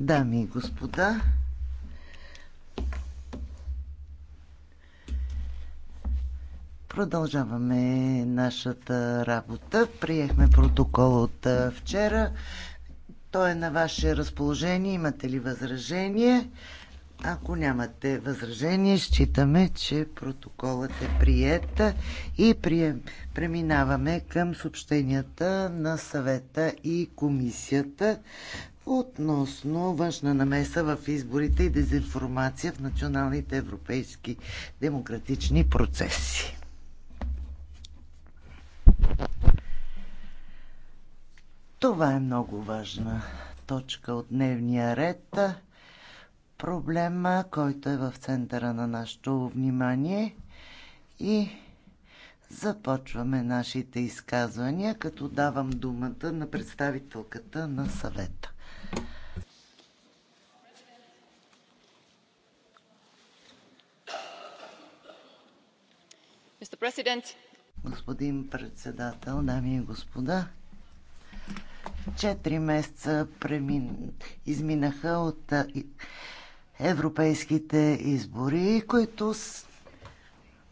Дами и господа, Продължаваме нашата работа. Приехме протокол от вчера. Той е на ваше разположение. Имате ли възражение? Ако нямате възражение, считаме, че протоколът е прият и прием. преминаваме към съобщенията на съвета и комисията относно външна намеса в изборите и дезинформация в националните европейски демократични процеси. Това е много важна точка от дневния ред проблема, който е в центъра на нашето внимание и започваме нашите изказвания, като давам думата на представителката на съвета. Господин председател, дами и господа, четири месеца премин... изминаха от европейските избори, които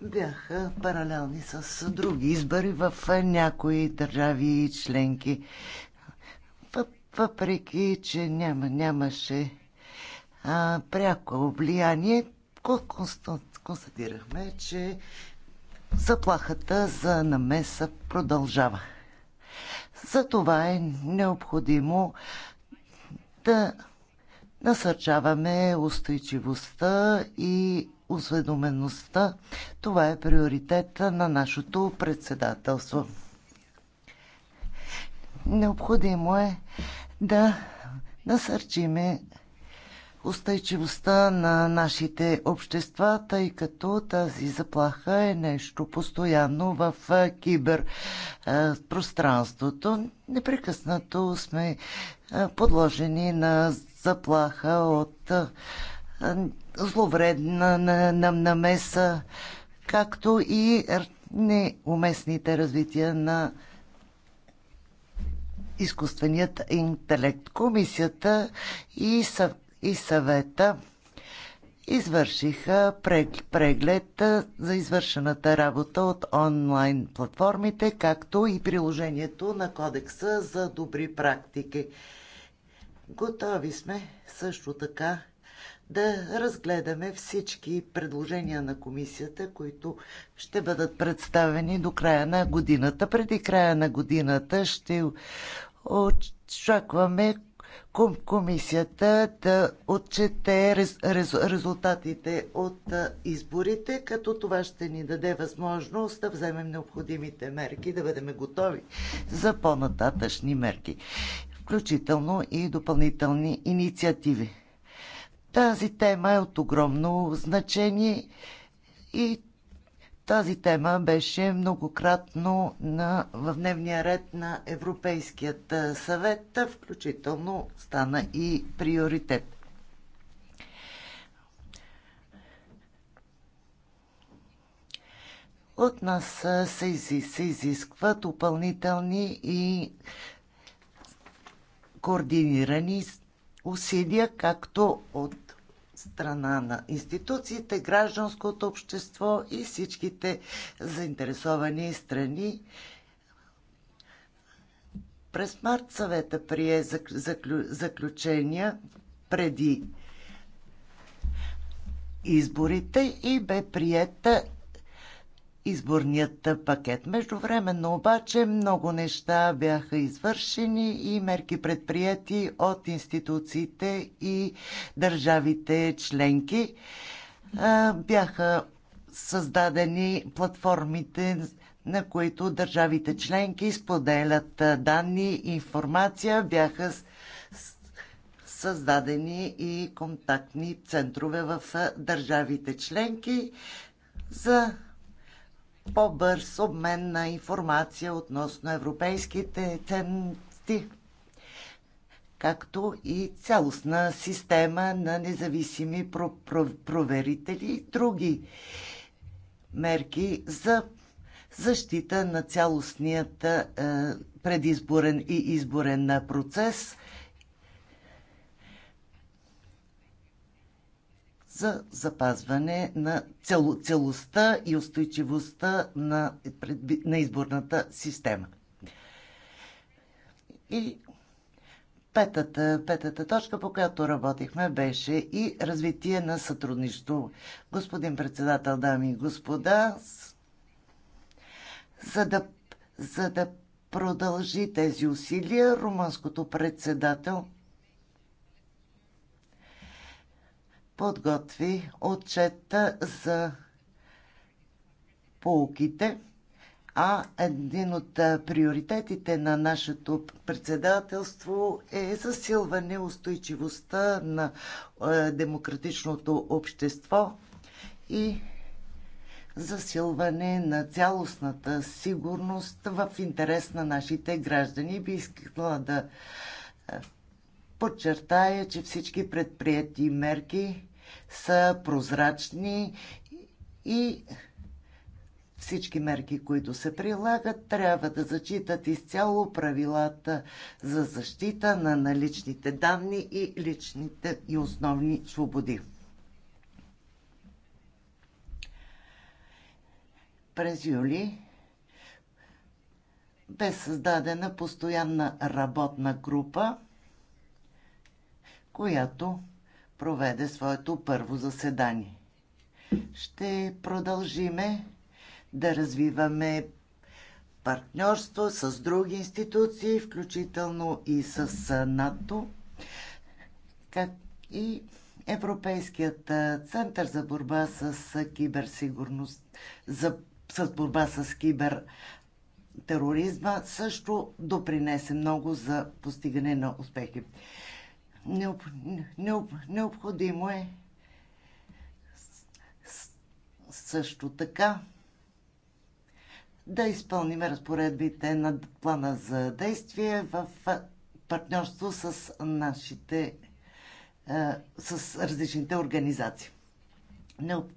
бяха паралелни с други избори в някои държави и членки. Въпреки, че няма, нямаше а, пряко влияние, констатирахме, че заплахата за намеса продължава. За това е необходимо да насърчаваме устойчивостта и осведомеността. Това е приоритет на нашето председателство. Необходимо е да насърчиме устойчивостта на нашите общества, тъй като тази заплаха е нещо постоянно в киберпространството. Непрекъснато сме подложени на заплаха от зловредна намеса, както и неуместните развития на изкуственият интелект. Комисията и, съв... и съвета извършиха преглед за извършената работа от онлайн платформите, както и приложението на кодекса за добри практики. Готови сме също така да разгледаме всички предложения на комисията, които ще бъдат представени до края на годината. Преди края на годината ще очакваме комисията да отчете рез, рез, резултатите от изборите, като това ще ни даде възможност да вземем необходимите мерки, да бъдем готови за по-нататъчни мерки включително и допълнителни инициативи. Тази тема е от огромно значение и тази тема беше многократно на, в дневния ред на Европейският съвет, включително стана и приоритет. От нас се, изисква допълнителни и координирани усилия, както от страна на институциите, гражданското общество и всичките заинтересовани страни. През март съвета прие заключения преди изборите и бе приета изборният пакет. Междувременно обаче много неща бяха извършени и мерки предприяти от институциите и държавите членки. Бяха създадени платформите на които държавите членки споделят данни и информация, бяха създадени и контактни центрове в държавите членки за по-бърз обмен на информация относно европейските ценности, както и цялостна система на независими проверители и други мерки за защита на цялостният е, предизборен и изборен процес, за запазване на цел, целостта и устойчивостта на, на изборната система. И Петата, петата точка, по която работихме, беше и развитие на сътрудничество. Господин председател, дами и господа, за да, за да продължи тези усилия, румънското председател подготви отчета за полуките, а един от приоритетите на нашето председателство е засилване устойчивостта на демократичното общество и засилване на цялостната сигурност в интерес на нашите граждани. Би искала да подчертая, че всички предприяти мерки са прозрачни и всички мерки, които се прилагат, трябва да зачитат изцяло правилата за защита на наличните данни и личните и основни свободи. През юли бе създадена постоянна работна група, която проведе своето първо заседание. Ще продължиме да развиваме партньорство с други институции, включително и с НАТО, как и Европейският център за борба с киберсигурност, за, с борба с кибер тероризма също допринесе много за постигане на успехи. Необ, необ, необходимо е също така да изпълним разпоредбите на плана за действие в партньорство с нашите с различните организации. Необ,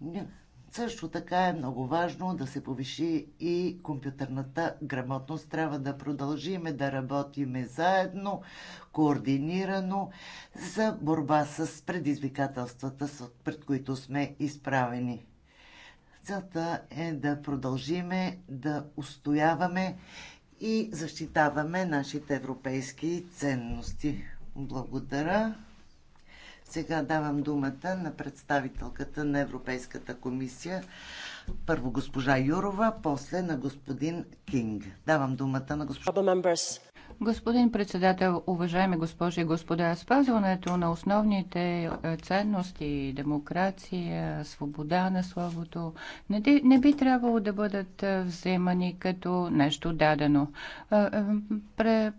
необ, също така е много важно да се повиши и компютърната грамотност. Трябва да продължиме да работиме заедно, координирано за борба с предизвикателствата, пред които сме изправени. Целта е да продължиме да устояваме и защитаваме нашите европейски ценности. Благодаря. Сега давам думата на представителката на Европейската комисия. Първо госпожа Юрова, после на господин Кинг. Давам думата на госпожа. Господин председател, уважаеми госпожи и господа, спазването на основните е, ценности, демокрация, свобода на словото, не, би трябвало да бъдат е, вземани като нещо дадено. Е,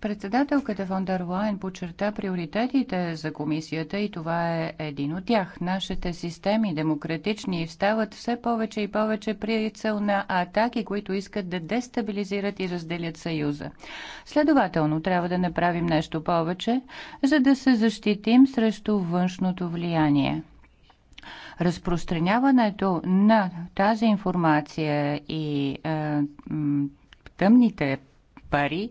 председателката Фон дер Лайн подчерта приоритетите за комисията и това е един от тях. Нашите системи демократични стават все повече и повече при цел на атаки, които искат да дестабилизират и разделят Съюза. Следователно, трябва да направим нещо повече, за да се защитим срещу външното влияние. Разпространяването на тази информация и е, тъмните пари,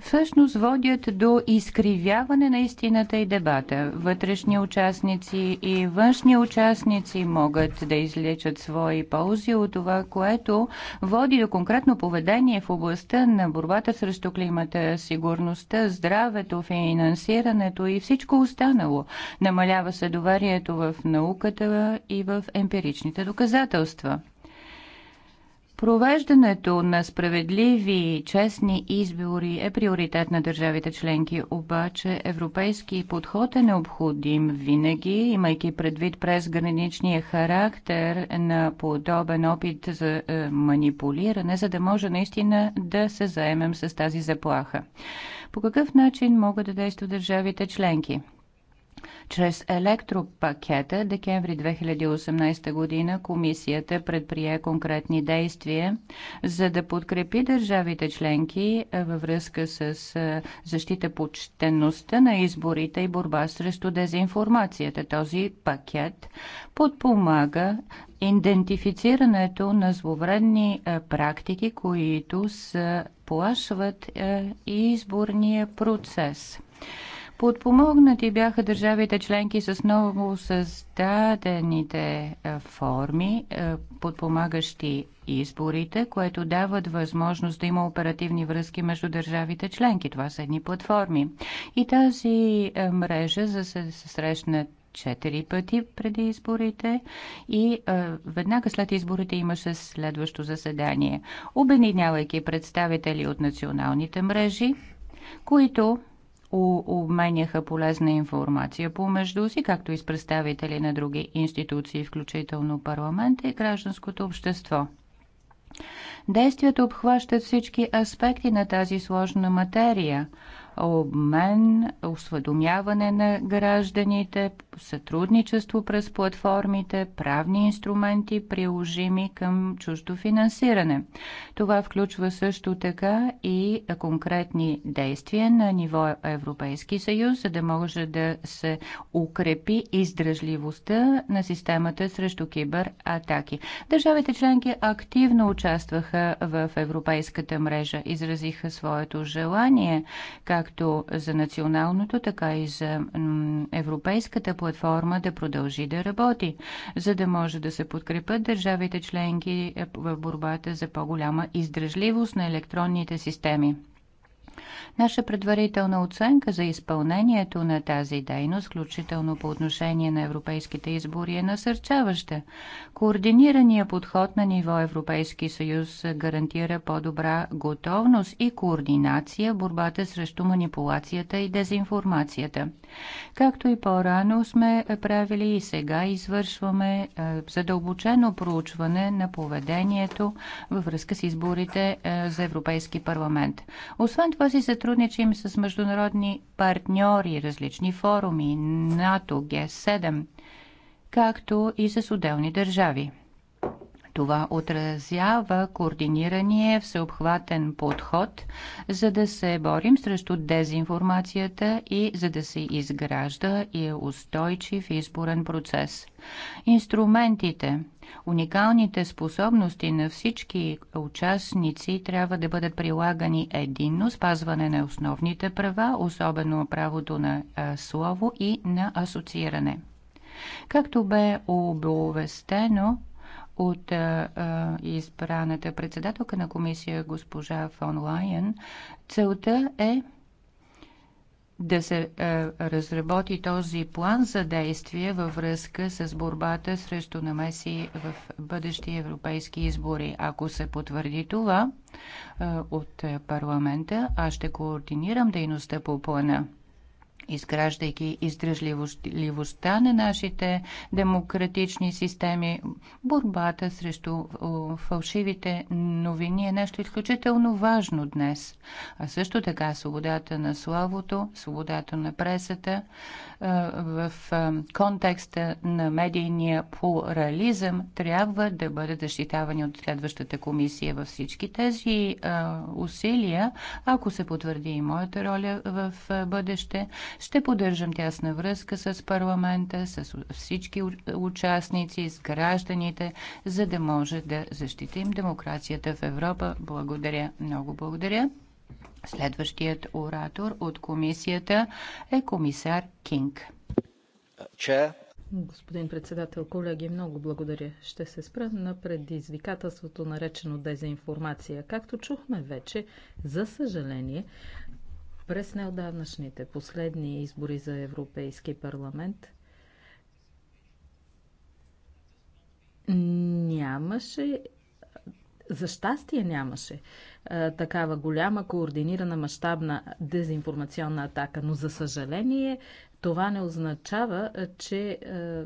всъщност водят до изкривяване на истината и дебата. Вътрешни участници и външни участници могат да излечат свои ползи от това, което води до конкретно поведение в областта на борбата срещу климата, сигурността, здравето, финансирането и всичко останало. Намалява се доверието в науката и в емпиричните доказателства. Провеждането на справедливи и честни избори е приоритет на държавите членки, обаче европейски подход е необходим винаги, имайки предвид през граничния характер на подобен опит за е, манипулиране, за да може наистина да се заемем с тази заплаха. По какъв начин могат да действат държавите членки? Чрез електропакета декември 2018 година комисията предприе конкретни действия, за да подкрепи държавите членки във връзка с защита почтенността на изборите и борба срещу дезинформацията. Този пакет подпомага идентифицирането на зловредни практики, които сплашват изборния процес. Подпомогнати бяха държавите членки с ново създадените е, форми, е, подпомагащи изборите, което дават възможност да има оперативни връзки между държавите членки. Това са едни платформи. И тази е, мрежа за се срещнат четири пъти преди изборите и а, веднага след изборите имаше следващо заседание, обединявайки представители от националните мрежи, които обменяха полезна информация помежду си, както и с представители на други институции, включително парламента и гражданското общество. Действията обхващат всички аспекти на тази сложна материя обмен, осведомяване на гражданите, сътрудничество през платформите, правни инструменти, приложими към чуждо финансиране. Това включва също така и конкретни действия на ниво Европейски съюз, за да може да се укрепи издръжливостта на системата срещу кибератаки. Държавите членки активно участваха в европейската мрежа, изразиха своето желание, както за националното, така и за европейската платформа платформа да продължи да работи, за да може да се подкрепят държавите членки в борбата за по-голяма издръжливост на електронните системи. Наша предварителна оценка за изпълнението на тази дейност, включително по отношение на европейските избори, е насърчаваща. Координирания подход на ниво Европейски съюз гарантира по-добра готовност и координация в борбата срещу манипулацията и дезинформацията. Както и по-рано сме правили и сега извършваме е, задълбочено проучване на поведението във връзка с изборите е, за Европейски парламент. Освен това си си сътрудничим с международни партньори, различни форуми, НАТО, Г7, както и с отделни държави. Това отразява координирания всеобхватен подход, за да се борим срещу дезинформацията и за да се изгражда и е устойчив изборен процес. Инструментите, уникалните способности на всички участници трябва да бъдат прилагани единно, спазване на основните права, особено правото на слово и на асоцииране. Както бе обовестено от а, избраната председателка на комисия госпожа фон Лайен. Целта е да се а, разработи този план за действие във връзка с борбата срещу намеси в бъдещи европейски избори. Ако се потвърди това а, от парламента, аз ще координирам дейността по плана изграждайки издръжливостта на нашите демократични системи. Борбата срещу фалшивите новини е нещо изключително важно днес. А също така свободата на славото, свободата на пресата, в контекста на медийния плурализъм трябва да бъдат защитавани от следващата комисия във всички тези усилия. Ако се потвърди и моята роля в бъдеще, ще поддържам тясна връзка с парламента, с всички участници, с гражданите, за да може да защитим демокрацията в Европа. Благодаря. Много благодаря. Следващият оратор от комисията е комисар Кинг. Че. Господин председател, колеги, много благодаря. Ще се спра на предизвикателството, наречено дезинформация. Както чухме вече, за съжаление, през неодавнашните последни избори за Европейски парламент нямаше за щастие нямаше е, такава голяма, координирана, мащабна дезинформационна атака. Но, за съжаление, това не означава, е, че е,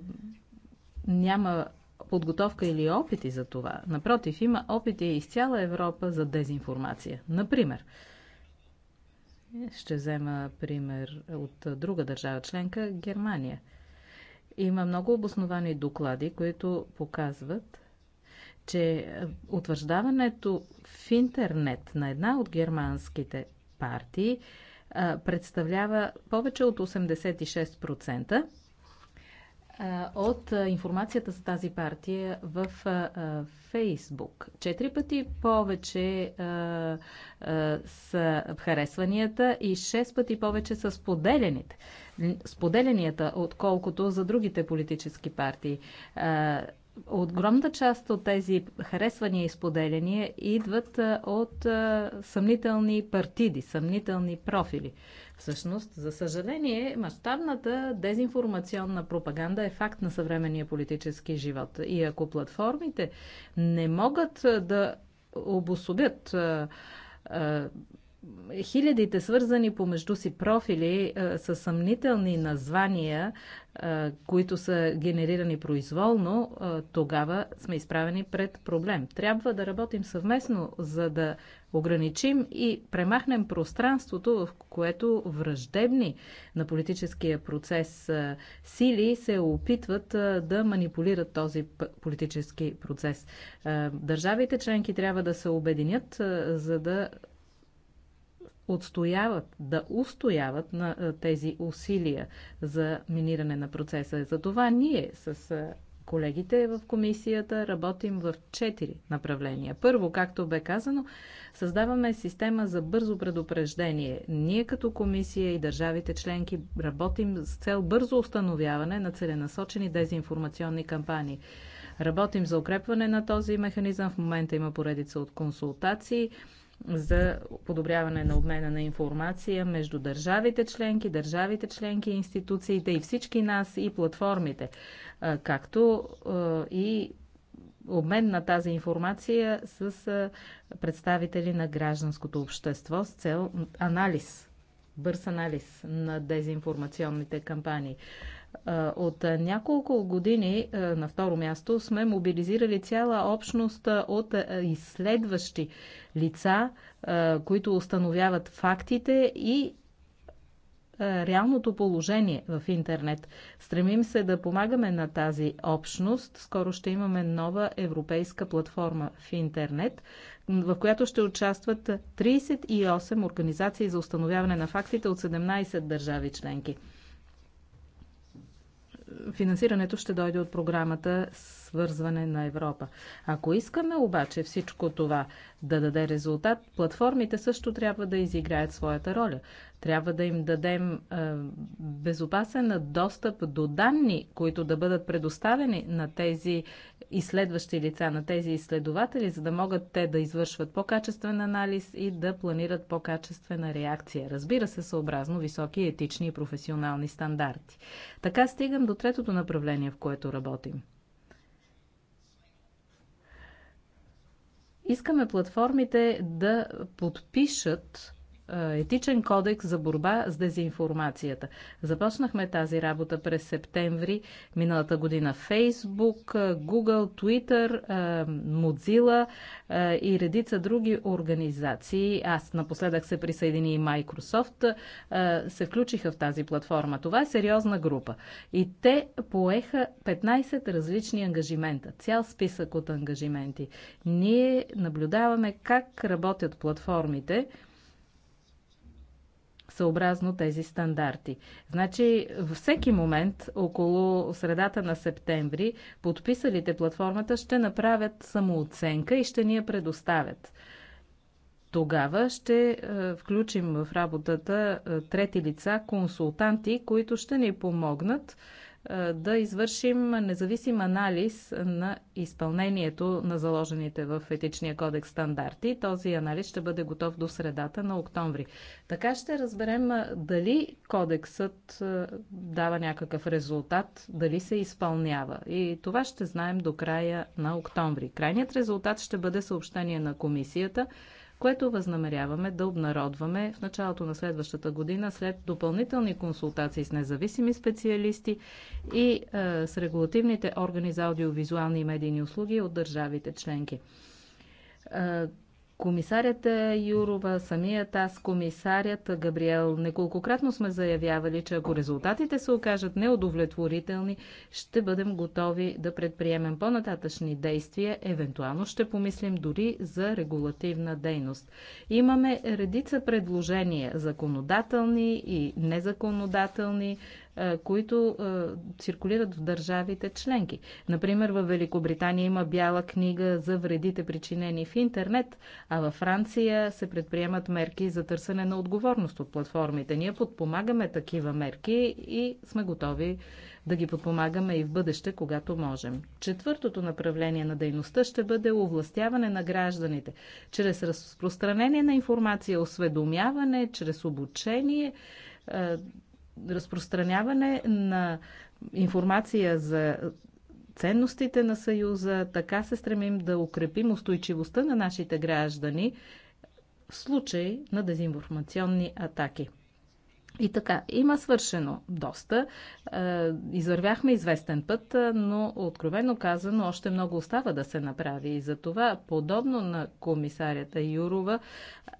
няма подготовка или опити за това. Напротив, има опити из цяла Европа за дезинформация. Например, ще взема пример от друга държава членка Германия. Има много обосновани доклади, които показват, че е, утвърждаването в интернет на една от германските партии е, представлява повече от 86% е, от информацията за тази партия в Фейсбук. Четири пъти повече са харесванията и шест пъти повече са споделените. Споделенията, отколкото за другите политически партии огромната част от тези харесвания и споделяния идват от съмнителни партиди, съмнителни профили. Всъщност, за съжаление, мащабната дезинформационна пропаганда е факт на съвременния политически живот. И ако платформите не могат да обособят хилядите свързани помежду си профили е, а, с съмнителни названия, а, е, които са генерирани произволно, а, е, тогава сме изправени пред проблем. Трябва да работим съвместно, за да ограничим и премахнем пространството, в което враждебни на политическия процес сили се опитват да манипулират този политически процес. Държавите членки трябва да се обединят, за да отстояват, да устояват на тези усилия за миниране на процеса. За това ние с колегите в комисията работим в четири направления. Първо, както бе казано, създаваме система за бързо предупреждение. Ние като комисия и държавите членки работим с цел бързо установяване на целенасочени дезинформационни кампании. Работим за укрепване на този механизъм. В момента има поредица от консултации за подобряване на обмена на информация между държавите членки, държавите членки, институциите и всички нас и платформите, както и обмен на тази информация с представители на гражданското общество с цел анализ, бърз анализ на дезинформационните кампании. От няколко години на второ място сме мобилизирали цяла общност от изследващи лица, които установяват фактите и реалното положение в интернет. Стремим се да помагаме на тази общност. Скоро ще имаме нова европейска платформа в интернет, в която ще участват 38 организации за установяване на фактите от 17 държави членки. Финансирането ще дойде от програмата с свързване на Европа. Ако искаме обаче всичко това да даде резултат, платформите също трябва да изиграят своята роля. Трябва да им дадем е, безопасен достъп до данни, които да бъдат предоставени на тези изследващи лица, на тези изследователи, за да могат те да извършват по-качествен анализ и да планират по-качествена реакция. Разбира се, съобразно високи етични и професионални стандарти. Така стигам до третото направление, в което работим. Искаме платформите да подпишат е, етичен кодекс за борба с дезинформацията. Започнахме тази работа през септември миналата година. Facebook, Google, Twitter, Mozilla и редица други организации, аз напоследък се присъедини и Microsoft, е, се включиха в тази платформа. Това е сериозна група. И те поеха 15 различни ангажимента, цял списък от ангажименти. Ние наблюдаваме как работят платформите, съобразно тези стандарти. Значи, във всеки момент, около средата на септември, подписалите платформата ще направят самооценка и ще ни я предоставят. Тогава ще е, включим в работата е, трети лица, консултанти, които ще ни помогнат е, да извършим независим анализ на изпълнението на заложените в етичния кодекс стандарти. Този анализ ще бъде готов до средата на октомври. Така ще разберем е, дали кодексът е, дава някакъв резултат, дали се изпълнява. И това ще знаем до края на октомври. Крайният резултат ще бъде съобщение на комисията – което възнамеряваме да обнародваме в началото на следващата година след допълнителни консултации с независими специалисти и а, е, с регулативните органи за аудиовизуални и медийни услуги от държавите членки. Е, Комисарята Юрова, самият аз, комисарят Габриел, неколкократно сме заявявали, че ако резултатите се окажат неудовлетворителни, ще бъдем готови да предприемем по-нататъчни действия, евентуално ще помислим дори за регулативна дейност. Имаме редица предложения, законодателни и незаконодателни, е, които е, циркулират в държавите членки. Например, в Великобритания има бяла книга за вредите причинени в интернет, а във Франция се предприемат мерки за търсене на отговорност от платформите. Ние подпомагаме такива мерки и сме готови да ги подпомагаме и в бъдеще, когато можем. Четвъртото направление на дейността ще бъде овластяване на гражданите чрез разпространение на информация, осведомяване, чрез обучение е, разпространяване на информация за ценностите на Съюза, така се стремим да укрепим устойчивостта на нашите граждани в случай на дезинформационни атаки. И така, има свършено доста. Е, извървяхме известен път, е, но откровено казано още много остава да се направи. И за това, подобно на комисарята Юрова,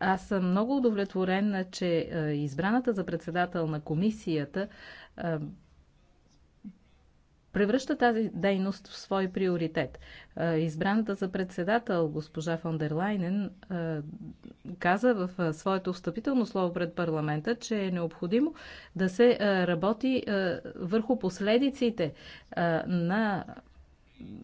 аз съм много удовлетворена, че е, избраната за председател на комисията превръща тази дейност в свой приоритет. Избраната за председател госпожа фон дер Лайнен каза в своето встъпително слово пред парламента, че е необходимо да се работи върху последиците на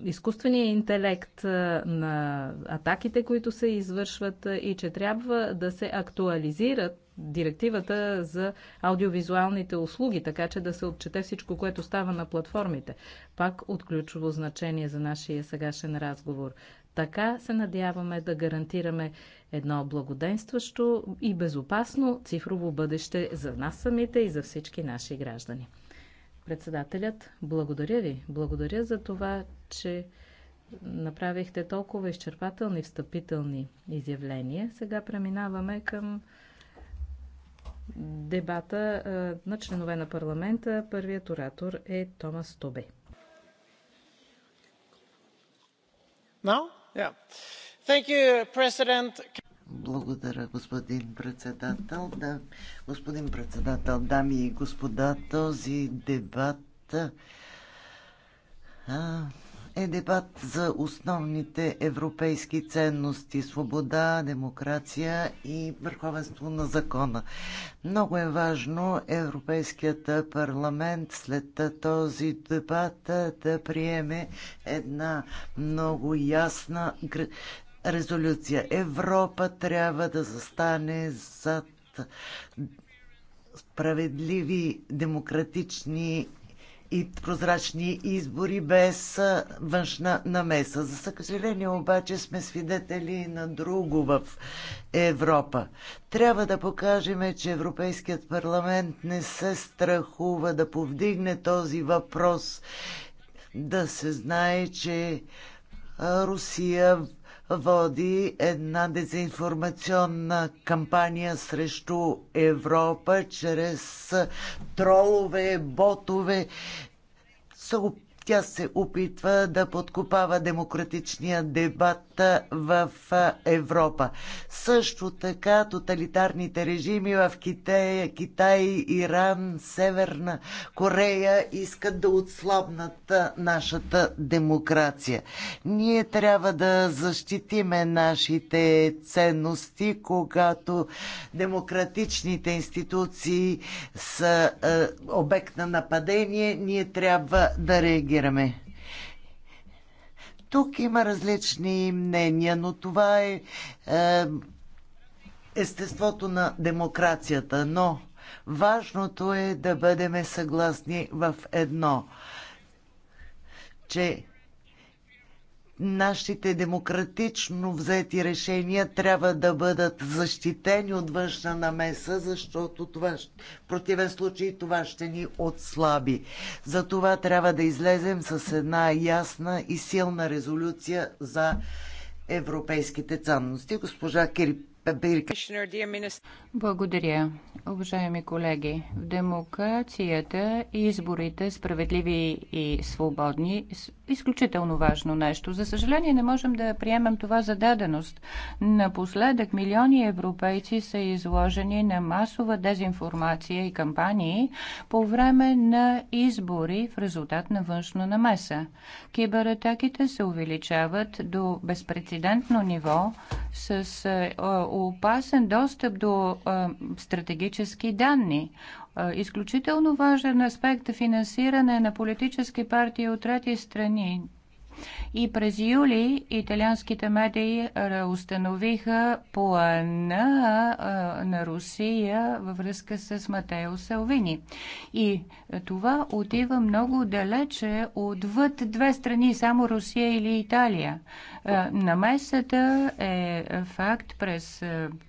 изкуствения интелект, на атаките, които се извършват и че трябва да се актуализират директивата за аудиовизуалните услуги, така че да се отчете всичко, което става на платформите. Пак от ключово значение за нашия сегашен разговор. Така се надяваме да гарантираме едно благоденстващо и безопасно цифрово бъдеще за нас самите и за всички наши граждани. Председателят, благодаря ви. Благодаря за това, че направихте толкова изчерпателни встъпителни изявления. Сега преминаваме към дебата на членове на парламента. Първият оратор е Томас Тобе. Благодаря, господин председател. Да, господин председател, дами и господа, този дебат а, е дебат за основните европейски ценности свобода, демокрация и върховенство на закона. Много е важно Европейският парламент след този дебат да приеме една много ясна резолюция. Европа трябва да застане зад справедливи демократични и прозрачни избори без външна намеса. За съжаление обаче сме свидетели на друго в Европа. Трябва да покажем, че Европейският парламент не се страхува да повдигне този въпрос, да се знае, че Русия води една дезинформационна кампания срещу Европа чрез тролове, ботове. Се тя се опитва да подкопава демократичния дебат в Европа. Също така тоталитарните режими в Китай, Китай Иран, Северна Корея искат да отслабнат нашата демокрация. Ние трябва да защитиме нашите ценности, когато демократичните институции са обект на нападение. Ние трябва да реагираме реагираме. Тук има различни мнения, но това е, е естеството на демокрацията. Но важното е да бъдем съгласни в едно, че нашите демократично взети решения трябва да бъдат защитени от външна намеса, защото това, в противен случай това ще ни отслаби. За това трябва да излезем с една ясна и силна резолюция за европейските ценности. Госпожа Кирип, благодаря. Уважаеми колеги, в демокрацията и изборите справедливи и свободни е изключително важно нещо. За съжаление не можем да приемем това за даденост. Напоследък милиони европейци са изложени на масова дезинформация и кампании по време на избори в резултат на външна намеса. Кибератаките се увеличават до безпредседентно ниво с е, опасен достъп до стратегически данни. Изключително важен аспект е финансиране на политически партии от трети страни. И през юли италианските медии установиха плана на Русия във връзка с Матео Салвини. И това отива много далече отвъд две страни, само Русия или Италия. Намесата е факт през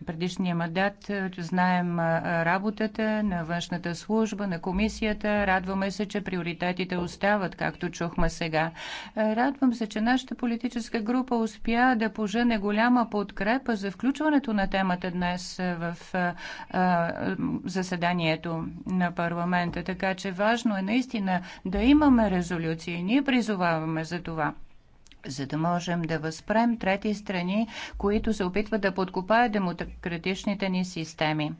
предишния мандат. Знаем работата на външната служба, на комисията. Радваме се, че приоритетите остават, както чухме сега. Радваме Радвам се, че нашата политическа група успя да пожене голяма подкрепа за включването на темата днес в заседанието на парламента. Така че важно е наистина да имаме резолюции. Ние призоваваме за това за да можем да възпрем трети страни, които се опитват да подкопаят демократичните ни системи.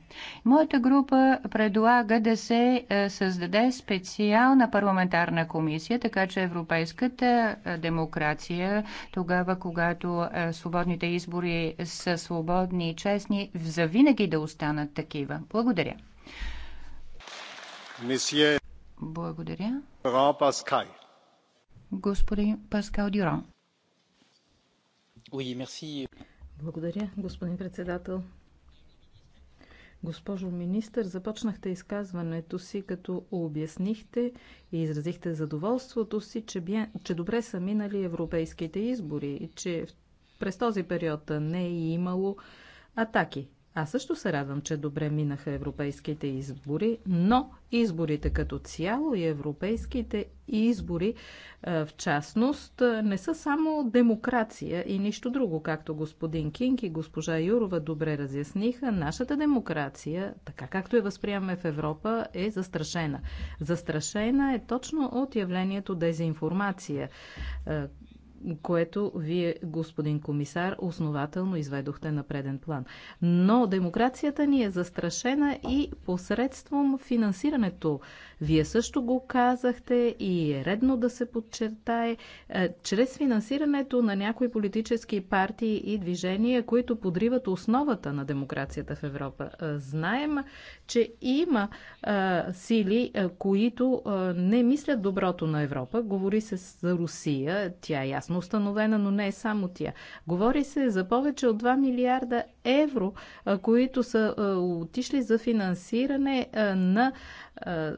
Моята група предлага да се е, създаде специална парламентарна комисия, така че европейската е, демокрация, тогава когато е, свободните избори са свободни и честни, завинаги да останат такива. Благодаря. Благодаря господин Паскал Дюрон. Oui, Благодаря, господин председател. Госпожо министър, започнахте изказването си, като обяснихте и изразихте задоволството си, че, бе, че добре са минали европейските избори и че през този период не е имало атаки аз също се радвам, че добре минаха европейските избори, но изборите като цяло и европейските избори е, в частност е, не са само демокрация и нищо друго, както господин Кинг и госпожа Юрова добре разясниха. Нашата демокрация, така както я възприемаме в Европа, е застрашена. Застрашена е точно от явлението дезинформация е, което вие, господин комисар, основателно изведохте на преден план. Но демокрацията ни е застрашена и посредством финансирането вие също го казахте и е редно да се подчертае, е, чрез финансирането на някои политически партии и движения, които подриват основата на демокрацията в Европа. Е, знаем, че има е, сили, които не мислят доброто на Европа. Говори се за Русия, тя е ясно установена, но не е само тя. Говори се за повече от 2 милиарда евро, които са отишли за финансиране на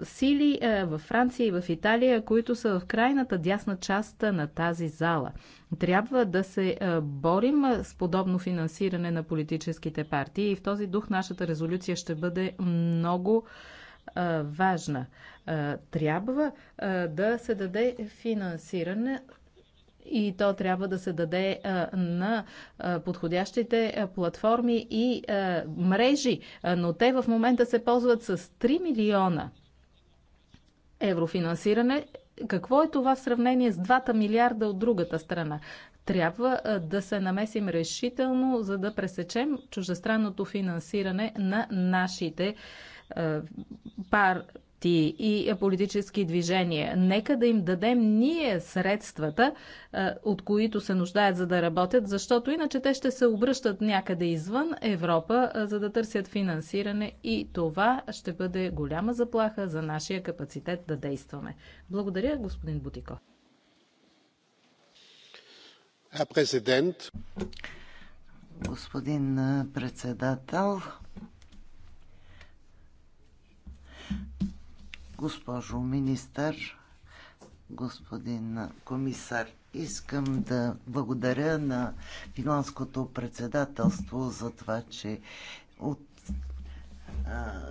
сили във Франция и в Италия, които са в крайната дясна част на тази зала. Трябва да се борим с подобно финансиране на политическите партии и в този дух нашата резолюция ще бъде много важна. Трябва да се даде финансиране и то трябва да се даде на подходящите платформи и мрежи, но те в момента се ползват с 3 милиона еврофинансиране. Какво е това в сравнение с 2 милиарда от другата страна? трябва да се намесим решително, за да пресечем чужестранното финансиране на нашите пар, партии и политически движения. Нека да им дадем ние средствата, от които се нуждаят за да работят, защото иначе те ще се обръщат някъде извън Европа, за да търсят финансиране и това ще бъде голяма заплаха за нашия капацитет да действаме. Благодаря, господин Бутико. Президент. Господин председател, Госпожо министър, господин комисар, искам да благодаря на финландското председателство за това, че от, а,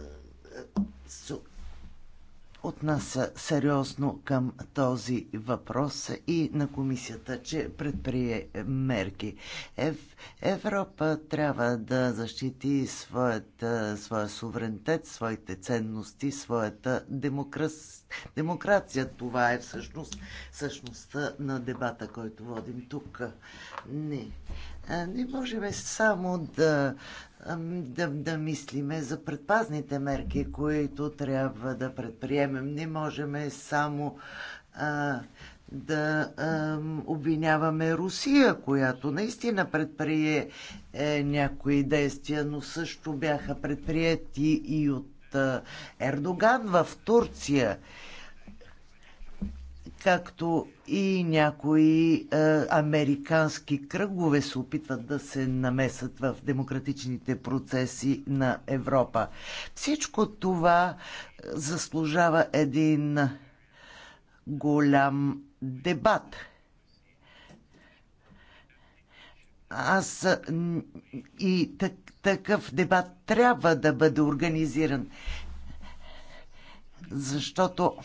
отнася сериозно към този въпрос и на комисията, че предприе мерки. Ев, Европа трябва да защити своята, е, своя суверенитет, своите ценности, своята демокра... демокрация. Това е всъщност същността на дебата, който водим тук. Не. Е, не можем само да да, да мислиме за предпазните мерки, които трябва да предприемем. Не можем само а, да а, обвиняваме Русия, която наистина предприе е, някои действия, но също бяха предприяти и от а, Ердоган в Турция както и някои е, американски кръгове се опитват да се намесат в демократичните процеси на Европа. Всичко това е, заслужава един голям дебат. Аз и так, такъв дебат трябва да бъде организиран, защото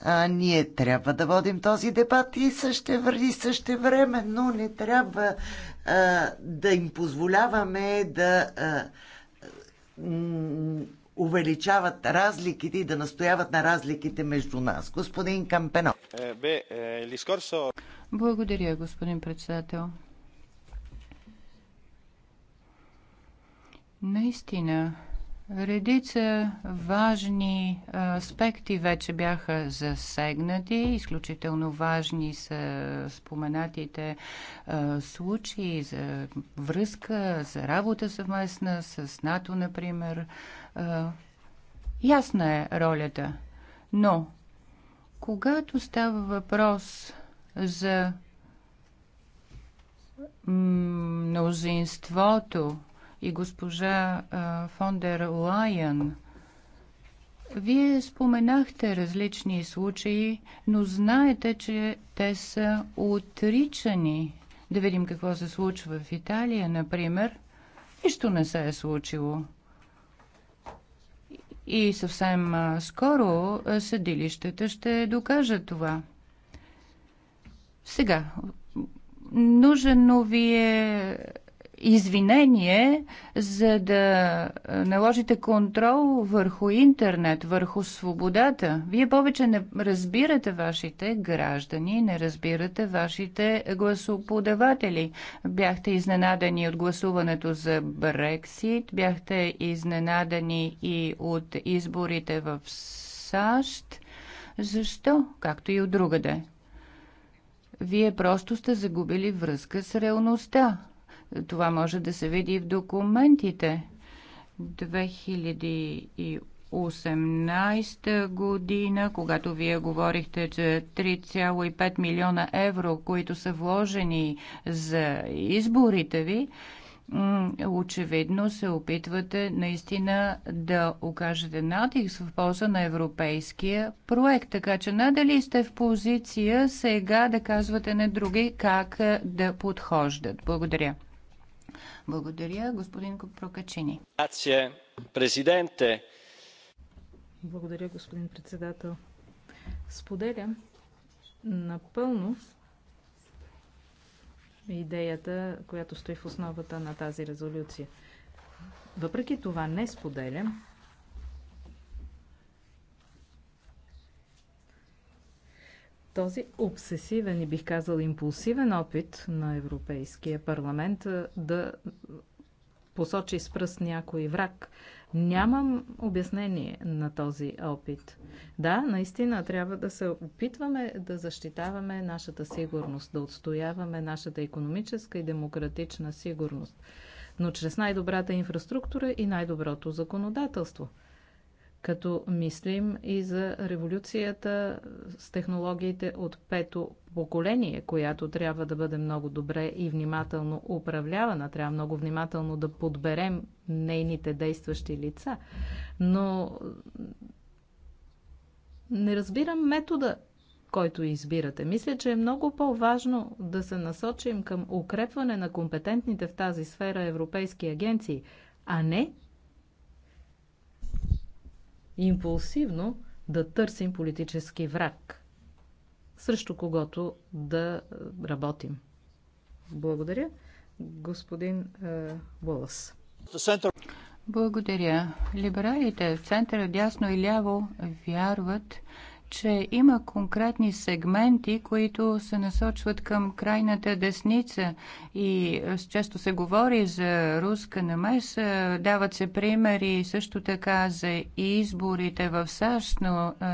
а, ние трябва да водим този дебат и също върви също време, но не трябва а, да им позволяваме да а, увеличават разликите и да настояват на разликите между нас. Господин Кампено. Е, е, Благодаря, господин председател. Наистина, Редица важни аспекти вече бяха засегнати. Изключително важни са споменатите случаи за връзка, за работа съвместна с НАТО, например. Ясна е ролята. Но, когато става въпрос за мнозинството и госпожа Фондер Лайен. Вие споменахте различни случаи, но знаете, че те са отричани. Да видим какво се случва в Италия, например. Нищо не се е случило. И съвсем скоро съдилищата ще докажат това. Сега, нужен ви е извинение, за да наложите контрол върху интернет, върху свободата. Вие повече не разбирате вашите граждани, не разбирате вашите гласоподаватели. Бяхте изненадани от гласуването за Брексит, бяхте изненадани и от изборите в САЩ. Защо? Както и от другаде. Вие просто сте загубили връзка с реалността. Това може да се види и в документите. 2018 година, когато вие говорихте, че 3,5 милиона евро, които са вложени за изборите ви, очевидно се опитвате наистина да окажете натиск в полза на европейския проект. Така че надали сте в позиция сега да казвате на други как да подхождат. Благодаря. Благодаря, господин Прокачини. Благодаря, господин председател. Споделям напълно идеята, която стои в основата на тази резолюция. Въпреки това не споделям този обсесивен и бих казал импулсивен опит на Европейския парламент да посочи с пръст някой враг. Нямам обяснение на този опит. Да, наистина трябва да се опитваме да защитаваме нашата сигурност, да отстояваме нашата економическа и демократична сигурност, но чрез най-добрата инфраструктура и най-доброто законодателство – като мислим и за революцията с технологиите от пето поколение, която трябва да бъде много добре и внимателно управлявана. Трябва много внимателно да подберем нейните действащи лица. Но не разбирам метода, който избирате. Мисля, че е много по-важно да се насочим към укрепване на компетентните в тази сфера европейски агенции, а не импулсивно да търсим политически враг, срещу когото да е, работим. Благодаря. Господин е, Благодаря. Либералите в центъра, дясно и ляво вярват, че има конкретни сегменти, които се насочват към крайната десница и е, често се говори за руска намеса, дават се примери също така за изборите в САЩ, но е,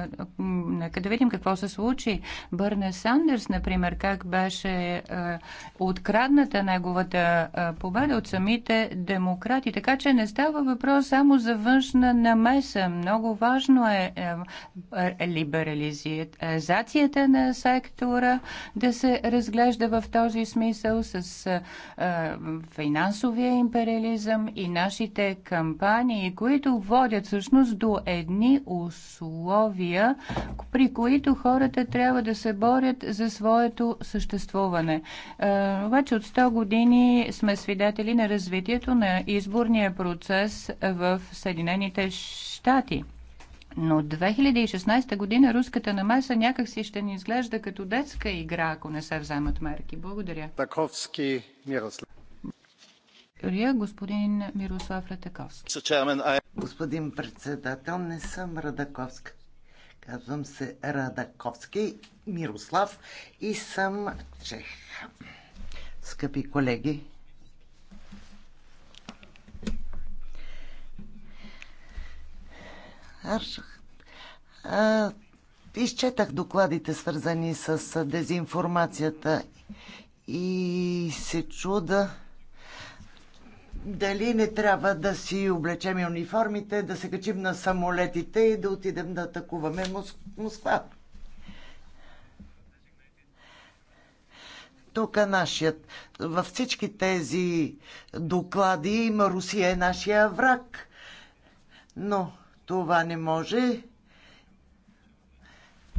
нека да видим какво се случи. Бърне Сандърс, например, как беше а, е, открадната неговата а, победа от самите демократи. Така че не става въпрос само за външна намеса. Много важно е, е, е либерализация либерализацията на сектора да се разглежда в този смисъл с а, финансовия империализъм и нашите кампании, които водят всъщност до едни условия, при които хората трябва да се борят за своето съществуване. А, обаче от 100 години сме свидетели на развитието на изборния процес в Съединените щати. Но 2016 година руската намеса някакси ще ни изглежда като детска игра, ако не се вземат мерки. Благодаря. Таковски Мирослав. Господин Мирослав Ратаковски. Господин председател, не съм Радаковска. Казвам се Радаковски Мирослав и съм чех. Скъпи колеги, а, изчетах докладите, свързани с дезинформацията и се чуда дали не трябва да си облечем униформите, да се качим на самолетите и да отидем да атакуваме Москва. Тук нашият, във всички тези доклади има Русия е нашия враг. Но това не може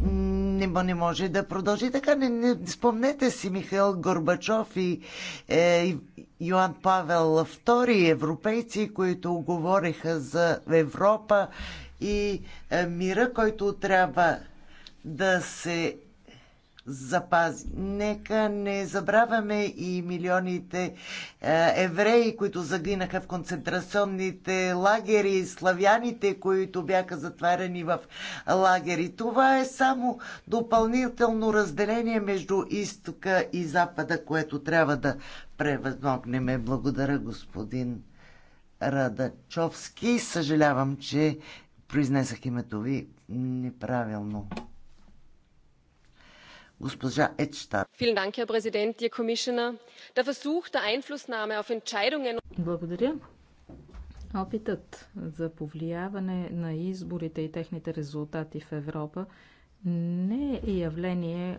не, не може да продължи така. Не, не, спомнете си Михаил Горбачов и, е, Йоан Павел II, европейци, които говореха за Европа и е, мира, който трябва да се запази. Нека не забравяме и милионите е, евреи, които загинаха в концентрационните лагери, славяните, които бяха затваряни в лагери. Това е само допълнително разделение между изтока и запада, което трябва да превъзмогнем. Благодаря, господин Радачовски. Съжалявам, че произнесах името ви неправилно госпожа Едштад. Благодаря. Опитът за повлияване на изборите и техните резултати в Европа не е явление,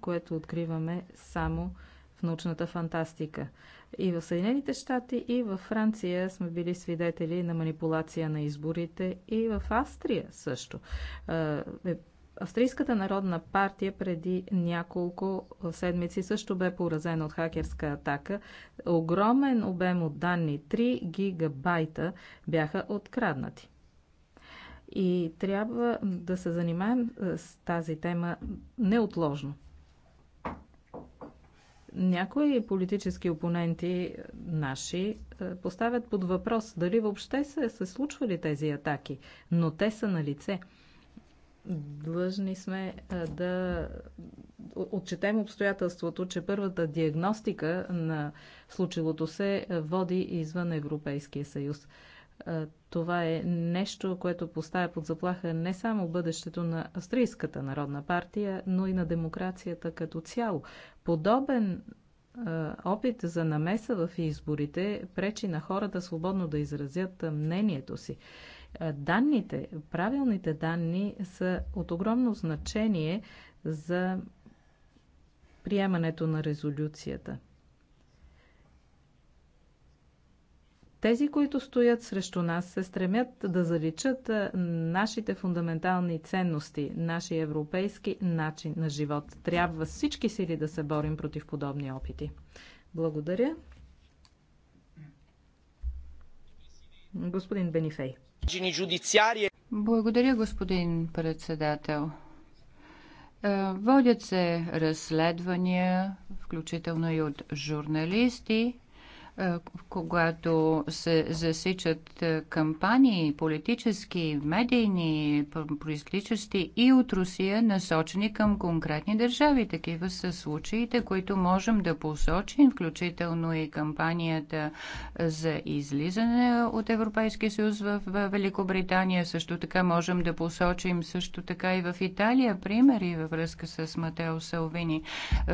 което откриваме само в научната фантастика. И в Съединените щати, и в Франция сме били свидетели на манипулация на изборите, и в Австрия също е, е, Австрийската народна партия преди няколко седмици също бе поразена от хакерска атака. Огромен обем от данни 3 гигабайта бяха откраднати. И трябва да се занимаем с тази тема неотложно. Някои политически опоненти наши поставят под въпрос дали въобще са се случвали тези атаки, но те са на лице – Длъжни сме да отчетем обстоятелството, че първата диагностика на случилото се води извън Европейския съюз. Това е нещо, което поставя под заплаха не само бъдещето на Австрийската народна партия, но и на демокрацията като цяло. Подобен опит за намеса в изборите пречи на хората свободно да изразят мнението си. Е, данните, правилните данни са от огромно значение за приемането на резолюцията. Тези, които стоят срещу нас, се стремят да заличат е, нашите фундаментални ценности, нашия европейски начин на живот. Трябва всички сили да се борим против подобни опити. Благодаря. Господин Бенифей. Благодаря, господин председател. Е, водят се разследвания, включително и от журналисти, е, когато се засичат е, кампании, политически, медийни, произличащи и от Русия, насочени към конкретни държави. Такива са случаите, които можем да посочим, включително и кампанията е, за излизане от Европейския съюз в Великобритания. Също така можем да посочим също така и в Италия примери във връзка с Матео Салвини,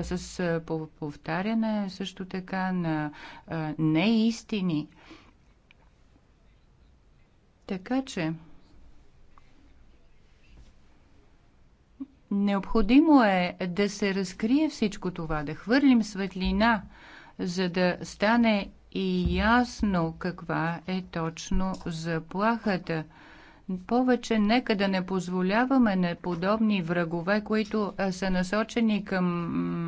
с повтаряне също така на неистини. Така че необходимо е да се разкрие всичко това, да хвърлим светлина, за да стане и ясно каква е точно заплахата – повече нека да не позволяваме на подобни врагове, които са насочени към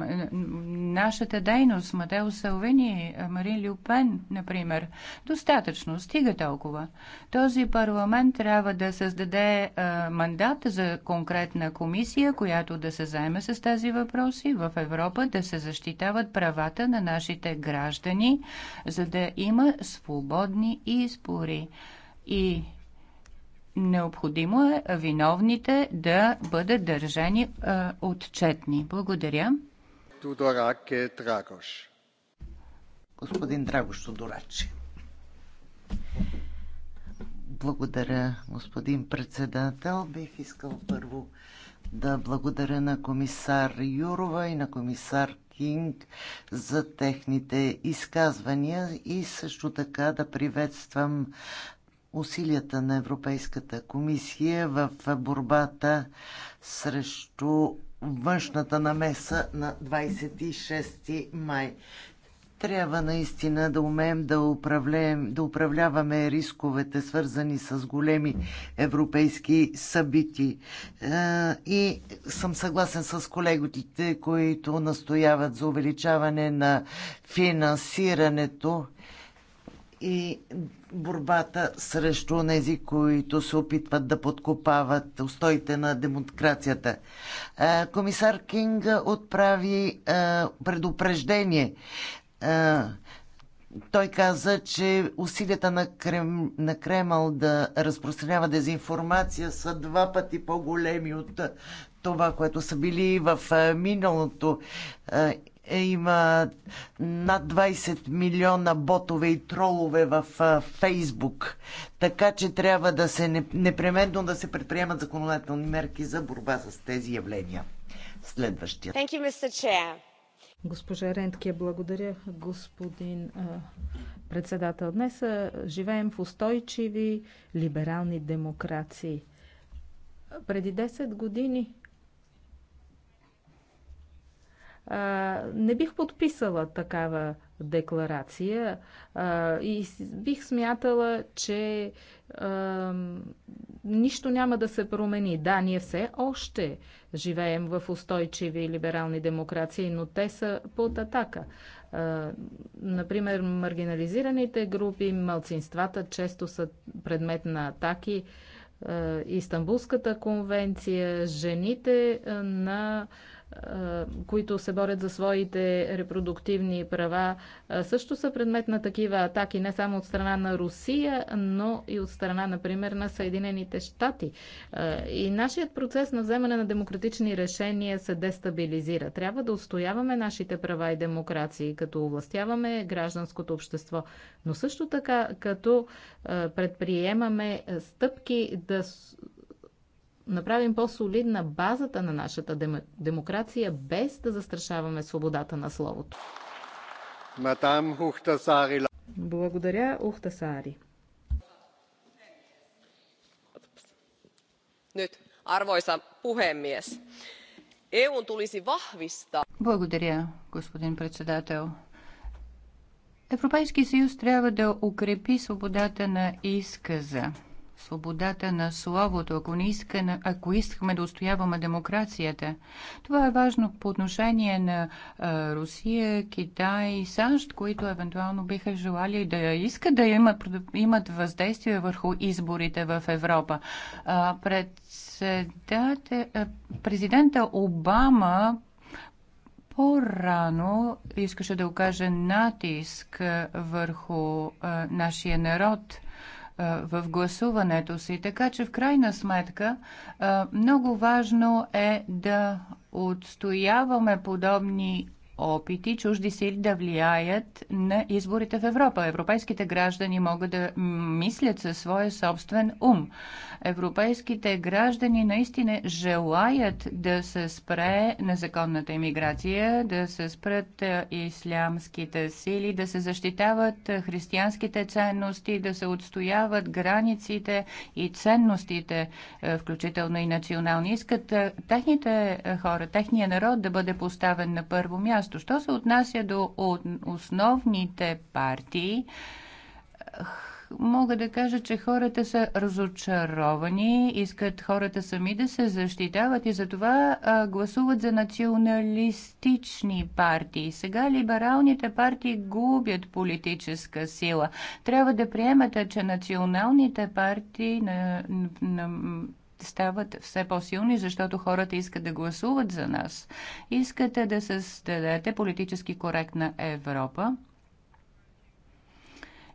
нашата дейност. Матео Салвини, Марин Люпен, например. Достатъчно, стига толкова. Този парламент трябва да създаде мандат за конкретна комисия, която да се заеме с тези въпроси в Европа, да се защитават правата на нашите граждани, за да има свободни избори. И Необходимо е виновните да бъдат държани а, е, отчетни. Благодаря. Тудораке Драгош. Господин Драгош Тудорачи. Благодаря, господин председател. Бих искал първо да благодаря на комисар Юрова и на комисар Кинг за техните изказвания и също така да приветствам усилията на Европейската комисия в борбата срещу външната намеса на 26 май. Трябва наистина да умеем да, управляем, да управляваме рисковете, свързани с големи европейски събити. Е, и съм съгласен с колегите, които настояват за увеличаване на финансирането и борбата срещу тези, които се опитват да подкопават устоите на демокрацията. Е, комисар Кинг отправи е, предупреждение. Е, той каза, че усилията на, Крем, на Кремъл да разпространява дезинформация са два пъти по-големи от това, което са били в миналото. Е, има над 20 милиона ботове и тролове в Фейсбук. Така че трябва да се непременно да се предприемат законодателни мерки за борба с тези явления. Следващия. Thank you, Mr. Chair. Госпожа Рентке, благодаря, господин а, председател. Днес а, живеем в устойчиви либерални демокрации. Преди 10 години не бих подписала такава декларация и бих смятала, че нищо няма да се промени. Да, ние все още живеем в устойчиви либерални демокрации, но те са под атака. Например, маргинализираните групи, малцинствата често са предмет на атаки. Истанбулската конвенция, жените на които се борят за своите репродуктивни права, също са предмет на такива атаки не само от страна на Русия, но и от страна, например, на Съединените щати. И нашият процес на вземане на демократични решения се дестабилизира. Трябва да устояваме нашите права и демокрации, като овластяваме гражданското общество, но също така като предприемаме стъпки да направим по-солидна базата на нашата дем... демокрация, без да застрашаваме свободата на словото. Мадам Ухтасари. Благодаря, Ухтасари. Nyt, arvoisa puhemies, EUn tulisi vahvistaa... Благодаря, господин председател. Европейски съюз трябва да укрепи свободата на изказа свободата на словото, ако, не иска, ако искаме да устояваме демокрацията. Това е важно по отношение на а, Русия, Китай и САЩ, които евентуално биха желали да искат да имат, имат въздействие върху изборите в Европа. А, президента Обама по-рано искаше да окаже натиск върху а, нашия народ в гласуването си. Така че в крайна сметка много важно е да отстояваме подобни опити чужди сили да влияят на изборите в Европа. Европейските граждани могат да мислят със своя собствен ум. Европейските граждани наистина желаят да се спре незаконната иммиграция, да се спрат е, ислямските сили, да се защитават е, християнските ценности, да се отстояват границите и ценностите, е, включително и национални. Искат техните хора, техния народ да бъде поставен на първо място място. Що се отнася до основните партии, мога да кажа, че хората са разочаровани, искат хората сами да се защитават и затова а, гласуват за националистични партии. Сега либералните партии губят политическа сила. Трябва да приемате, че националните партии на, на, стават все по-силни, защото хората искат да гласуват за нас. Искате да създадете политически коректна Европа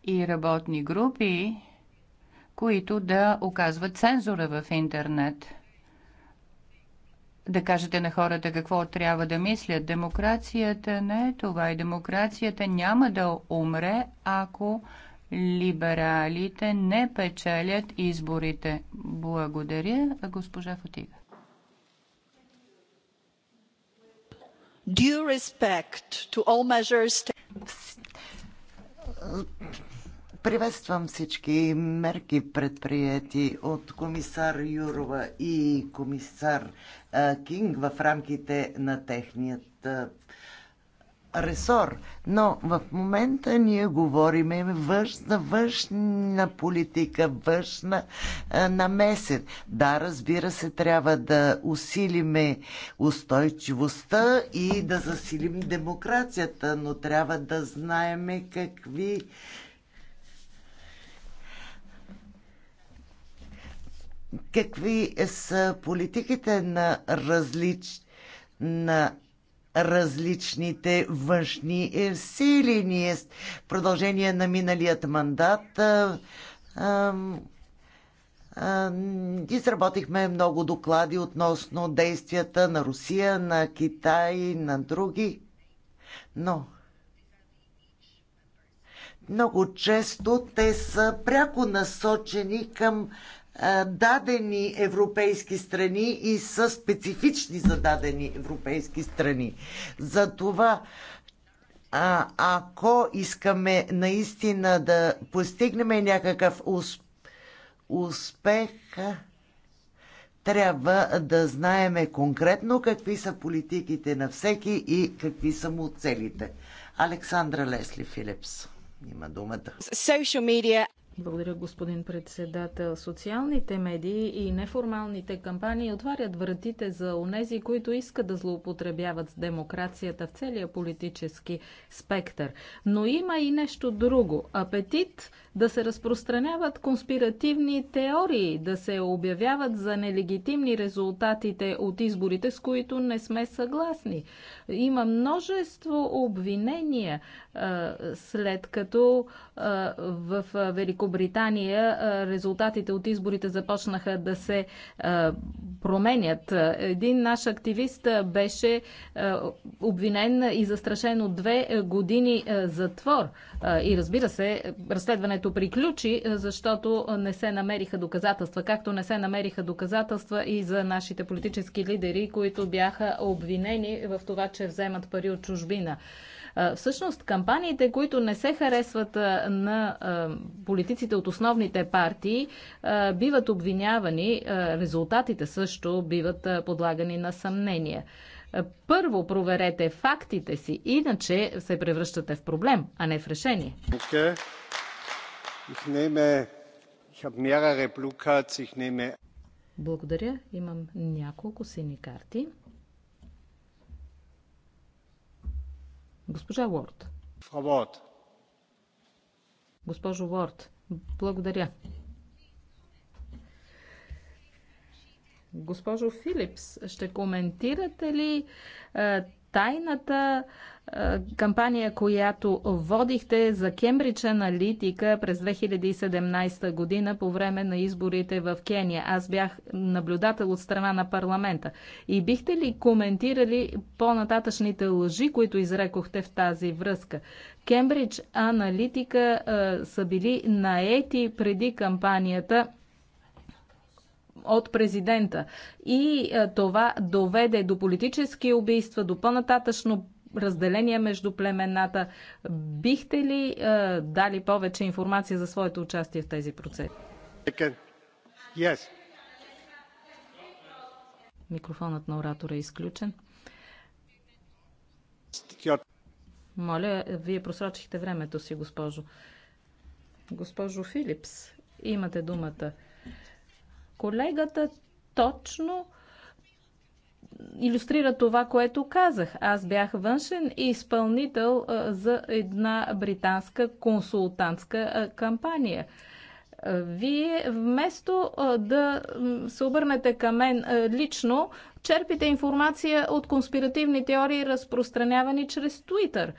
и работни групи, които да оказват цензура в интернет. Да кажете на хората какво трябва да мислят. Демокрацията не е това и демокрацията няма да умре, ако либералите не печелят изборите. Благодаря, госпожа Фотига. Due respect to all measures Приветствам всички мерки предприяти от комисар Юрова и комисар Кинг в рамките на техният ресор, но в момента ние говорим външна, външна политика, външна е, намесен. Да, разбира се, трябва да усилиме устойчивостта и да засилим демокрацията, но трябва да знаеме какви какви са политиките на различни на различните външни е, сили. Ние в продължение на миналият мандат а, а, а, изработихме много доклади относно действията на Русия, на Китай, на други. Но много често те са пряко насочени към дадени европейски страни и са специфични за дадени европейски страни. Затова а, ако искаме наистина да постигнем някакъв успех, трябва да знаеме конкретно какви са политиките на всеки и какви са му целите. Александра Лесли Филипс има думата. Благодаря, господин председател. Социалните медии и неформалните кампании отварят вратите за онези, които искат да злоупотребяват с демокрацията в целия политически спектър. Но има и нещо друго. Апетит да се разпространяват конспиративни теории, да се обявяват за нелегитимни резултатите от изборите, с които не сме съгласни. Има множество обвинения, след като в Великобритания резултатите от изборите започнаха да се променят. Един наш активист беше обвинен и застрашен от две години затвор. И разбира се, разследването приключи, защото не се намериха доказателства, както не се намериха доказателства и за нашите политически лидери, които бяха обвинени в това, че вземат пари от чужбина. Всъщност, кампаниите, които не се харесват на политиците от основните партии, биват обвинявани, резултатите също биват подлагани на съмнение. Първо проверете фактите си, иначе се превръщате в проблем, а не в решение. Благодаря. Имам няколко сини карти. Госпожа Уорд. Госпожо Уорд, благодаря. Госпожо Филипс, ще коментирате ли а, е, тайната а, е, кампания, която водихте за Кембридж аналитика през 2017 година по време на изборите в Кения? Аз бях наблюдател от страна на парламента. И бихте ли коментирали по-нататъчните лъжи, които изрекохте в тази връзка? Кембридж аналитика а, е, са били наети преди кампанията от президента. И е, това доведе до политически убийства, до по-нататъчно разделение между племената. Бихте ли е, дали повече информация за своето участие в тези процеси? Yes. Микрофонът на оратора е изключен. Моля, вие просрочихте времето си, госпожо. Госпожо Филипс, имате думата. Колегата точно иллюстрира това, което казах. Аз бях външен изпълнител за една британска консултантска кампания. Вие вместо да се обърнете към мен лично, черпите информация от конспиративни теории, разпространявани чрез Twitter.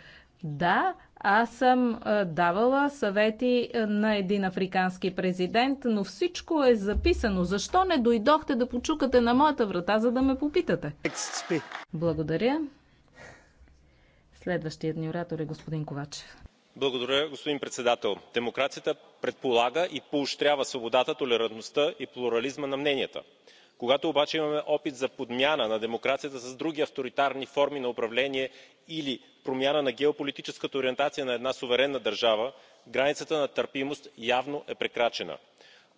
Да, аз съм давала съвети на един африкански президент, но всичко е записано. Защо не дойдохте да почукате на моята врата, за да ме попитате? Благодаря. Следващият ни оратор е господин Ковачев. Благодаря, господин председател. Демокрацията предполага и поощрява свободата, толерантността и плурализма на мненията когато обаче имаме опит за подмяна на демокрацията с други авторитарни форми на управление или промяна на геополитическата ориентация на една суверенна държава границата на търпимост явно е прекрачена.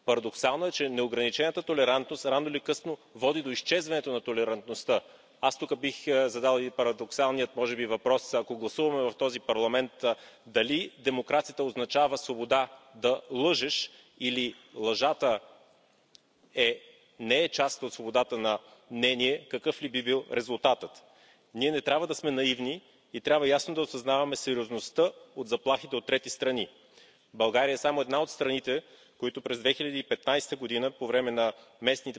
парадоксално е че неограничената толерантност рано или късно води до изчезването на толерантността. аз тук бих е, задал и парадоксалния може би въпрос ако гласуваме в този парламент е, дали демокрацията означава свобода да лъжеш или лъжата е не е част от свободата на мнение какъв ли би бил резултатът. ние не трябва да сме наивни и трябва ясно да осъзнаваме сериозността от заплахите от трети страни. българя е само една от страните която през 2015 г. по време на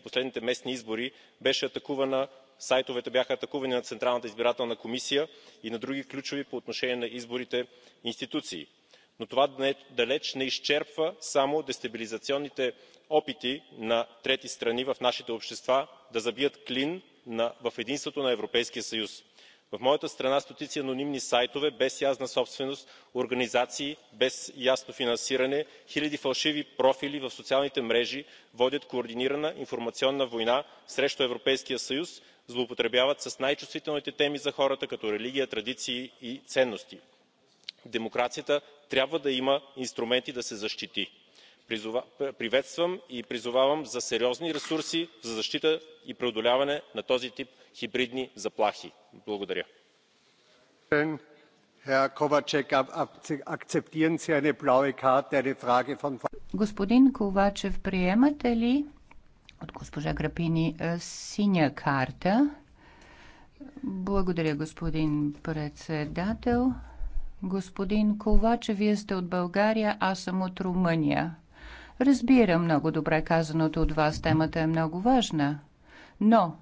последните местни избори беше атакувана сайтовете бяха атакувани на централната избирателна комисия и на други ключови по отношение на изборите институции. но това далеч не изчерпва само дестабилизационните опити на трети страни в нашите общества да забият клин в единството на европейския съюз. в моята страна стотици анонимни сайтове без ясна собственост организации без ясно финансиране хиляди фалшиви профили в социалните мрежи водят координирана информационна война срещу европейския съюз злоупотребяват с най чувствителните теми за хората като религия традиции и ценности. демокрацията трябва да има инструменти да се защити приветствам и призовавам за сериозни ресурси за защита и преодоляване на този тип хибридни заплахи. благодаря. Е господин ковачев приемате ли от госпожа грапини е, синя карта? Благодаря, господин председател. Господин Ковачев, вие сте от България, аз съм от Румъния. Разбира много добре казаното от вас, темата е много важна. Но,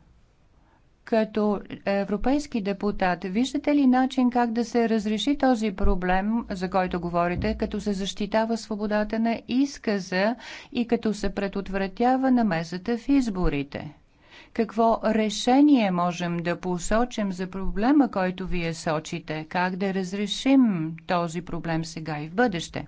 като европейски депутат, виждате ли начин как да се разреши този проблем, за който говорите, като се защитава свободата на изказа и като се предотвратява намесата в изборите? Какво решение можем да посочим за проблема, който вие сочите? Как да разрешим този проблем сега и в бъдеще?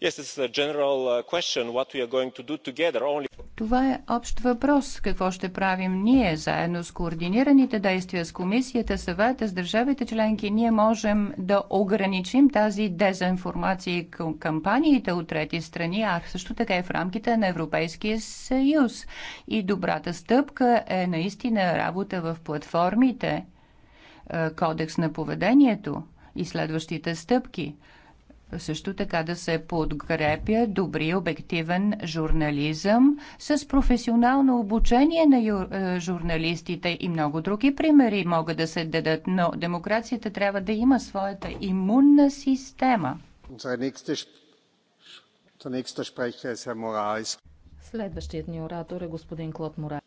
Uh, Това е общ въпрос. Какво ще правим ние заедно с координираните действия с комисията, съвета, с държавите членки? Ние можем да ограничим тази дезинформация и кампаниите от трети страни, а също така и в рамките на Европейския съюз. И добрата стъпка е наистина работа в платформите, е, кодекс на поведението и следващите стъпки също така да се подкрепя добри обективен журнализъм с професионално обучение на ю... Е, журналистите и много други примери могат да се дадат, но демокрацията трябва да има своята имунна система. Следващият ни оратор е господин Клод Морай.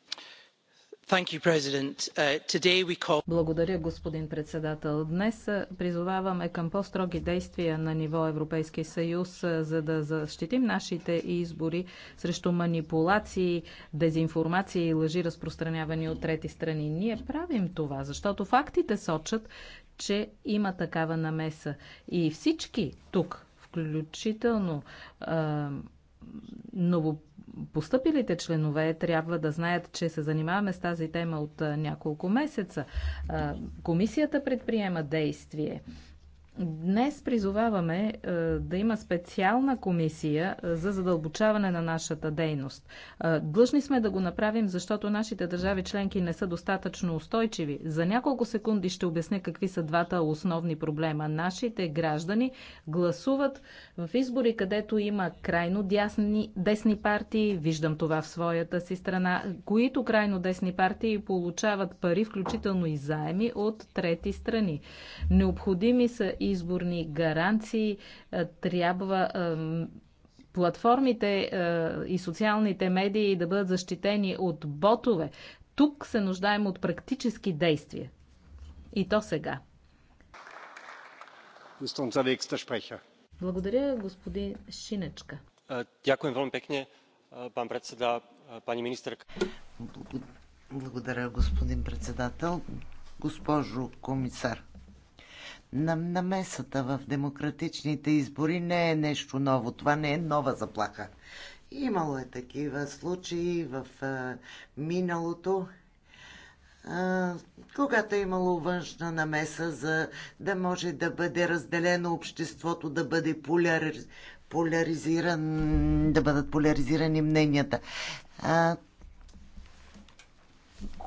Uh, Благодаря, господин председател. Днес призоваваме към по-строги действия на ниво Европейски съюз, за да защитим нашите избори срещу манипулации, дезинформации и лъжи, разпространявани от трети страни. Ние правим това, защото фактите сочат, че има такава намеса. И всички тук, включително новопредставените постъпилите членове трябва да знаят, че се занимаваме с тази тема от няколко месеца. Комисията предприема действие. Днес призоваваме е, да има специална комисия е, за задълбочаване на нашата дейност. Е, длъжни сме да го направим, защото нашите държави членки не са достатъчно устойчиви. За няколко секунди ще обясня какви са двата основни проблема. Нашите граждани гласуват в избори, където има крайно дясни, десни партии, виждам това в своята си страна, които крайно десни партии получават пари, включително и заеми от трети страни. Необходими са изборни гаранции, е, трябва е, платформите е, и социалните медии да бъдат защитени от ботове. Тук се нуждаем от практически действия. И то сега. Благодаря, господин Шинечка. Дякуем вам пекне, пан председател, пани министър. Благодаря, господин председател. Госпожо комисар, на намесата в демократичните избори не е нещо ново. Това не е нова заплаха. Имало е такива случаи в а, миналото, а, когато е имало външна намеса, за да може да бъде разделено обществото, да бъде поляр, поляризиран, да бъдат поляризирани мненията. А,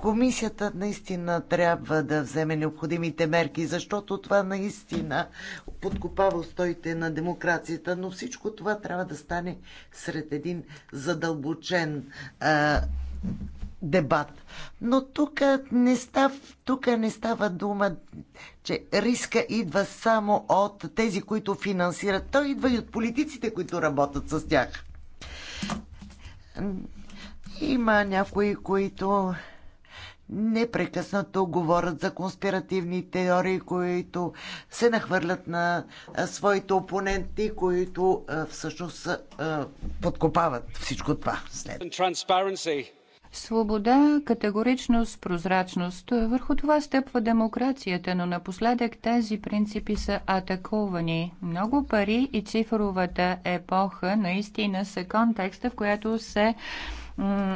Комисията наистина трябва да вземе необходимите мерки, защото това наистина подкопава устоите на демокрацията, но всичко това трябва да стане сред един задълбочен а, дебат. Но тук не, став, тук не става дума, че риска идва само от тези, които финансират. Той идва и от политиците, които работят с тях. Има някои, които непрекъснато говорят за конспиративни теории, които се нахвърлят на своите опоненти, които всъщност подкопават всичко това. След. Свобода, категоричност, прозрачност. Върху това стъпва демокрацията, но напоследък тези принципи са атакувани. Много пари и цифровата епоха наистина са контекста, в която се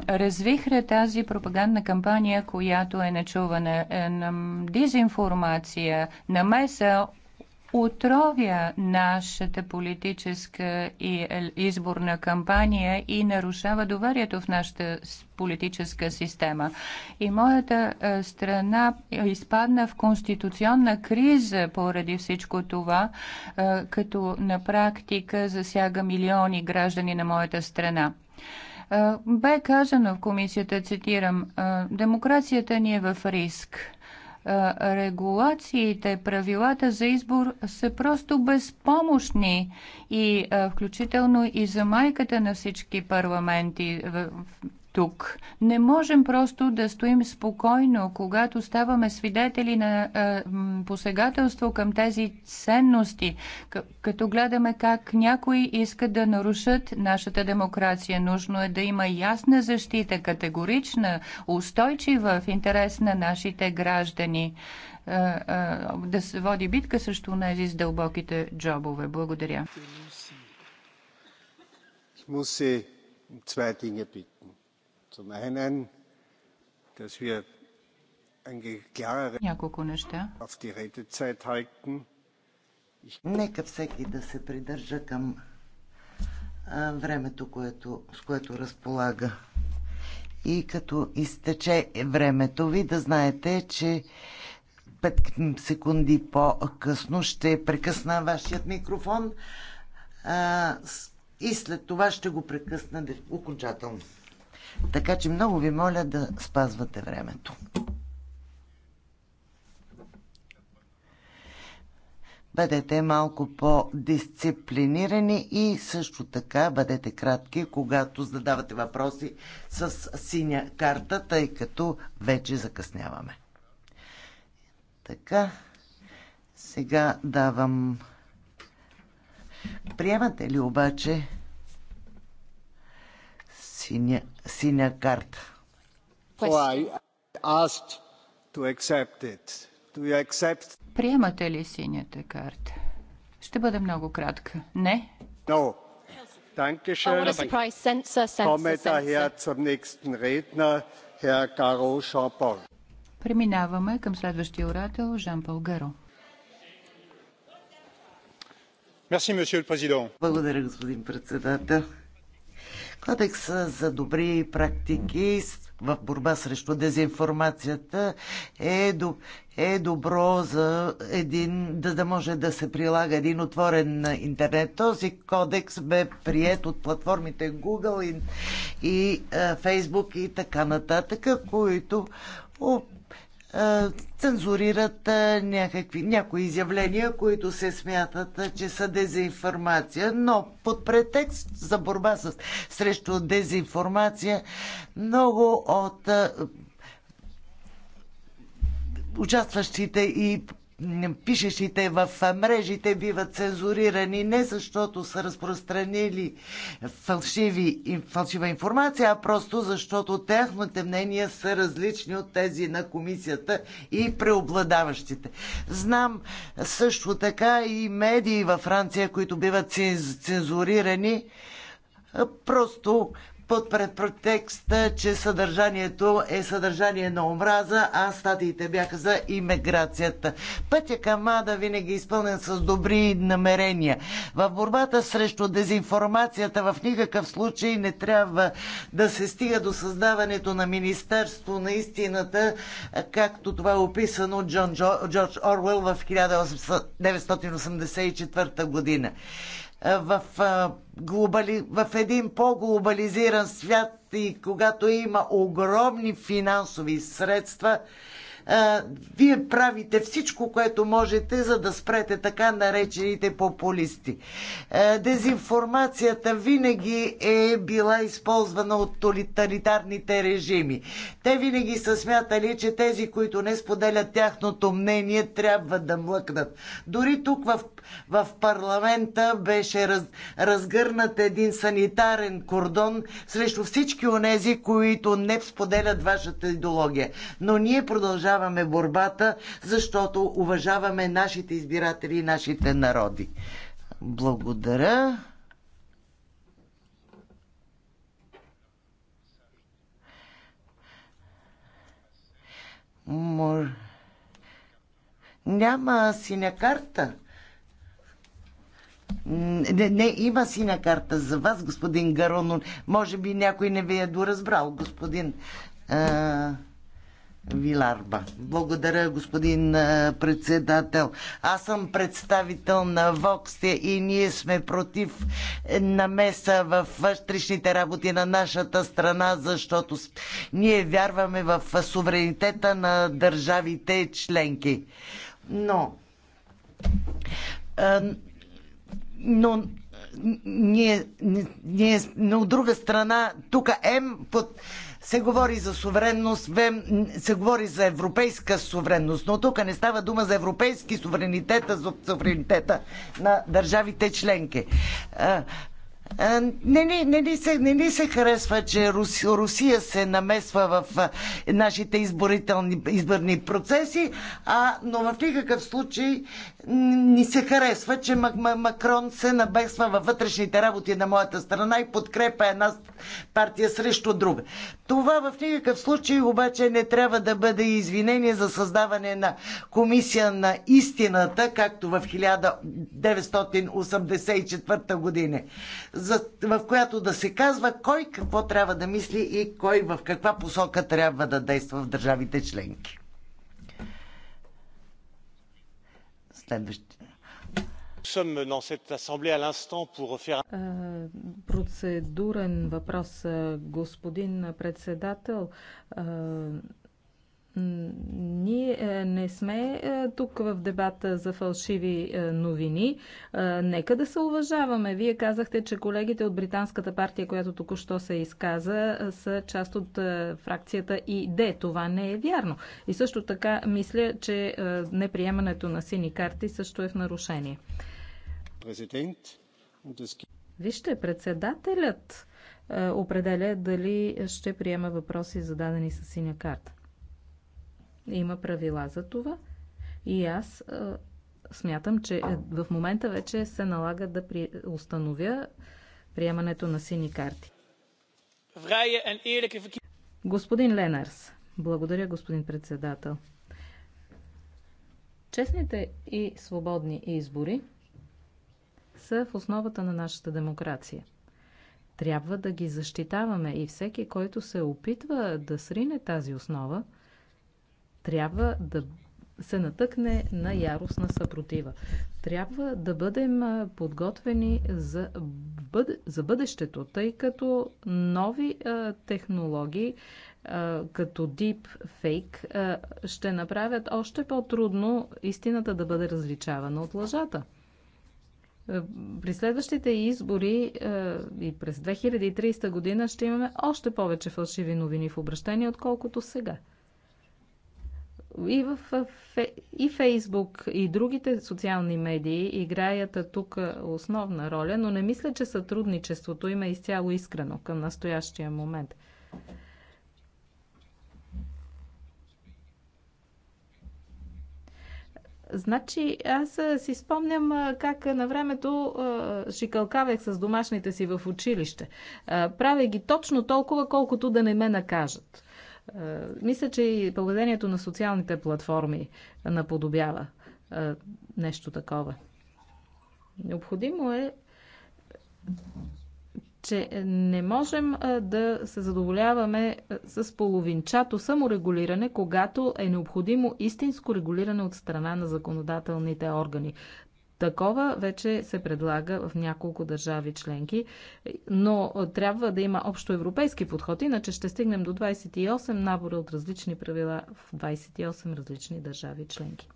развихря тази пропагандна кампания, която е начувана е, на дезинформация, намеса отровя нашата политическа и е, изборна кампания и нарушава доверието в нашата политическа система. И моята е, страна изпадна в конституционна криза поради всичко това, като на практика засяга милиони граждани на моята страна. Е, бе казано в комисията, цитирам, е, демокрацията ни е в риск е, регулациите, правилата за избор са просто безпомощни и включително и за майката на всички парламенти тук. Не можем просто да стоим спокойно, когато ставаме свидетели на е, посегателство към тези ценности, като гледаме как някои искат да нарушат нашата демокрация. Нужно е да има ясна защита, категорична, устойчива в интерес на нашите граждани е, е, да се води битка срещу тези с дълбоките джобове. Благодаря. Zum einen, er dass wir eine klarere Няколко auf die Redezeit halten. Нека всеки да се придържа към а, времето, което, с което разполага. И като изтече времето ви, да знаете, че 5 секунди по-късно ще прекъсна вашият микрофон а, и след това ще го прекъсна окончателно. Така че много ви моля да спазвате времето. Бъдете малко по-дисциплинирани и също така бъдете кратки, когато задавате въпроси с синя карта, тъй като вече закъсняваме. Така, сега давам. Приемате ли обаче синя, синя карта. Приемате ли синята карта? Ще бъда много кратка. Не? No. Преминаваме към следващия орател Жан-Пол Гаро. Благодаря, господин председател. Кодекс за добри практики в борба срещу дезинформацията е, до, е добро за един, да, да може да се прилага един отворен интернет. Този кодекс бе прият от платформите Google и, и е, Facebook и така нататък, които цензурират някакви, някои изявления, които се смятат, че са дезинформация, но под претекст за борба с, срещу дезинформация много от участващите и пишещите в мрежите биват цензурирани не защото са разпространили фалшиви, фалшива информация, а просто защото техните мнения са различни от тези на комисията и преобладаващите. Знам също така и медии във Франция, които биват цензурирани просто под претекста, че съдържанието е съдържание на омраза, а статиите бяха за иммиграцията. Пътя към Ада винаги е изпълнен с добри намерения. В борбата срещу дезинформацията в никакъв случай не трябва да се стига до създаването на Министерство на истината, както това е описано от Джон Джордж Орвел в 1984 година. Е, в, е, глобали... в един по-глобализиран свят и когато има огромни финансови средства, е, вие правите всичко, което можете, за да спрете така наречените популисти. Дезинформацията винаги е била използвана от тоталитарните режими. Те винаги са смятали, че тези, които не споделят тяхното мнение, трябва да млъкнат. Дори тук в в парламента беше раз, разгърнат един санитарен кордон срещу всички онези, които не споделят вашата идеология. Но ние продължаваме борбата, защото уважаваме нашите избиратели и нашите народи. Благодаря. Мор... Няма синя карта. Не, не, има сина карта за вас, господин Гарон. Може би някой не ви е доразбрал, господин а, Виларба. Благодаря, господин а, председател. Аз съм представител на Воксте и ние сме против е, намеса в вътрешните работи на нашата страна, защото ние вярваме в суверенитета на държавите членки. Но но ние, ние, но от друга страна, тук М под, се говори за суверенност, В се говори за европейска суверенност, но тук не става дума за европейски суверенитет, за суверенитета на държавите членки. не, ни не, ни се, не ни се харесва, че Русия се намесва в нашите изборителни, изборни процеси, а, но в никакъв случай ни се харесва, че Макрон се набесва във вътрешните работи на моята страна и подкрепа една партия срещу друга. Това в никакъв случай обаче не трябва да бъде извинение за създаване на комисия на истината, както в 1984 година, в която да се казва кой какво трябва да мисли и кой в каква посока трябва да действа в държавите членки. следващите. Процедурен въпрос, е, господин председател. Е, ние е, не сме е, тук в дебата за фалшиви е, новини. Нека да се уважаваме. Вие казахте, че колегите от британската партия, която току-що се изказа, са част от фракцията ИД. Това не е вярно. И също така мисля, че неприемането на сини карти също е в нарушение. Президент. Вижте, председателят определя дали ще приема въпроси зададени с синя карта. Има правила за това. И аз смятам, че е, в момента вече се налага да установя приемането на сини карти. Господин Ленарс, благодаря, господин председател. Честните и свободни избори са в основата на нашата демокрация. Трябва да ги защитаваме и всеки, който се опитва да срине тази основа, трябва да се натъкне на яростна съпротива. Трябва да бъдем подготвени за, бъде, за бъдещето, тъй като нови а, технологии а, като Deep Fake а, ще направят още по-трудно истината да бъде различавана от лъжата. При следващите избори и през 2030 година ще имаме още повече фалшиви новини в обращение, отколкото сега. И, в, и Фейсбук, и другите социални медии играят тук основна роля, но не мисля, че сътрудничеството има е изцяло искрено към настоящия момент. Значи, аз си спомням как на времето шикалкавех с домашните си в училище. Правя ги точно толкова, колкото да не ме накажат. Е, мисля, че и поведението на социалните платформи наподобява е, нещо такова. Необходимо е, че не можем е, да се задоволяваме с половинчато саморегулиране, когато е необходимо истинско регулиране от страна на законодателните органи. Такова вече се предлага в няколко държави членки, но трябва да има общо европейски подход, иначе ще стигнем до 28 набора от различни правила в 28 различни държави членки.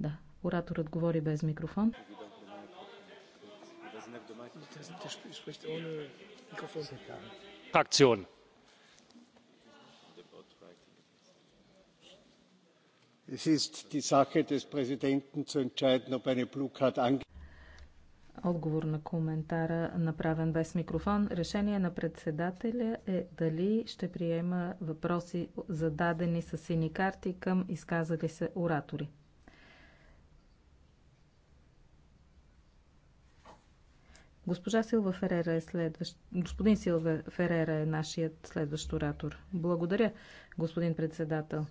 Да, ораторът говори без микрофон. Фракцион. Es ist die Sache des Präsidenten zu entscheiden, ob er eine Blue Card Отговор на коментара, направен без микрофон. Решение на председателя е дали ще приема въпроси зададени с сини карти към изказали се оратори. Госпожа Силва Ферера е следващ... Господин Силва Ферера е нашият следващ оратор. Благодаря, господин председател.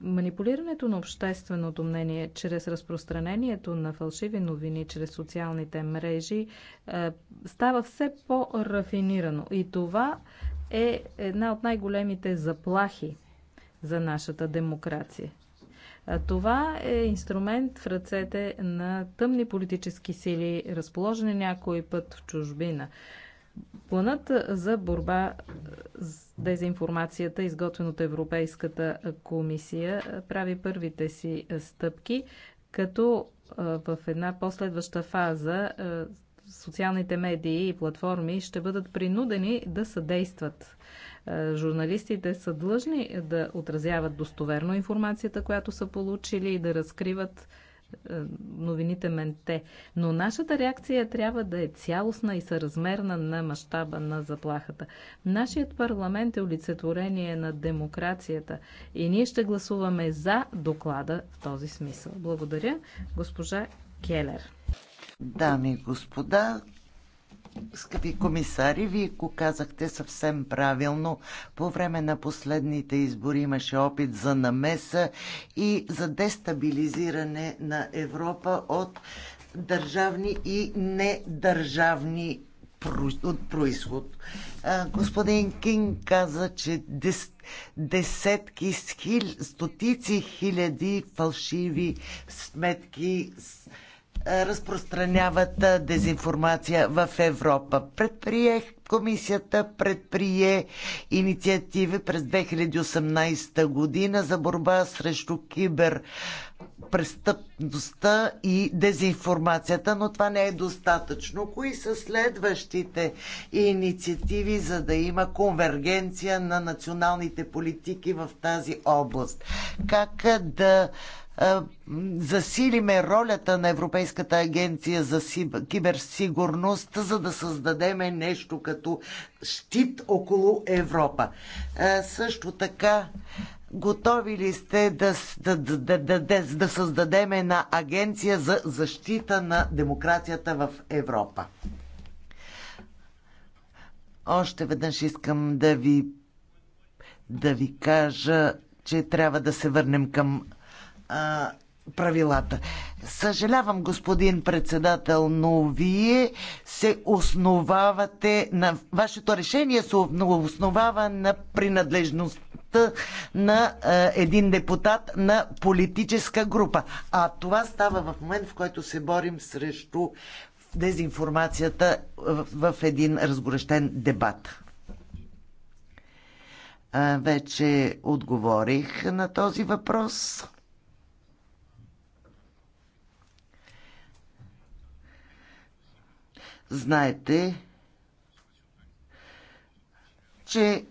Манипулирането на общественото мнение чрез разпространението на фалшиви новини, чрез социалните мрежи, е, става все по-рафинирано. И това е една от най-големите заплахи за нашата демокрация. Това е инструмент в ръцете на тъмни политически сили, разположени някой път в чужбина. Планът за борба с дезинформацията, изготвен от Европейската комисия, прави първите си стъпки, като в една последваща фаза социалните медии и платформи ще бъдат принудени да съдействат е, журналистите са длъжни да отразяват достоверно информацията, която са получили и да разкриват е, новините менте. Но нашата реакция трябва да е цялостна и съразмерна на мащаба на заплахата. Нашият парламент е олицетворение на демокрацията и ние ще гласуваме за доклада в този смисъл. Благодаря, госпожа Келер. Дами и господа, Скъпи комисари, вие го казахте съвсем правилно. По време на последните избори имаше опит за намеса и за дестабилизиране на Европа от държавни и недържавни от происход. Господин Кинг каза, че десетки, стотици хиляди фалшиви сметки разпространяват дезинформация в Европа. Предприех, комисията предприе инициативи през 2018 година за борба срещу кибер престъпността и дезинформацията, но това не е достатъчно. Кои са следващите инициативи, за да има конвергенция на националните политики в тази област? Как да е, засилиме ролята на Европейската агенция за киберсигурност, за да създадеме нещо като щит около Европа. Е, също така, готови ли сте да, да, да, да, да, да създадем една агенция за защита на демокрацията в Европа? Още веднъж искам да ви, да ви кажа, че трябва да се върнем към а, правилата. Съжалявам, господин председател, но вие се основавате на... Вашето решение се основава на принадлежността на а, един депутат на политическа група. А това става в момент, в който се борим срещу дезинформацията в, в един разгорещен дебат. А, вече отговорих на този въпрос. Знаете, че е,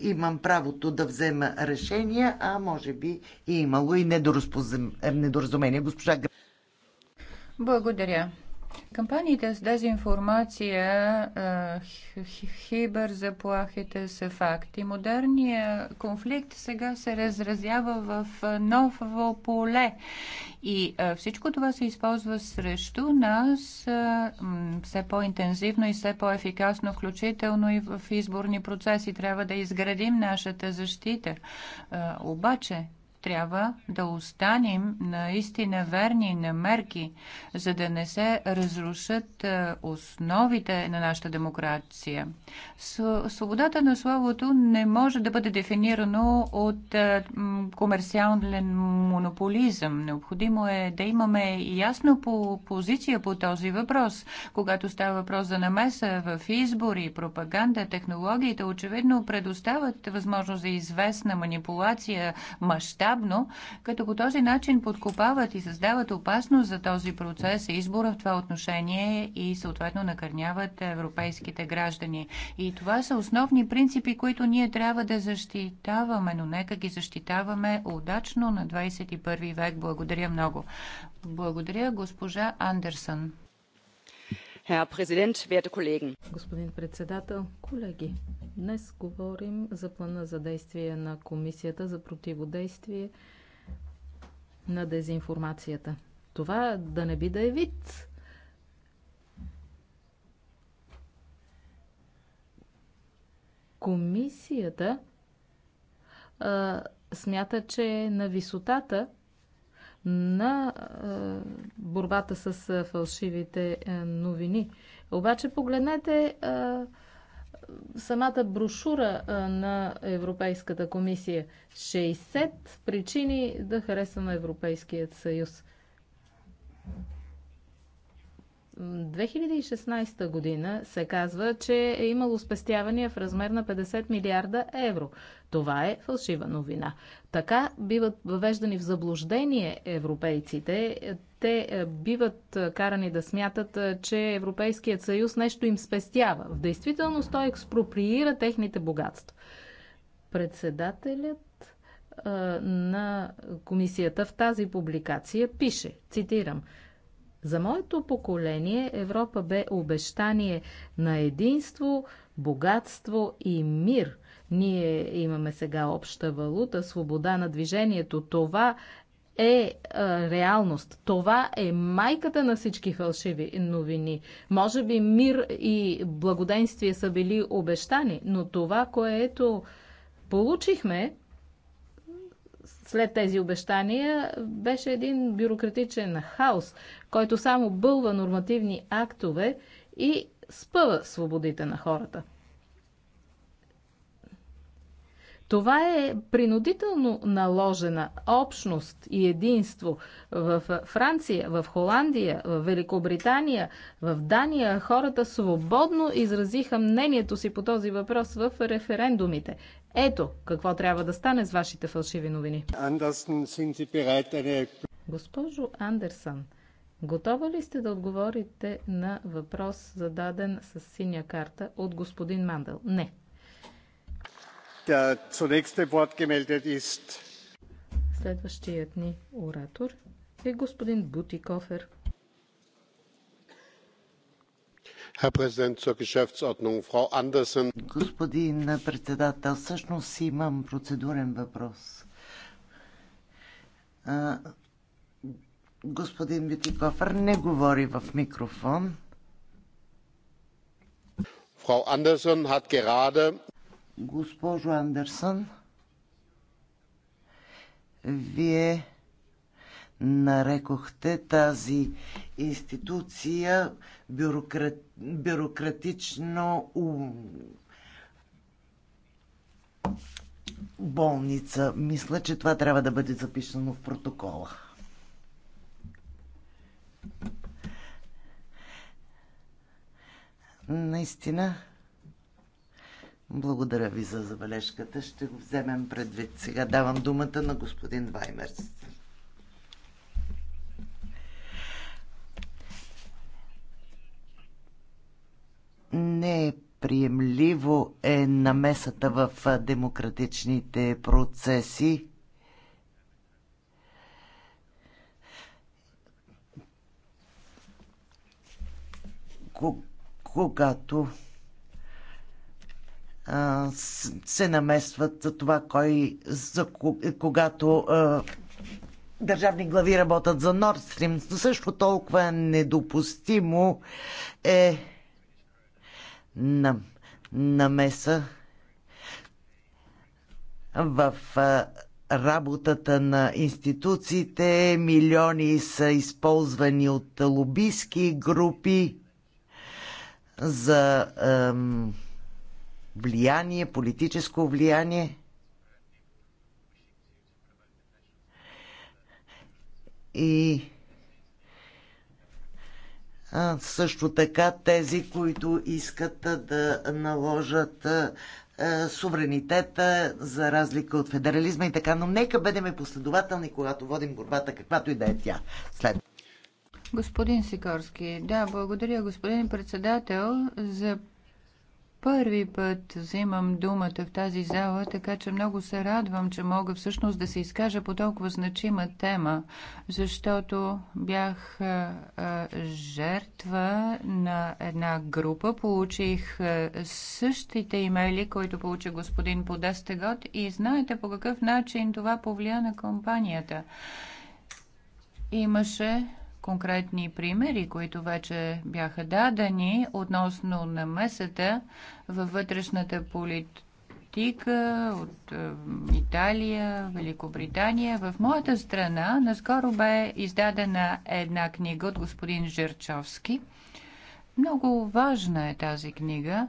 имам правото да взема решения, а може би и е имало и недоразумение. Госпожа Благодаря. Кампаниите с дезинформация, хиберзаплахите са факти. Модерният конфликт сега се разразява в ново поле. И всичко това се използва срещу нас все по-интензивно и все по-ефикасно, включително и в изборни процеси. Трябва да изградим нашата защита. Обаче, трябва да останем наистина верни на мерки, за да не се разрушат е, основите на нашата демокрация. Свободата на словото не може да бъде дефинирано от е, комерциален монополизъм. Необходимо е да имаме ясно по позиция по този въпрос. Когато става въпрос за намеса в избори, пропаганда, технологиите очевидно предоставят възможност за известна манипулация, мащаб мащабно, като по този начин подкопават и създават опасност за този процес и избора в това отношение и съответно накърняват европейските граждани. И това са основни принципи, които ние трябва да защитаваме, но нека ги защитаваме удачно на 21 век. Благодаря много. Благодаря, госпожа Андерсън. Господин председател, колеги, днес говорим за плана за действие на Комисията за противодействие на дезинформацията. Това да не би да е вид. Комисията а, смята, че на висотата на борбата с фалшивите новини. Обаче погледнете самата брошура на Европейската комисия. 60 причини да харесваме Европейският съюз. 2016 година се казва, че е имало спестявания в размер на 50 милиарда евро. Това е фалшива новина. Така биват въвеждани в заблуждение европейците. Те е, биват е, карани да смятат, е, че Европейският съюз нещо им спестява. В действителност той експроприира техните богатства. Председателят на комисията в тази публикация пише, цитирам, за моето поколение Европа бе обещание на единство, богатство и мир. Ние имаме сега обща валута, свобода на движението. Това е е реалност. Това е майката на всички фалшиви новини. Може би мир и благоденствие са били обещани, но това, което получихме, след тези обещания беше един бюрократичен хаос, който само бълва нормативни актове и спъва свободите на хората. Това е принудително наложена общност и единство в Франция, в Холандия, в Великобритания, в Дания. Хората свободно изразиха мнението си по този въпрос в референдумите. Ето какво трябва да стане с вашите фалшиви новини. Госпожо Андерсън, готова ли сте да отговорите на въпрос зададен с синя карта от господин Мандел? Не. Следващият ни оратор е господин Бутикофер. Господин председател, всъщност имам процедурен въпрос. Господин Бютикофер не говори в микрофон. Frau Anderson hat gerade Госпожо Андерсън, вие нарекохте тази институция бюрократ, бюрократично у... болница. Мисля, че това трябва да бъде записано в протокола. Наистина, благодаря ви за забележката. Ще го вземем предвид. Сега давам думата на господин Ваймерс. Не е приемливо е намесата в демократичните процеси. Когато се наместват за това, кой, за, когато държавни глави работят за Nord Stream. Също толкова недопустимо е на, намеса в а, работата на институциите. Милиони са използвани от лобийски групи за ам, влияние, политическо влияние. И а, също така тези, които искат да наложат суверенитета за разлика от федерализма и така, но нека бъдем последователни, когато водим борбата, каквато и да е тя. След. Господин Сикорски, да, благодаря господин председател за първи път взимам думата в тази зала, така че много се радвам, че мога всъщност да се изкажа по толкова значима тема, защото бях а, а, жертва на една група. Получих а, същите имейли, които получи господин Подастегот и знаете по какъв начин това повлия на компанията. Имаше конкретни примери, които вече бяха дадени относно намесата във вътрешната политика от е, Италия, Великобритания. В моята страна наскоро бе издадена една книга от господин Жерчовски. Много важна е тази книга.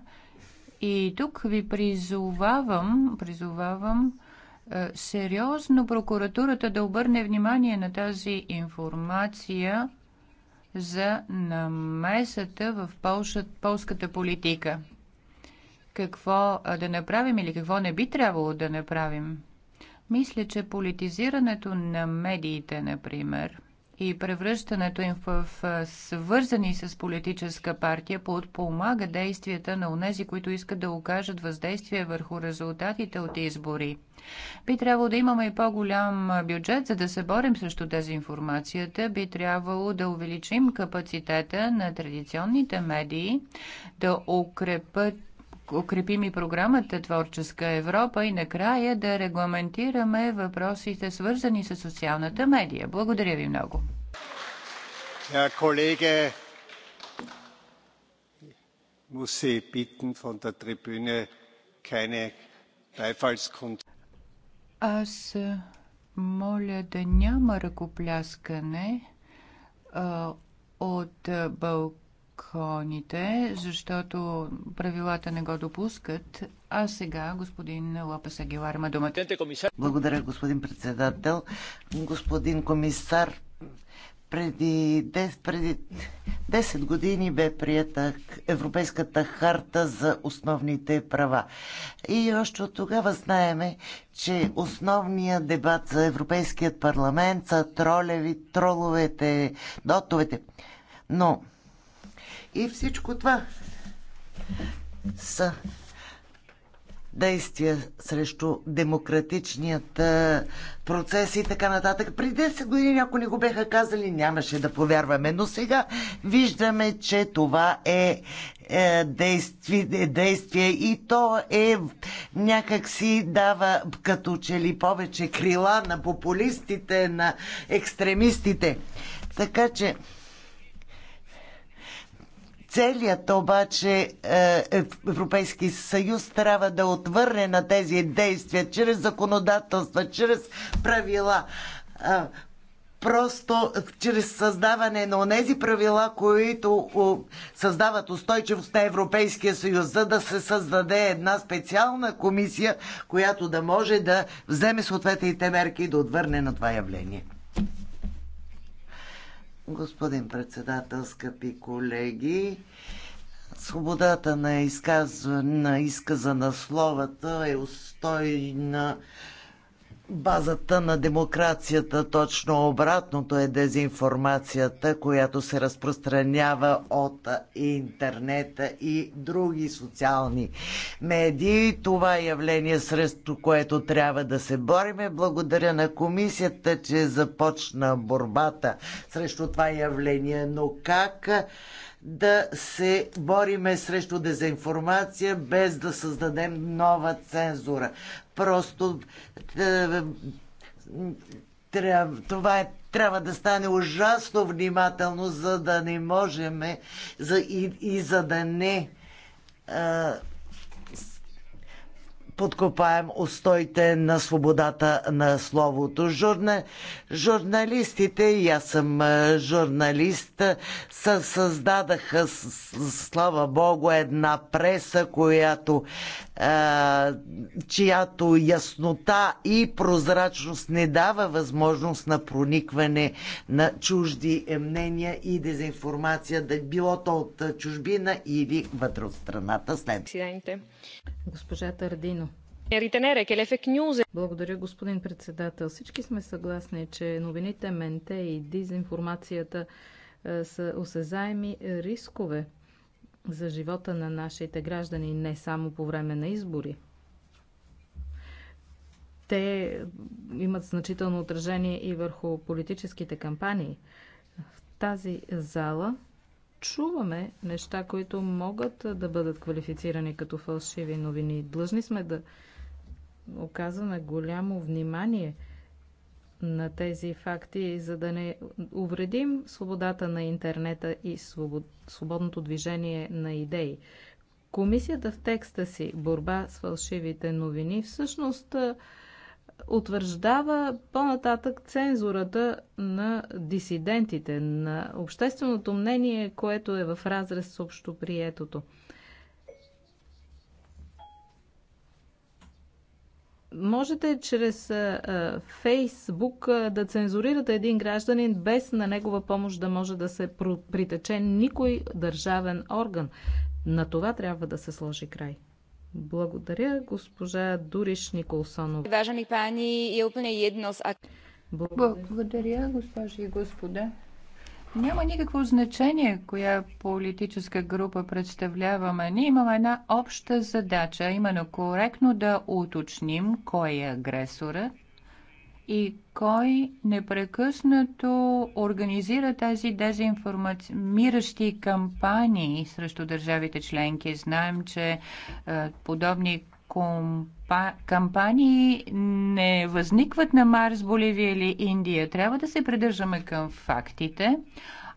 И тук ви призовавам, призовавам е, сериозно прокуратурата да обърне внимание на тази информация за намесата в Полша, полската политика. Какво да направим или какво не би трябвало да направим? Мисля, че политизирането на медиите, например, и превръщането им в свързани с политическа партия подпомага действията на онези, които искат да окажат въздействие върху резултатите от избори. Би трябвало да имаме и по-голям бюджет, за да се борим срещу дезинформацията. Би трябвало да увеличим капацитета на традиционните медии, да укрепят укрепим и програмата Творческа Европа и накрая да регламентираме въпросите, свързани с социалната медия. Благодаря ви много. Kollege, muss Sie bitten, von der Tribüne keine аз моля да няма ръкопляскане а, от балконите, защото правилата не го допускат. А сега господин Лопес Агилар има думата. Благодаря, господин председател. Господин комисар, преди 10, преди 10 години бе прията Европейската харта за основните права. И още от тогава знаеме, че основният дебат за Европейският парламент са тролеви, троловете, дотовете. Но и всичко това са действия срещу демократичният процес и така нататък. При 10 години, ако ни го беха казали, нямаше да повярваме. Но сега виждаме, че това е, е действие, действие и то е някак си дава като че ли повече крила на популистите, на екстремистите. Така че Целият обаче е, е, Европейски съюз трябва да отвърне на тези действия чрез законодателства, чрез правила. Е, просто чрез създаване на тези правила, които създават устойчивост на Европейския съюз, за да се създаде една специална комисия, която да може да вземе съответните мерки и да отвърне на това явление. Господин председател, скъпи колеги, свободата на, изказване на изказа на словата е устойна базата на демокрацията. Точно обратното е дезинформацията, която се разпространява от интернета и други социални медии. Това е явление, срещу което трябва да се бориме. Благодаря на комисията, че започна борбата срещу това явление. Но как да се бориме срещу дезинформация без да създадем нова цензура. Просто е, това е, трябва да стане ужасно внимателно, за да не можем за, и, и за да не а, е, подкопаем устоите на свободата на словото. Журна, журналистите, и аз съм е, журналист, са, създадаха, слава Богу, една преса, която чиято яснота и прозрачност не дава възможност на проникване на чужди е, мнения и дезинформация, да било то от чужбина или вътре от страната. След. Госпожа Тардино. Е, Благодаря, господин председател. Всички сме съгласни, че новините менте и дезинформацията е, са осезаеми рискове за живота на нашите граждани не само по време на избори. Те имат значително отражение и върху политическите кампании. В тази зала чуваме неща, които могат да бъдат квалифицирани като фалшиви новини. Длъжни сме да оказваме голямо внимание – на тези факти, за да не увредим свободата на интернета и свобод... свободното движение на идеи. Комисията в текста си борба с фалшивите новини всъщност утвърждава по-нататък цензурата на дисидентите, на общественото мнение, което е в разрез с общоприетото. приетото. можете чрез Фейсбук да цензурирате един гражданин без на негова помощ да може да се притече никой държавен орган. На това трябва да се сложи край. Благодаря, госпожа Дуриш Николсонова. Е Благодаря, госпожи и господа. Няма никакво значение коя политическа група представляваме. Ние имаме една обща задача, именно коректно да уточним кой е агресора и кой непрекъснато организира тези дезинформиращи кампании срещу държавите членки. Знаем, че е, подобни компа... кампании не възникват на Марс, Боливия или Индия. Трябва да се придържаме към фактите.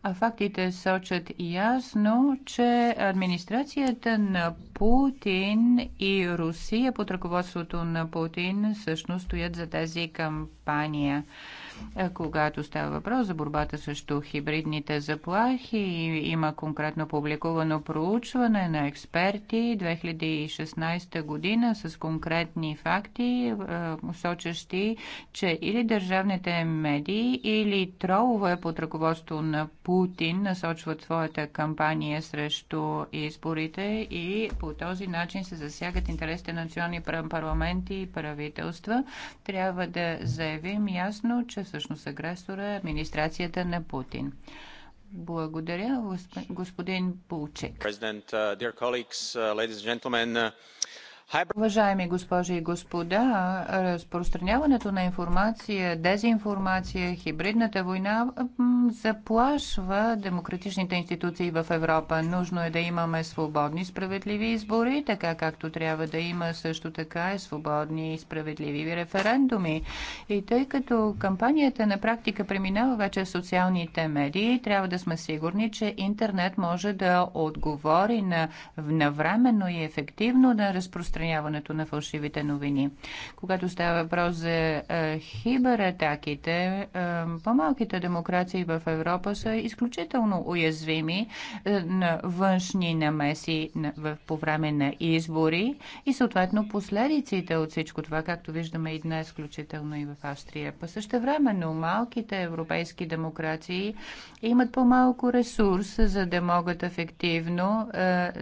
А фактите сочат ясно, че администрацията на Путин и Русия под ръководството на Путин всъщност стоят за тази кампания. Е, когато става въпрос за борбата срещу хибридните заплахи. Има конкретно публикувано проучване на експерти 2016 година с конкретни факти, е, сочещи, че или държавните медии, или тролове под ръководство на Путин насочват своята кампания срещу изборите и по този начин се засягат интересите на национални парламенти и правителства. Трябва да заявим ясно, че всъщност агресора е администрацията на Путин. Благодаря, господин Пулчек. Уважаеми госпожи и господа, разпространяването на информация, дезинформация, хибридната война заплашва демократичните институции в Европа. Нужно е да имаме свободни, справедливи избори, така както трябва да има също така и свободни и справедливи референдуми. И тъй като кампанията на практика преминава вече в социалните медии, трябва да сме сигурни, че интернет може да отговори на навременно и ефективно на разпространението разпространяването на фалшивите новини. Когато става въпрос за е, хибератаките, е, по-малките демокрации в Европа са изключително уязвими е, на външни намеси по време на избори и съответно последиците от всичко това, както виждаме и днес, включително и в Австрия. По също но малките европейски демокрации имат по-малко ресурс, за да могат ефективно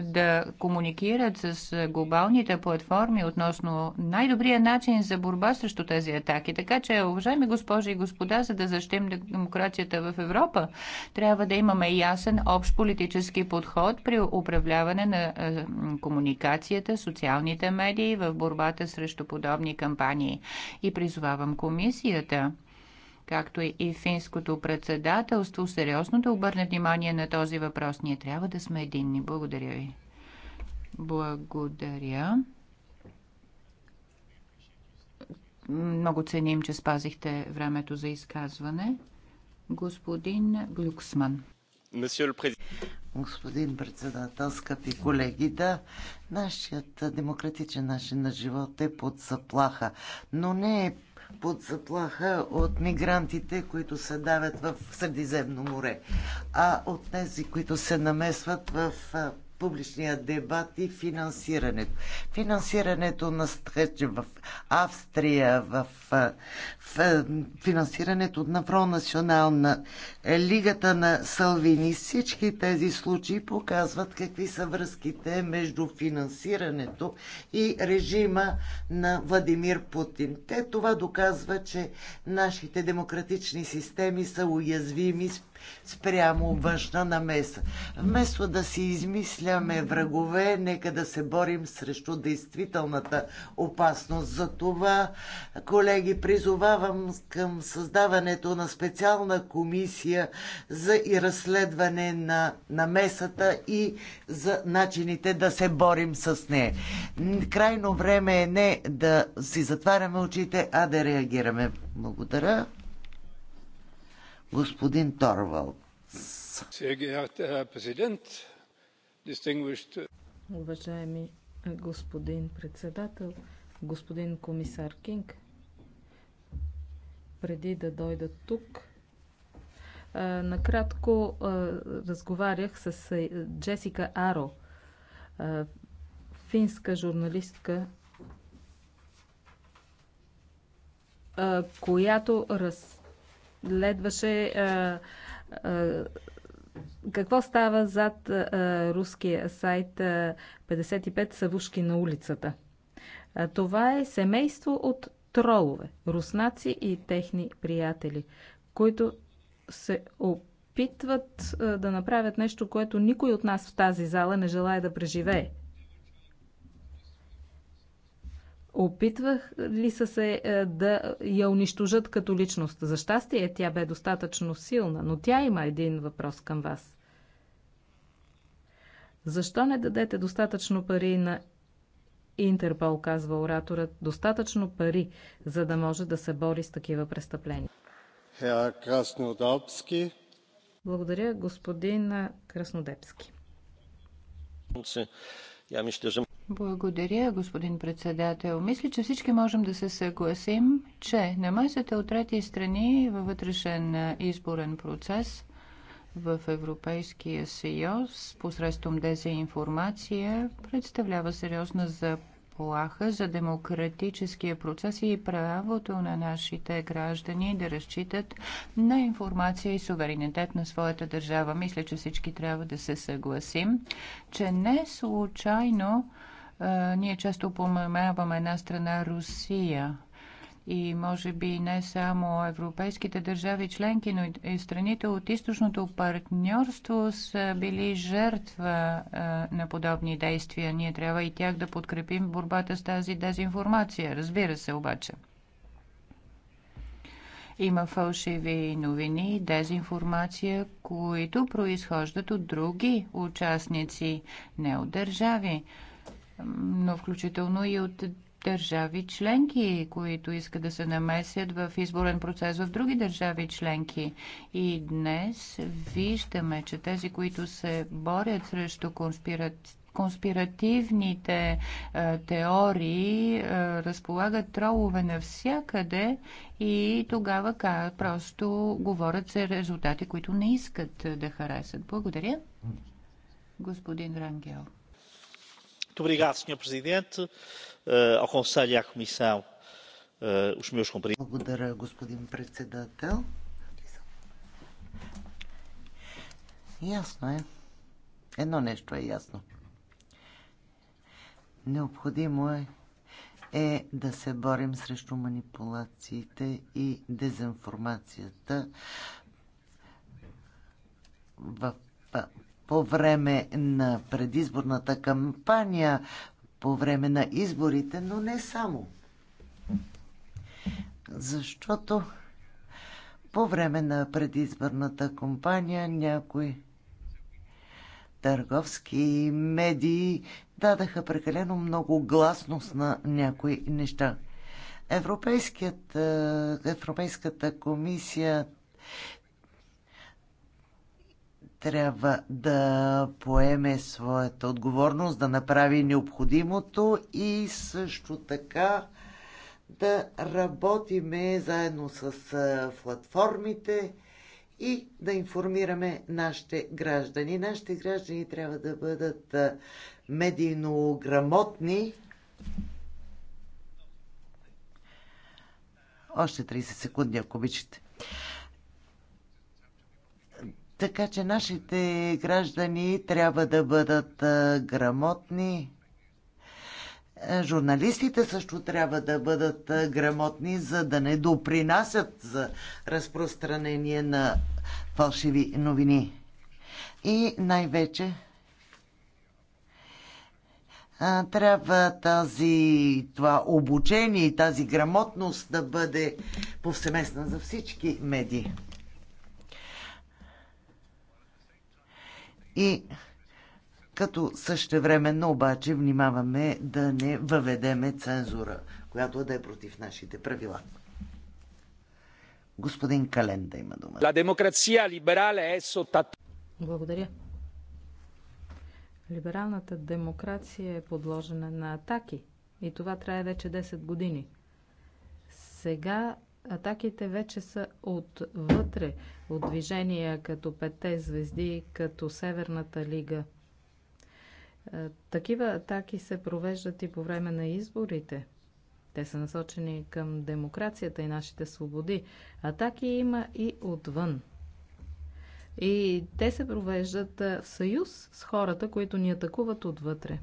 да комуникират с глобалните платформи относно най-добрия начин за борба срещу тези атаки. Така че, уважаеми госпожи и господа, за да защитим демокрацията в Европа, трябва да имаме ясен общ политически подход при управляване на е, комуникацията, социалните медии в борбата срещу подобни кампании. И призовавам комисията както и финското председателство, сериозно да обърне внимание на този въпрос. Ние трябва да сме единни. Благодаря ви. Благодаря. Много ценим, че спазихте времето за изказване. Господин Глюксман. Господин председател, скъпи колеги, да, нашият демократичен начин на живот е под заплаха, но не е под заплаха от мигрантите, които се давят в Средиземно море, а от тези, които се намесват в публичния дебат и финансирането. Финансирането на стъч в Австрия, в, в, в финансирането на Пронационална лигата на Салвини. Всички тези случаи показват какви са връзките между финансирането и режима на Владимир Путин. Те това доказва, че нашите демократични системи са уязвими спрямо външна намеса. Вместо да си измисляме врагове, нека да се борим срещу действителната опасност. За това, колеги, призовавам към създаването на специална комисия за и разследване на намесата и за начините да се борим с нея. Крайно време е не да си затваряме очите, а да реагираме. Благодаря господин Торвалдс. Уважаеми господин председател, господин комисар Кинг, преди да дойда тук, накратко разговарях с Джесика Аро, финска журналистка, която раз следваше е, е, какво става зад е, руския сайт 55 Савушки на улицата. Това е семейство от тролове, руснаци и техни приятели, които се опитват да направят нещо, което никой от нас в тази зала не желая да преживее. Опитвах ли са се е, да я унищожат като личност? За щастие тя бе достатъчно силна, но тя има един въпрос към вас. Защо не дадете достатъчно пари на Интерпол, казва ораторът, достатъчно пари, за да може да се бори с такива престъпления? Благодаря, господин Краснодепски. Я благодаря, господин председател. Мисля, че всички можем да се съгласим, че намесата от трети страни във вътрешен изборен процес в Европейския съюз посредством дезинформация представлява сериозна заплаха за демократическия процес и правото на нашите граждани да разчитат на информация и суверенитет на своята държава. Мисля, че всички трябва да се съгласим, че не случайно ние често упоменаваме една страна Русия и може би не само европейските държави членки, но и страните от източното партньорство са били жертва на подобни действия. Ние трябва и тях да подкрепим борбата с тази дезинформация, разбира се обаче. Има фалшиви новини, дезинформация, които произхождат от други участници, не от държави но включително и от държави членки, които искат да се намесят в изборен процес в други държави членки. И днес виждаме, че тези, които се борят срещу конспират конспиративните е, теории е, разполагат тролове навсякъде и тогава ка, просто говорят за резултати, които не искат да харесат. Благодаря. Господин Рангел. Благодаря, господин председател. Ясно е. Едно нещо е ясно. Необходимо е, е да се борим срещу манипулациите и дезинформацията в по време на предизборната кампания, по време на изборите, но не само. Защото по време на предизборната кампания някои търговски медии дадаха прекалено много гласност на някои неща. Е, Европейската комисия трябва да поеме своята отговорност, да направи необходимото и също така да работиме заедно с платформите и да информираме нашите граждани. Нашите граждани трябва да бъдат медийно грамотни. Още 30 секунди, ако обичате. Така че нашите граждани трябва да бъдат грамотни. Е, журналистите също трябва да бъдат грамотни, за да не допринасят за разпространение на фалшиви новини. И най-вече трябва тази, това обучение и тази грамотност да бъде повсеместна за всички медии. и като същевременно обаче внимаваме да не въведеме цензура, която да е против нашите правила. Господин Календа има дума. La демокрация либерале е сотат. Благодаря. Либералната демокрация е подложена на атаки и това трае вече 10 години. Сега атаките вече са отвътре, от движения като Петте звезди, като Северната лига. Е, такива атаки се провеждат и по време на изборите. Те са насочени към демокрацията и нашите свободи. Атаки има и отвън. И те се провеждат е, в съюз с хората, които ни атакуват отвътре.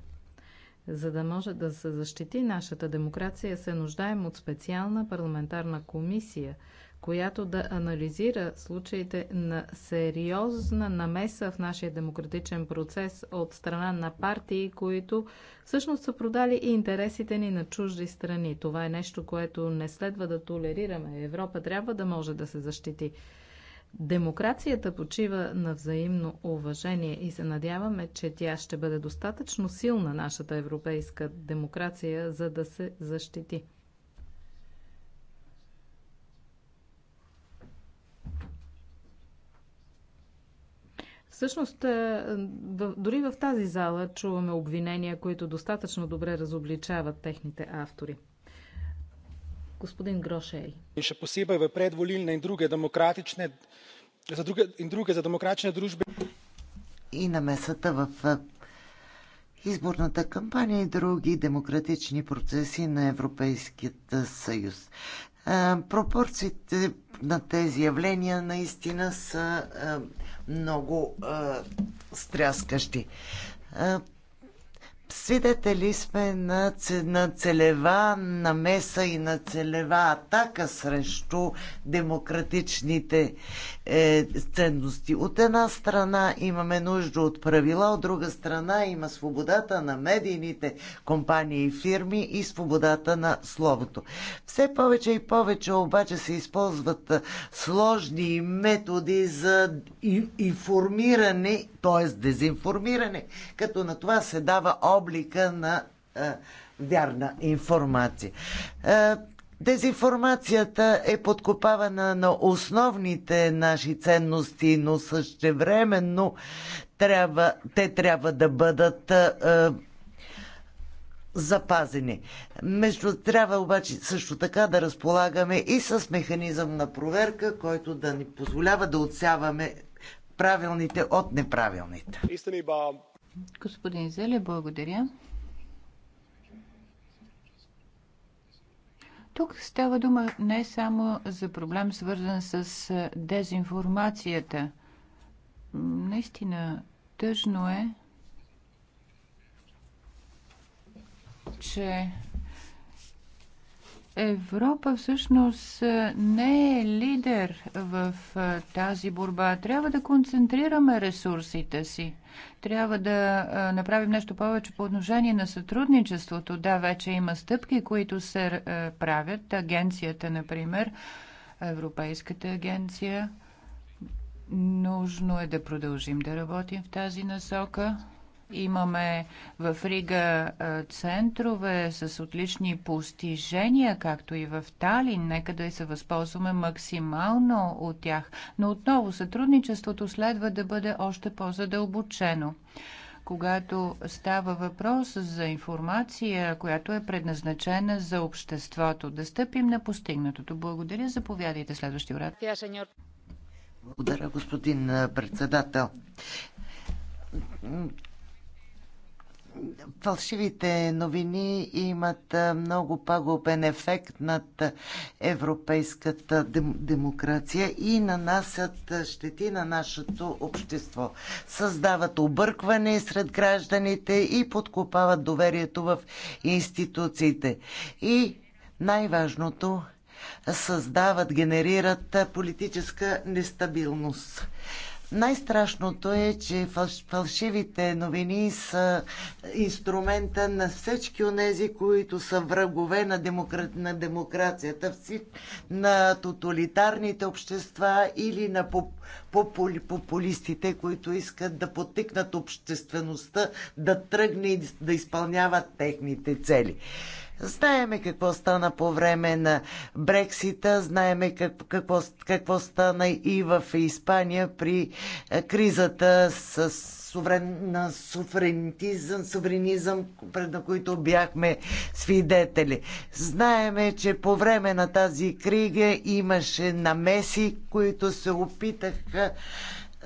За да може да се защити нашата демокрация, се нуждаем от специална парламентарна комисия, която да анализира случаите на сериозна намеса в нашия демократичен процес от страна на партии, които всъщност са продали и интересите ни на чужди страни. Това е нещо, което не следва да толерираме. Европа трябва да може да се защити. Демокрацията почива на взаимно уважение и се надяваме, че тя ще бъде достатъчно силна, нашата европейска демокрация, за да се защити. Всъщност, е, дори в тази зала чуваме обвинения, които достатъчно добре разобличават техните автори. Господин Грошей. In še posebej v predvolilne in druge demokratične, za druge, in druge za demokratične družbe. И намесата в изборната кампания и други демократични процеси на Европейският съюз. Пропорциите на тези явления наистина са много стряскащи. Свидетели сме на, на целева намеса и на целева атака срещу демократичните е, ценности. От една страна имаме нужда от правила, от друга страна има свободата на медийните компании и фирми и свободата на словото. Все повече и повече обаче се използват е, сложни методи за информиране, т.е. дезинформиране, като на това се дава облика на а, вярна информация. А, Дезинформацията е подкопавана на основните наши ценности, но същевременно трябва, те трябва да бъдат а, запазени. Между, трябва обаче също така да разполагаме и с механизъм на проверка, който да ни позволява да отсяваме правилните от неправилните. Истина Господин Зеле, благодаря. Тук става дума не само за проблем, свързан с дезинформацията. Наистина тъжно е, че Европа всъщност е, не е лидер в е, тази борба. Трябва да концентрираме ресурсите си. Трябва да е, направим нещо повече по отношение на сътрудничеството. Да, вече има стъпки, които се правят. Агенцията, например, Европейската агенция. Нужно е да продължим да работим в тази насока. Имаме в Рига центрове с отлични постижения, както и в Талин. Нека да се възползваме максимално от тях. Но отново сътрудничеството следва да бъде още по-задълбочено когато става въпрос за информация, която е предназначена за обществото. Да стъпим на постигнатото. Благодаря. Заповядайте следващия врат. Благодаря, господин председател. Фалшивите новини имат много пагубен ефект над европейската дем, демокрация и нанасят щети на нашето общество. Създават объркване сред гражданите и подкопават доверието в институциите. И най-важното създават, генерират политическа нестабилност. Най-страшното е, че фалшивите новини са инструмента на всички онези, които са врагове на, демокра... на демокрацията, на тоталитарните общества или на попули... популистите, които искат да потикнат обществеността да тръгне и да изпълняват техните цели. Знаеме какво стана по време на Брексита, знаеме как, какво, какво стана и в Испания при е, кризата с на суверенитизъм, суверенизъм, пред на които бяхме свидетели. Знаеме, че по време на тази крига имаше намеси, които се опитаха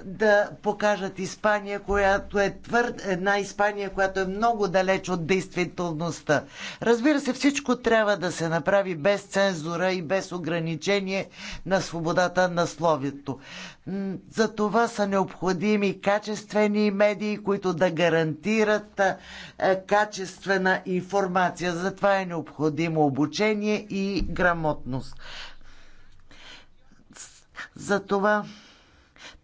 да покажат Испания, която е твърд, една Испания, която е много далеч от действителността. Разбира се, всичко трябва да се направи без цензура и без ограничение на свободата на словието. За това са необходими качествени медии, които да гарантират качествена информация. Затова е необходимо обучение и грамотност. За това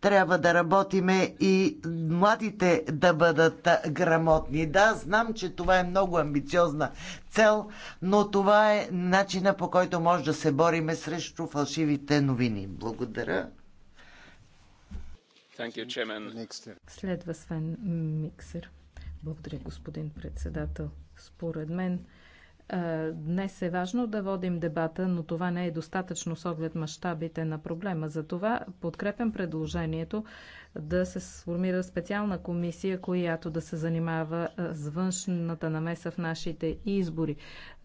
трябва да работиме и младите да бъдат грамотни. Да, знам, че това е много амбициозна цел, но това е начина по който може да се бориме срещу фалшивите новини. Благодаря. Следва Свен Миксер. Благодаря, господин председател. Според мен, е, днес е важно да водим дебата, но това не е достатъчно с оглед мащабите на проблема. Затова подкрепям предложението да се сформира специална комисия, която да се занимава е, с външната намеса в нашите избори.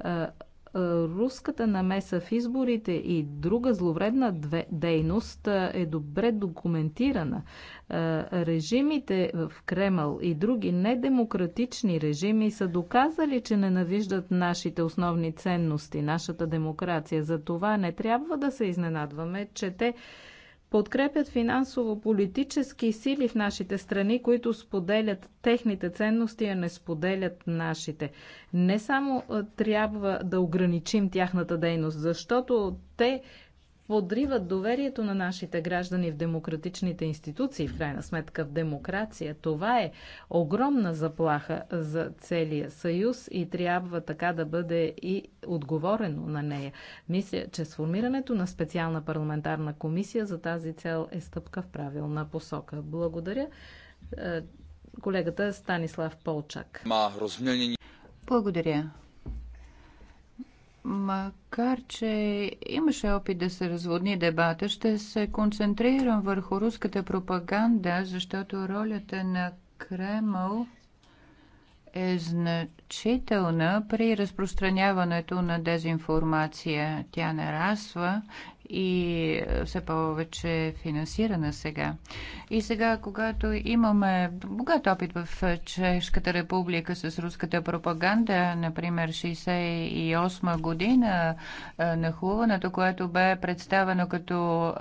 Е, руската намеса в изборите и друга зловредна дейност е добре документирана. Режимите в Кремъл и други недемократични режими са доказали, че ненавиждат нашите основни ценности, нашата демокрация. За това не трябва да се изненадваме, че те подкрепят финансово-политически сили в нашите страни, които споделят техните ценности, а не споделят нашите. Не само трябва да ограничим тяхната дейност, защото те подриват доверието на нашите граждани в демократичните институции, в крайна сметка в демокрация. Това е огромна заплаха за целия съюз и трябва така да бъде и отговорено на нея. Мисля, че сформирането на специална парламентарна комисия за тази цел е стъпка в правилна посока. Благодаря. Е, колегата Станислав Полчак. Благодаря. Макар, че имаше опит да се разводни дебата, ще се концентрирам върху руската пропаганда, защото ролята на Кремъл е значителна при разпространяването на дезинформация. Тя нараства и е, все повече е финансирана сега. И сега, когато имаме богат опит в Чешката република с руската пропаганда, например 68 година е, хуването, което бе представено като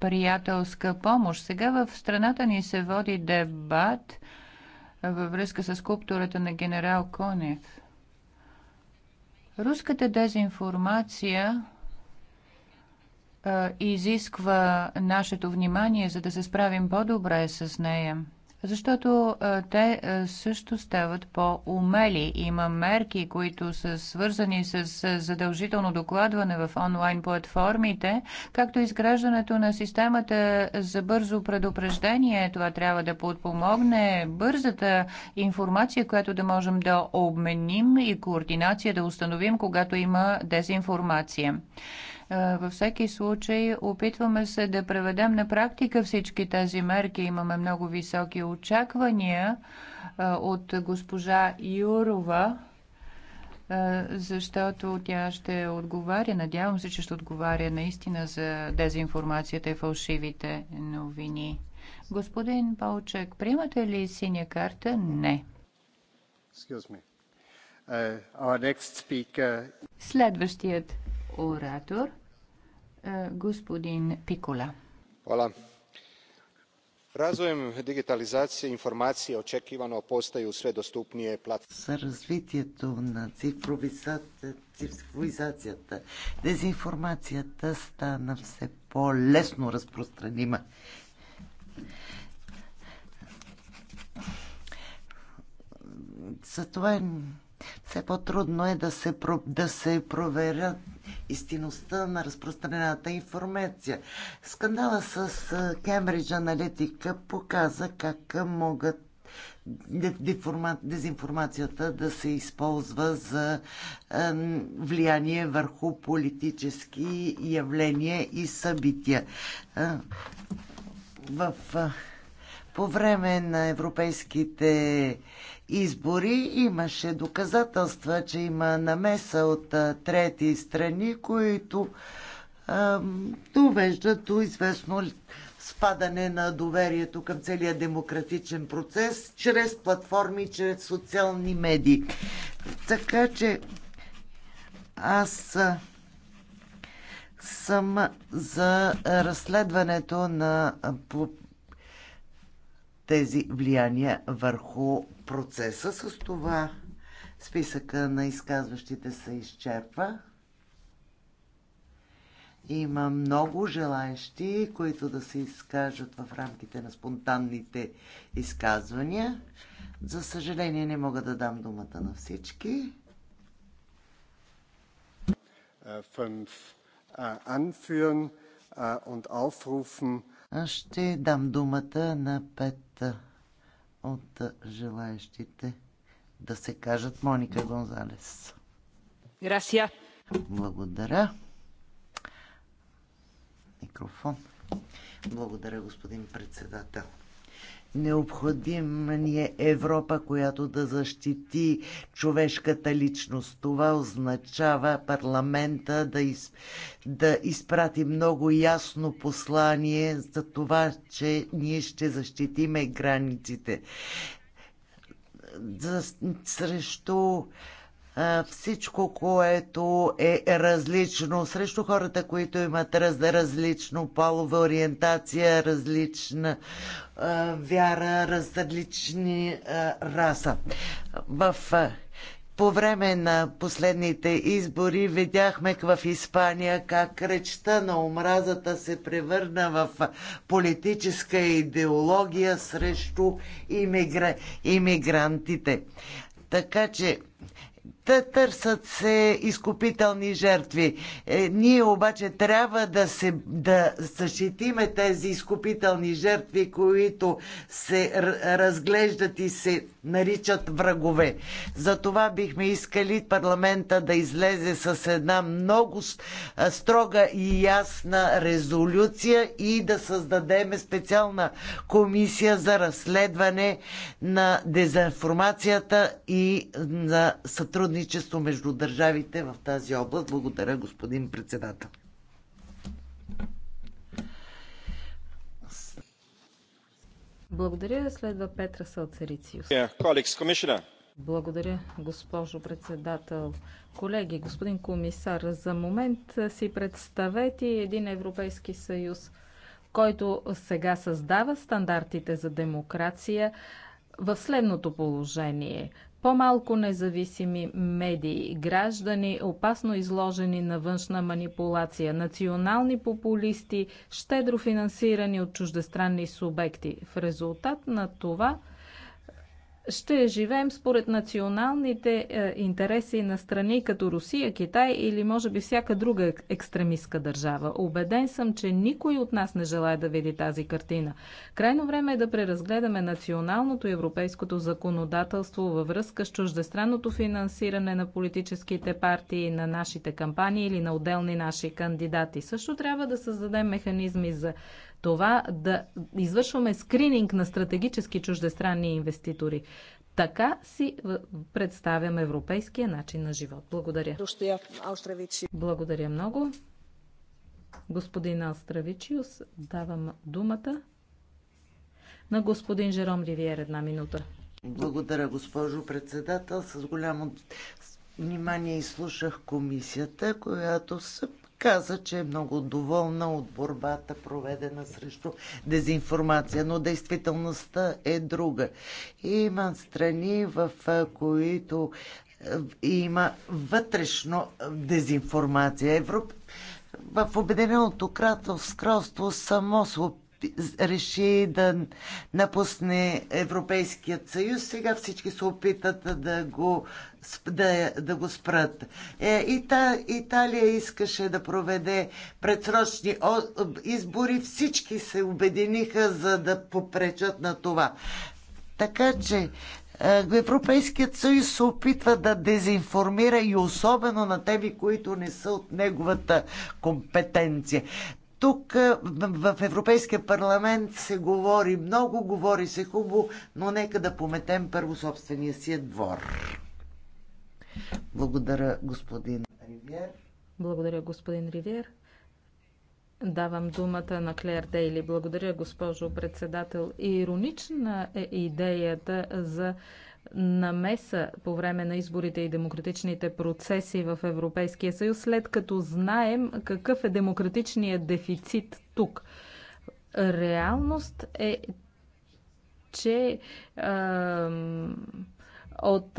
приятелска помощ, сега в страната ни се води дебат във връзка с скулптурата на генерал Конев. Руската дезинформация а, изисква нашето внимание, за да се справим по-добре с нея защото те също стават по-умели. Има мерки, които са свързани с задължително докладване в онлайн платформите, както изграждането на системата за бързо предупреждение. Това трябва да подпомогне бързата информация, която да можем да обменим и координация да установим, когато има дезинформация. Е, във всеки случай опитваме се да преведем на практика всички тези мерки. Имаме много високи очаквания е, от госпожа Юрова, е, защото тя ще отговаря, надявам се, че ще отговаря наистина за дезинформацията и фалшивите новини. Господин Палчек, приемате ли синя карта? Не. Следващият оратор, е, господин Пикола. Hvala. Razvojem digitalizacije informacije očekivano postaju sve dostupnije platforme. С развитието на цифровизацията, дезинформацията стана все по-лесно разпространима. За е все по-трудно е да се, да се проверят истинността на разпространената информация. Скандала с Кембридж Аналитика показа как могат дезинформацията да се използва за влияние върху политически явления и събития. В по време на европейските избори имаше доказателства, че има намеса от трети страни, които довеждат до известно спадане на доверието към целия демократичен процес чрез платформи, чрез социални медии. Така че аз съм за разследването на тези влияния върху процеса. С това списъка на изказващите се изчерпва. Има много желаящи, които да се изкажат в рамките на спонтанните изказвания. За съжаление не мога да дам думата на всички. Äh, fünf äh, anführen äh, und aufrufen ще дам думата на пет от желаящите да се кажат Моника Гонзалес. Грасия. Благодаря. Микрофон. Благодаря, господин председател. Необходима ни е Европа, която да защити човешката личност. Това означава парламента да, из, да изпрати много ясно послание за това, че ние ще защитиме границите. За, срещу всичко, което е различно срещу хората, които имат раз, различно полова ориентация, различна а, вяра, различни а, раса. В а, по време на последните избори видяхме в Испания как речта на омразата се превърна в политическа идеология срещу иммигра... иммигрантите. Така че търсят се изкупителни жертви. Е, ние обаче трябва да, се, да защитиме тези изкупителни жертви, които се разглеждат и се наричат врагове. Затова бихме искали парламента да излезе с една много строга и ясна резолюция и да създадеме специална комисия за разследване на дезинформацията и на сътрудничеството сътрудничество между държавите в тази област. Благодаря, господин председател. Благодаря. Следва Петра Салцерициус. Yeah, Благодаря, госпожо председател. Колеги, господин комисар, за момент си представете един Европейски съюз, който сега създава стандартите за демокрация в следното положение по-малко независими медии, граждани, опасно изложени на външна манипулация, национални популисти, щедро финансирани от чуждестранни субекти. В резултат на това ще живеем според националните е, интереси на страни като Русия, Китай или може би всяка друга екстремистка държава. Обеден съм, че никой от нас не желая да види тази картина. Крайно време е да преразгледаме националното и европейското законодателство във връзка с чуждестранното финансиране на политическите партии, на нашите кампании или на отделни наши кандидати. Също трябва да създадем механизми за това да извършваме скрининг на стратегически чуждестранни инвеститори. Така си е, представям европейския начин на живот. Благодаря. Благодаря много. Господин Алстравичиус, давам думата на господин Жером Ривиер една минута. Благодаря, госпожо председател. С голямо внимание изслушах комисията, която се каза, че е много доволна от борбата, проведена срещу дезинформация, но действителността е друга. Има страни, в които има вътрешно дезинформация. Европа в Обединеното кралство само реши да напусне Европейският съюз. Сега всички се опитат да го, да, да го спрат. Е, Ита, Италия искаше да проведе предсрочни избори. Всички се обединиха, за да попречат на това. Така че е, Европейският съюз се опитва да дезинформира и особено на теми, които не са от неговата компетенция. Тук е, в Европейския парламент се говори много, говори се хубаво, но нека да пометем първо собствения си двор. Благодаря, господин Ривер. Благодаря, господин Ривер. Давам думата на Клер Дейли. Благодаря, госпожо председател. Иронична е идеята за намеса по време на изборите и демократичните процеси в Европейския съюз, след като знаем какъв е демократичният дефицит тук. Реалност е, че а, от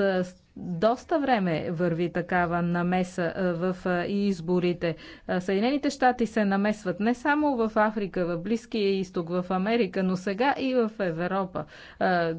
доста време върви такава намеса в изборите. Съединените щати се намесват не само в Африка, в Близкия изток, в Америка, но сега и в Европа.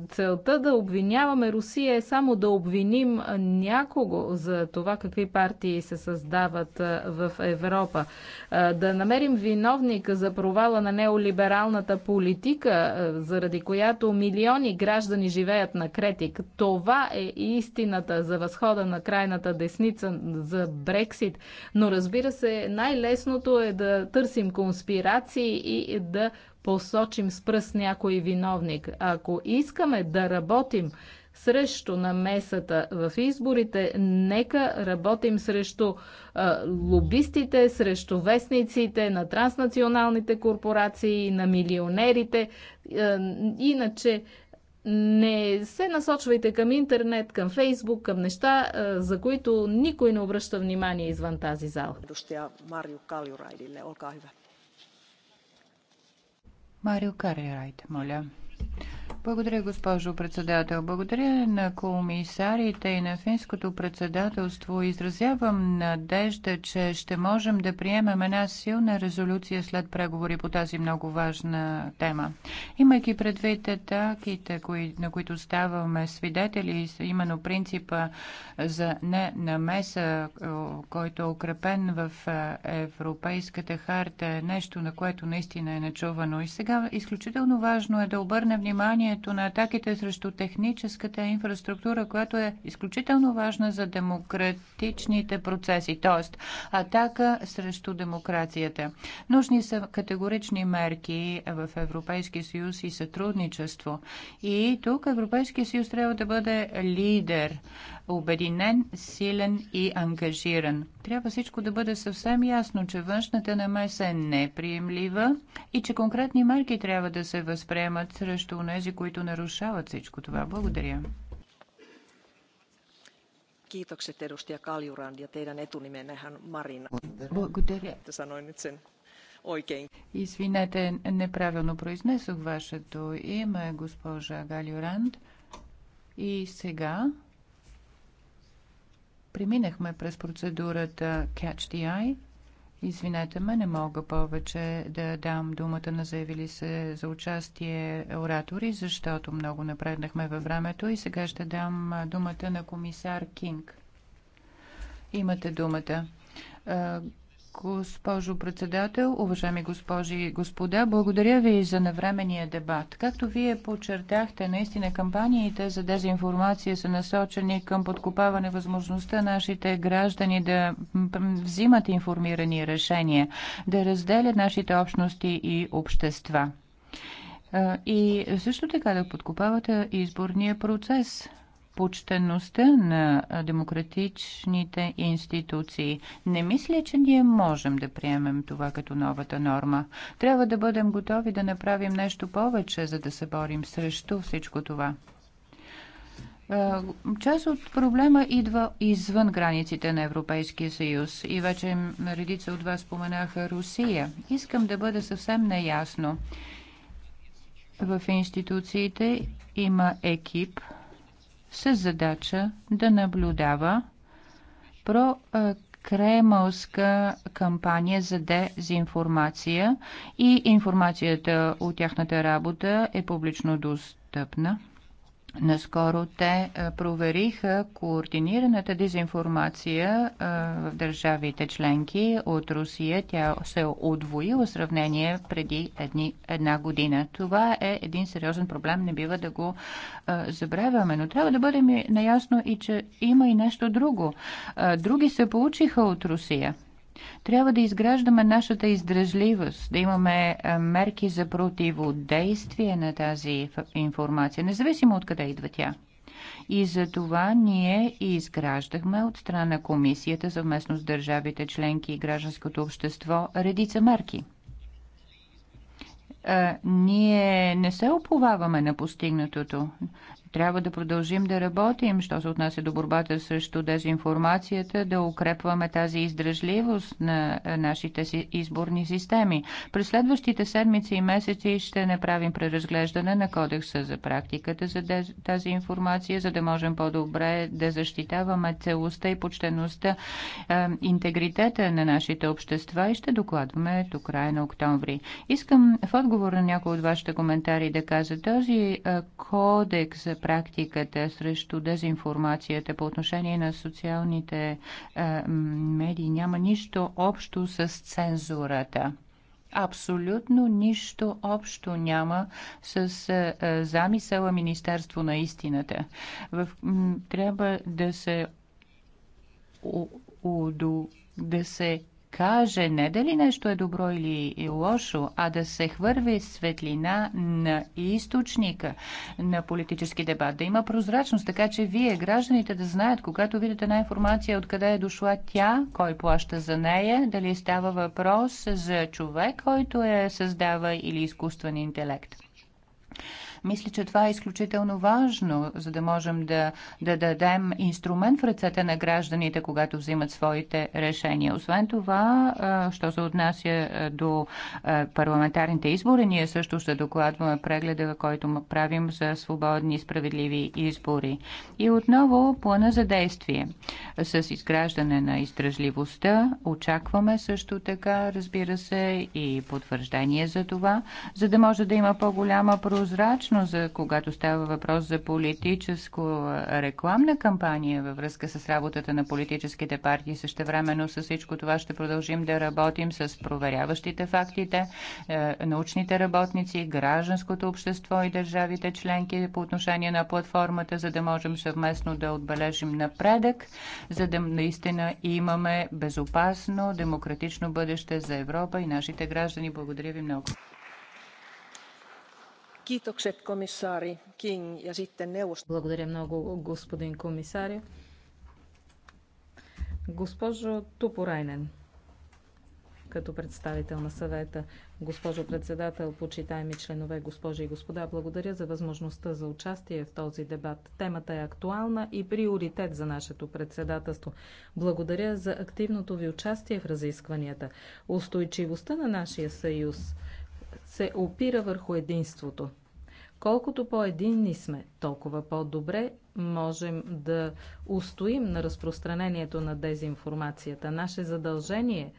Целта да обвиняваме Русия е само да обвиним някого за това какви партии се създават в Европа. Да намерим виновника за провала на неолибералната политика, заради която милиони граждани живеят на кретик. Това е истината промяната, за възхода на крайната десница, за Брексит. Но разбира се, най-лесното е да търсим конспирации и да посочим с пръст някой виновник. Ако искаме да работим срещу намесата в изборите, нека работим срещу а, лобистите, срещу вестниците, на транснационалните корпорации, на милионерите. А, иначе не се насочвайте към интернет, към фейсбук, към неща, за които никой не обръща внимание извън тази зала. Марио Калюрайд, моля. Благодаря, госпожо председател. Благодаря на комисарите и на финското председателство. Изразявам надежда, че ще можем да приемем една силна резолюция след преговори по тази много важна тема. Имайки предвид атаките, на които ставаме свидетели, именно принципа за не намеса, който е укрепен в е, Европейската харта, е нещо, на което наистина е начувано. И сега изключително важно е да обърне внимание управлението на атаките срещу техническата инфраструктура, която е изключително важна за демократичните процеси, т.е. атака срещу демокрацията. Нужни са категорични мерки в Европейския съюз и сътрудничество. И тук Европейския съюз трябва да бъде лидер обединен, силен и ангажиран. Трябва всичко да бъде съвсем ясно, че външната намеса е неприемлива и че конкретни мерки трябва да се възприемат срещу тези, които нарушават всичко това. Благодаря. Kiitokset edustaja Kaljurand ja teidän Marina. Благодаря. Извинете, неправилно произнесох вашето име, госпожа Галюранд. И сега Преминахме през процедурата Catch the Eye. Извинете ме, не мога повече да дам думата на заявили се за участие оратори, защото много напреднахме във времето и сега ще дам думата на комисар Кинг. Имате думата. Госпожо председател, уважаеми госпожи и господа, благодаря ви за навременния дебат. Както вие подчертахте, наистина кампаниите за дезинформация са насочени към подкопаване възможността нашите граждани да взимат информирани решения, да разделят нашите общности и общества. И също така да подкопавате изборния процес – почтеността на демократичните институции. Не мисля, че ние можем да приемем това като новата норма. Трябва да бъдем готови да направим нещо повече, за да се борим срещу всичко това. Част от проблема идва извън границите на Европейския съюз и вече редица от вас споменаха Русия. Искам да бъда съвсем неясно. В институциите има екип, с задача да наблюдава про кремълска кампания за дезинформация и информацията от тяхната работа е публично достъпна. Наскоро те е, провериха координираната дезинформация е, в държавите членки от Русия. Тя се отвои е в сравнение преди едни, една година. Това е един сериозен проблем, не бива да го забравяме. Но трябва да бъдем наясно и, че има и нещо друго. Други се получиха от Русия. Трябва да изграждаме нашата издръжливост, да имаме мерки за противодействие на тази информация, независимо откъде идва тя. И за това ние изграждахме от страна на комисията съвместно с държавите членки и гражданското общество редица мерки. ние не се оповаваме на постигнатото трябва да продължим да работим, що се отнася до борбата срещу дезинформацията, да укрепваме тази издръжливост на нашите си изборни системи. През следващите седмици и месеци ще направим преразглеждане на кодекса за практиката за тази информация, за да можем по-добре да защитаваме целостта и почтеността, е, интегритета на нашите общества и ще докладваме до края на октомври. Искам в отговор на някои от вашите коментари да кажа, този е, кодекс за практиката срещу дезинформацията по отношение на социалните е, медии няма нищо общо с цензурата абсолютно нищо общо няма с е, е замисъла Министерство на истината. В, трябва да се удо, да се каже не дали нещо е добро или е лошо, а да се хвърви светлина на източника на политически дебат, да има прозрачност, така че вие, гражданите, да знаят, когато видите една информация, откъде е дошла тя, кой плаща за нея, дали става въпрос за човек, който е създава или изкуствен интелект. Мисля, че това е изключително важно, за да можем да, да дадем инструмент в ръцете на гражданите, когато взимат своите решения. Освен това, що се отнася до парламентарните избори, ние също ще докладваме прегледа, който правим за свободни и справедливи избори. И отново плана за действие с изграждане на издръжливостта. Очакваме също така, разбира се, и потвърждение за това, за да може да има по-голяма прозрачност точно за когато става въпрос за политическо рекламна кампания във връзка с работата на политическите партии, същевременно с всичко това ще продължим да работим с проверяващите фактите, е, научните работници, гражданското общество и държавите членки по отношение на платформата, за да можем съвместно да отбележим напредък, за да наистина имаме безопасно, демократично бъдеще за Европа и нашите граждани. Благодаря ви много. Благодаря много, господин комисаря. Госпожо Тупорайнен, като представител на съвета, госпожо председател, почитаеми членове, госпожи и господа, благодаря за възможността за участие в този дебат. Темата е актуална и приоритет за нашето председателство. Благодаря за активното ви участие в разискванията. Устойчивостта на нашия съюз – се опира върху единството. Колкото по-единни сме, толкова по-добре можем да устоим на разпространението на дезинформацията. Наше задължение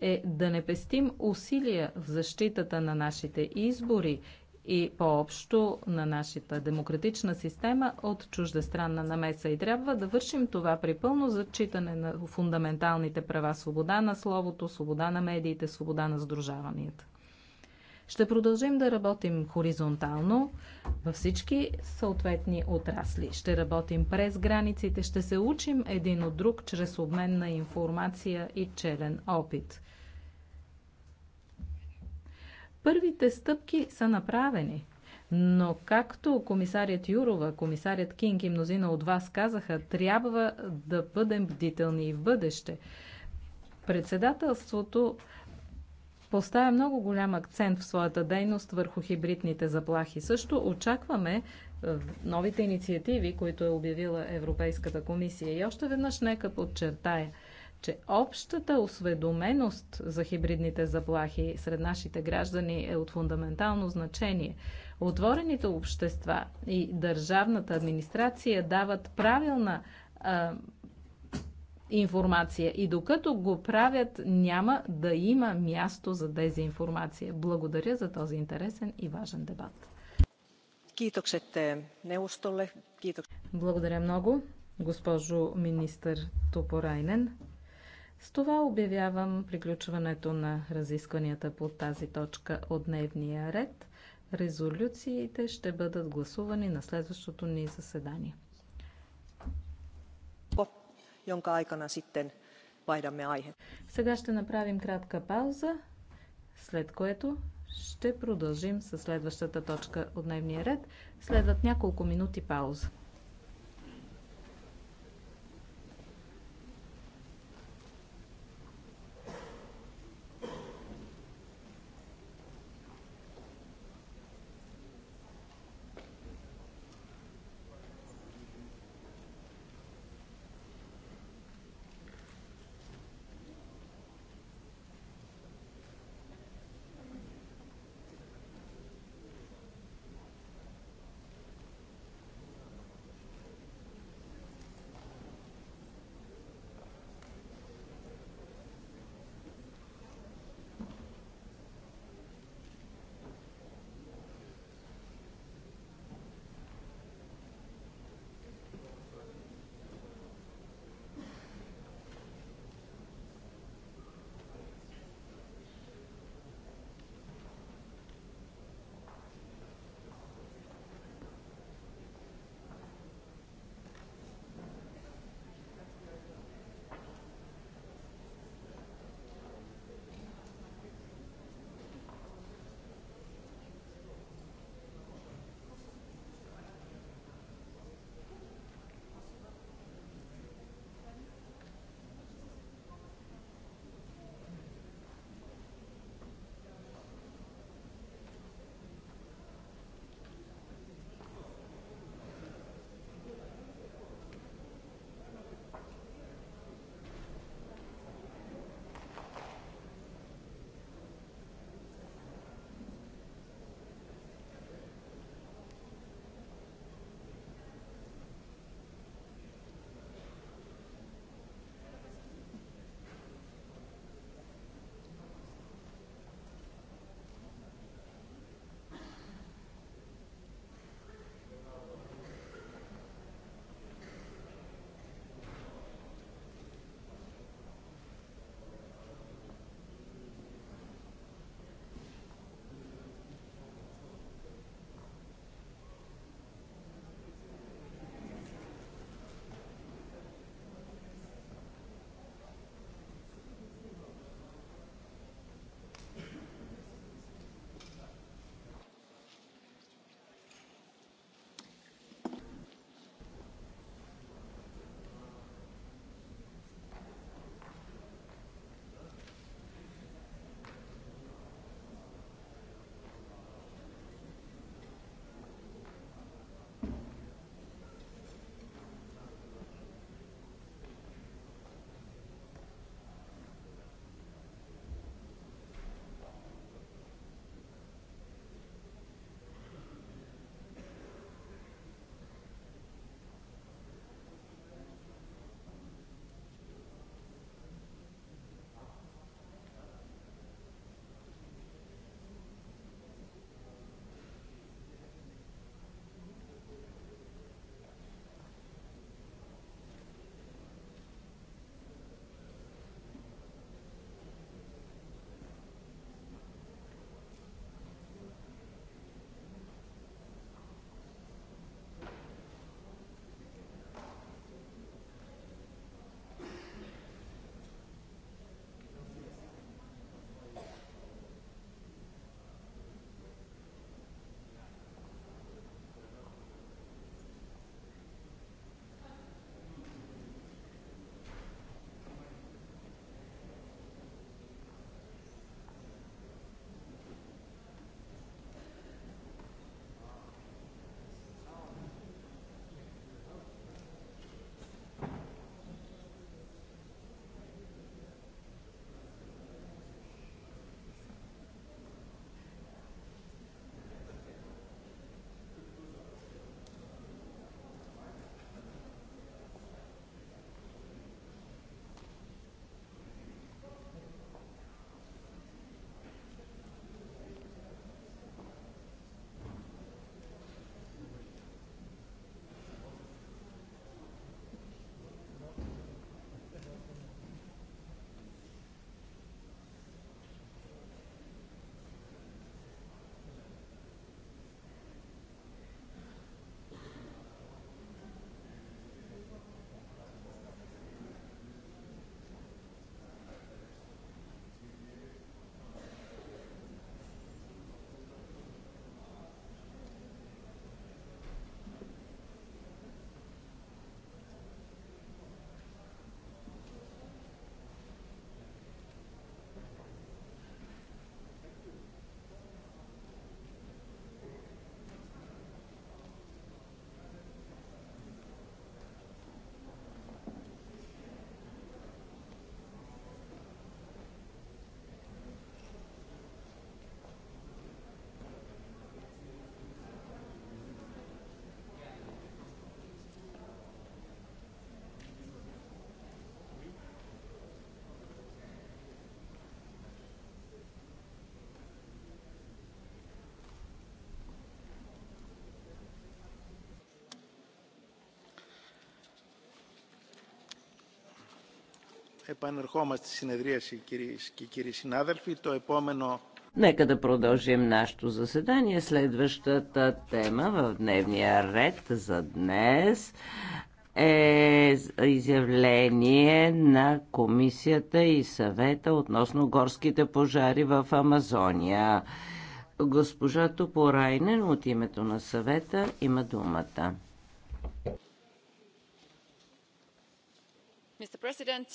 е да не пестим усилия в защитата на нашите избори и по-общо на нашата демократична система от чуждестранна намеса. И трябва да вършим това при пълно зачитане на фундаменталните права свобода на словото, свобода на медиите, свобода на сдружаванията. Ще продължим да работим хоризонтално във всички съответни отрасли. Ще работим през границите, ще се учим един от друг чрез обмен на информация и челен опит. Първите стъпки са направени. Но както комисарят Юрова, комисарят Кинг и мнозина от вас казаха, трябва да бъдем бдителни и в бъдеще. Председателството поставя много голям акцент в своята дейност върху хибридните заплахи. Също очакваме е, новите инициативи, които е обявила Европейската комисия. И още веднъж нека подчертая, че общата осведоменост за хибридните заплахи сред нашите граждани е от фундаментално значение. Отворените общества и държавната администрация дават правилна е, информация. И докато го правят, няма да има място за дезинформация. Благодаря за този интересен и важен дебат. Е, Благодаря много, госпожо министър Топорайнен. С това обявявам приключването на разискванията по тази точка от дневния ред. Резолюциите ще бъдат гласувани на следващото ни заседание jonka aikana sitten vaihdamme aihe. Сега ще направим кратка пауза, след което ще продължим с следващата точка от дневния ред. Следват няколко минути пауза. Επανερχόμαστε στη συνεδρίαση κυρίες και κύριοι συνάδελφοι. Το επόμενο Нека да продължим нашето заседание. Следващата тема в дневния ред за днес е изявление на комисията и съвета относно горските пожари в Амазония. Госпожа Топорайнен от името на съвета има думата. Мистер President,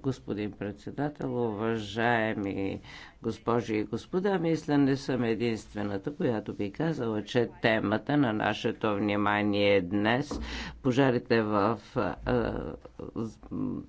Господин председател, уважаеми госпожи и господа, мисля не съм единствената, която би казала, че темата на нашето внимание днес пожарите в а,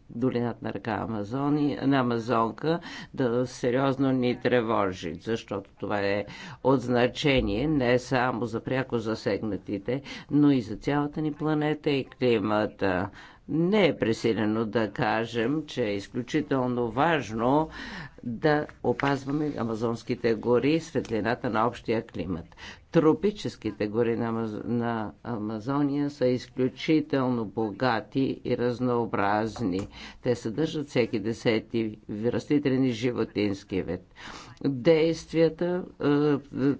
долината на река Амазони, на Амазонка да сериозно ни тревожи, защото това е от значение не само за пряко засегнатите, но и за цялата ни планета и климата. Не е пресилено да кажем, че е изключително важно да опазваме амазонските гори и светлината на общия климат. Тропическите гори на, Амаз... на Амазония са изключително богати и разнообразни. Те съдържат всеки десети растителен и животински вид. Действията, е,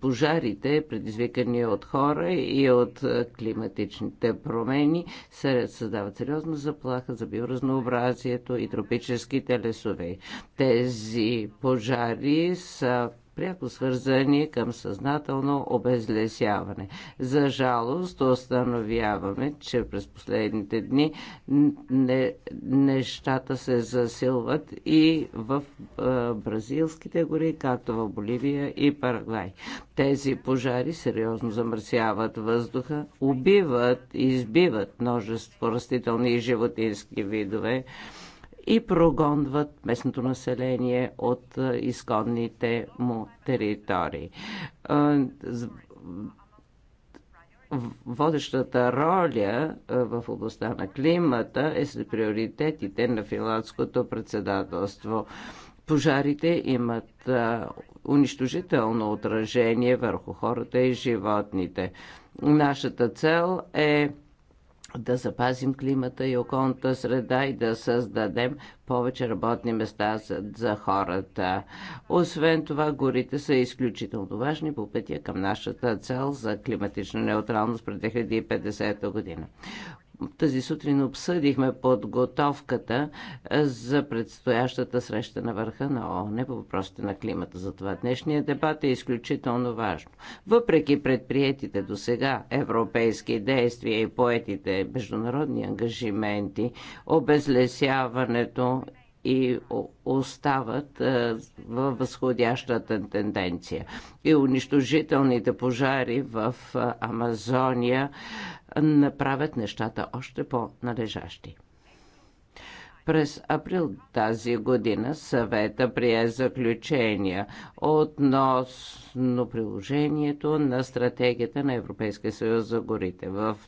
пожарите, предизвикани от хора и от е, климатичните промени, създават сериозна заплаха за биоразнообразието и тропическите лесове. Тези пожари са пряко свързани към съзнателно обезлесяване. За жалост установяваме, че през последните дни не, нещата се засилват и в бразилските гори, както в Боливия и Парагвай. Тези пожари сериозно замърсяват въздуха, убиват и избиват множество растителни и животински видове и прогонват местното население от изконните му територии водещата роля в областта на климата е с приоритетите на финландското председателство. Пожарите имат унищожително отражение върху хората и животните. Нашата цел е да запазим климата и околната среда и да създадем повече работни места за, за хората. Освен това, горите са изключително важни по пътя към нашата цел за климатична неутралност през 2050 година. Тази сутрин обсъдихме подготовката за предстоящата среща на върха на ООН по въпросите на климата. Затова днешният дебат е изключително важно. Въпреки предприетите до сега европейски действия и поетите международни ангажименти, обезлесяването и остават е, във възходящата тенденция. И унищожителните пожари в е, Амазония е, направят нещата още по-належащи. През април тази година съвета прие заключения относно приложението на стратегията на Европейския съюз за горите. В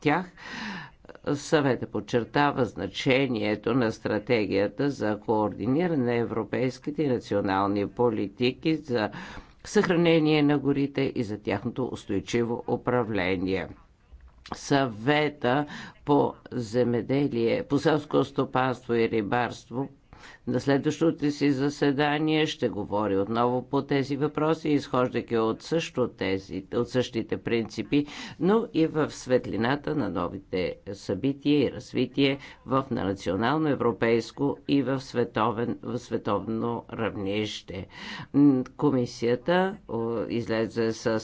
тях Съвета подчертава значението на стратегията за координиране на европейските и национални политики за съхранение на горите и за тяхното устойчиво управление. Съвета по земеделие, по селско стопанство и рибарство на следващото си заседание ще говори отново по тези въпроси, изхождайки от, също тези, от същите принципи, но и в светлината на новите събития и развитие в национално, европейско и в, световен, в световно равнище. Комисията излезе с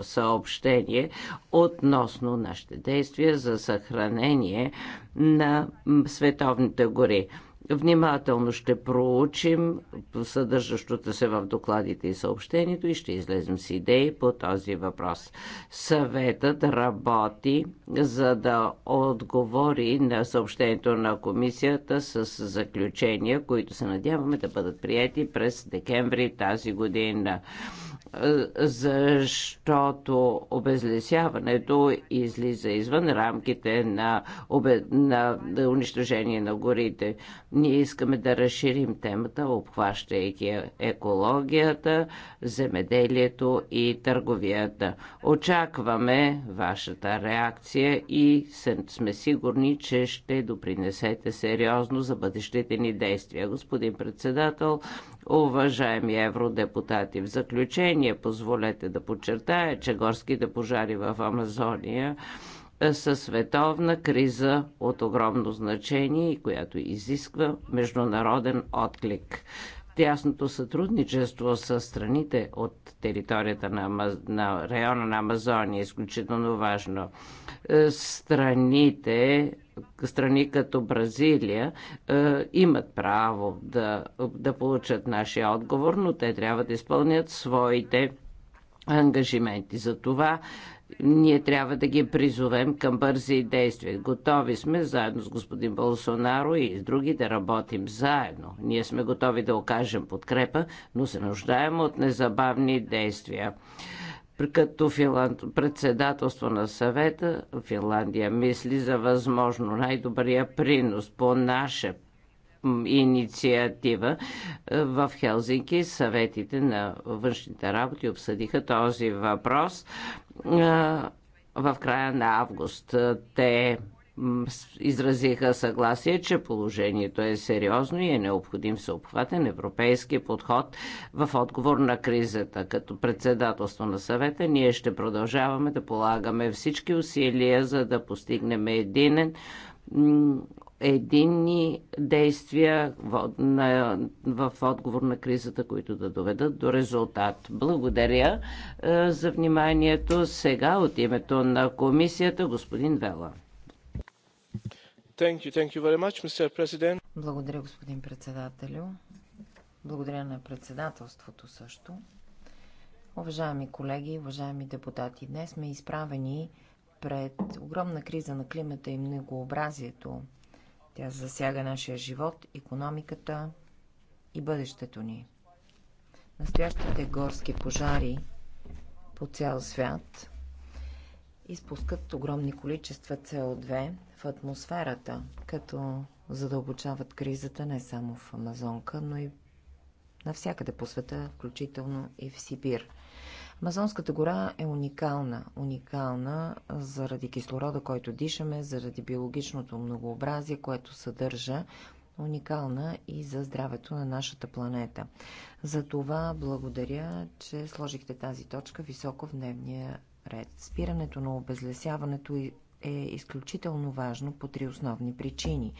съобщение относно нашите действия за съхранение на световните гори. Внимателно ще проучим съдържащото се в докладите и съобщението и ще излезем с идеи по този въпрос. Съветът работи за да отговори на съобщението на комисията с заключения, които се надяваме да бъдат прияти през декември тази година защото обезлесяването излиза извън рамките на, обе... на унищожение на горите. Ние искаме да разширим темата, обхващайки екологията, земеделието и търговията. Очакваме вашата реакция и сме сигурни, че ще допринесете сериозно за бъдещите ни действия. Господин председател, Уважаеми евродепутати, в заключение позволете да подчертая, че горските пожари в Амазония са световна криза от огромно значение, която изисква международен отклик тясното сътрудничество с страните от територията на, на района на Амазония е изключително важно. Е, страните, страни като Бразилия е, имат право да, да получат нашия отговор, но те трябва да изпълнят своите ангажименти. За това ние трябва да ги призовем към бързи действия. Готови сме заедно с господин Болсонаро и с други да работим заедно. Ние сме готови да окажем подкрепа, но се нуждаем от незабавни действия. Като Финланд... председателство на съвета, Финландия мисли за възможно най-добрия принос по наше инициатива е, в Хелзинки. Съветите на външните работи обсъдиха този въпрос е, в края на август. Е, те изразиха съгласие, че положението е сериозно и е необходим съобхватен европейски подход в отговор на кризата. Като председателство на съвета ние ще продължаваме да полагаме всички усилия, за да постигнем единен единни действия в отговор на кризата, които да доведат до резултат. Благодаря е, за вниманието. Сега от името на комисията господин Вела. Thank you, thank you very much, Mr. President. Благодаря, господин председателю. Благодаря на председателството също. Уважаеми колеги, уважаеми депутати, днес сме изправени пред огромна криза на климата и многообразието. Тя засяга нашия живот, економиката и бъдещето ни. Настоящите горски пожари по цял свят изпускат огромни количества CO2 в атмосферата, като задълбочават кризата не само в Амазонка, но и навсякъде по света, включително и в Сибир – Мазонската гора е уникална. Уникална заради кислорода, който дишаме, заради биологичното многообразие, което съдържа, уникална и за здравето на нашата планета. За това благодаря, че сложихте тази точка високо в дневния ред. Спирането на обезлесяването и е изключително важно по три основни причини.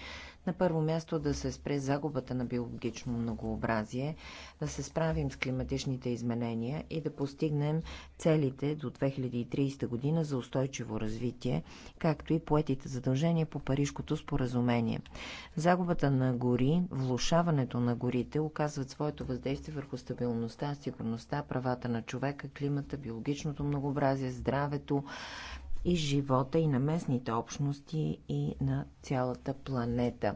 На първо място да се спре загубата на биологично многообразие, да се справим с климатичните изменения и да постигнем целите до 2030 година за устойчиво развитие, както и поетите задължения по Парижкото споразумение. Загубата на гори, влушаването на горите оказват своето въздействие върху стабилността, сигурността, правата на човека, климата, биологичното многообразие, здравето, и живота и на местните общности и на цялата планета.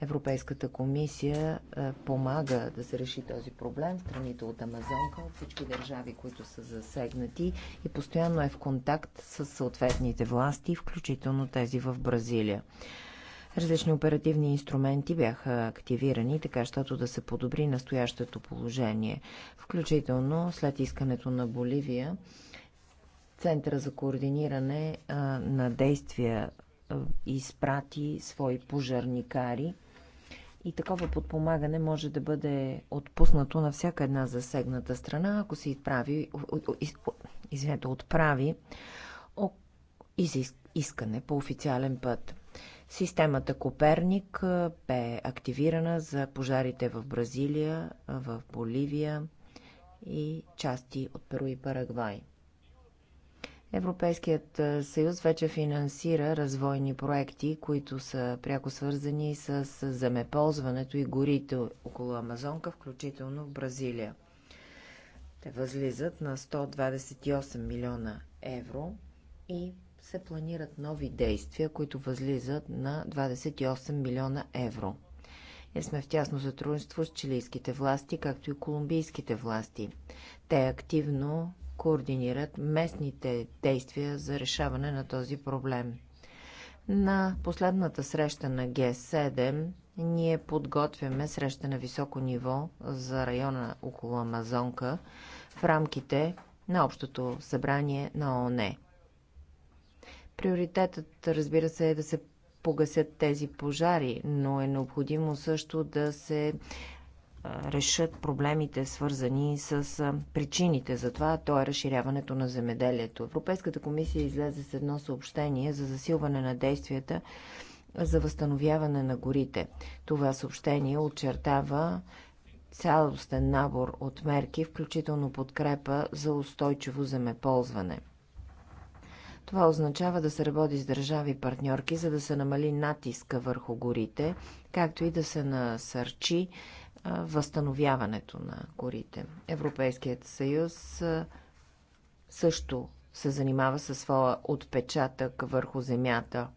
Европейската комисия е, помага да се реши този проблем. Страните от Амазонка, всички държави, които са засегнати и постоянно е в контакт с съответните власти, включително тези в Бразилия. Различни оперативни инструменти бяха активирани, така щото да се подобри настоящето положение, включително след искането на Боливия Центъра за координиране на действия изпрати свои пожарникари и такова подпомагане може да бъде отпуснато на всяка една засегната страна, ако се изправи, извинете, отправи искане по официален път. Системата Коперник бе активирана за пожарите в Бразилия, в Боливия и части от Перу и Парагвай. Европейският съюз вече финансира развойни проекти, които са пряко свързани с земеползването и горите около Амазонка, включително в Бразилия. Те възлизат на 128 милиона евро и се планират нови действия, които възлизат на 28 милиона евро. Ние сме в тясно сътрудничество с чилийските власти, както и колумбийските власти. Те активно координират местните действия за решаване на този проблем. На последната среща на Г7 ние подготвяме среща на високо ниво за района около Амазонка в рамките на Общото събрание на ООН. Приоритетът, разбира се, е да се погасят тези пожари, но е необходимо също да се решат проблемите, свързани с причините за това, то е разширяването на земеделието. Европейската комисия излезе с едно съобщение за засилване на действията за възстановяване на горите. Това съобщение очертава цялостен набор от мерки, включително подкрепа за устойчиво земеползване. Това означава да се работи с държави партньорки, за да се намали натиска върху горите, както и да се насърчи възстановяването на горите. Европейският съюз също се занимава със своя отпечатък върху земята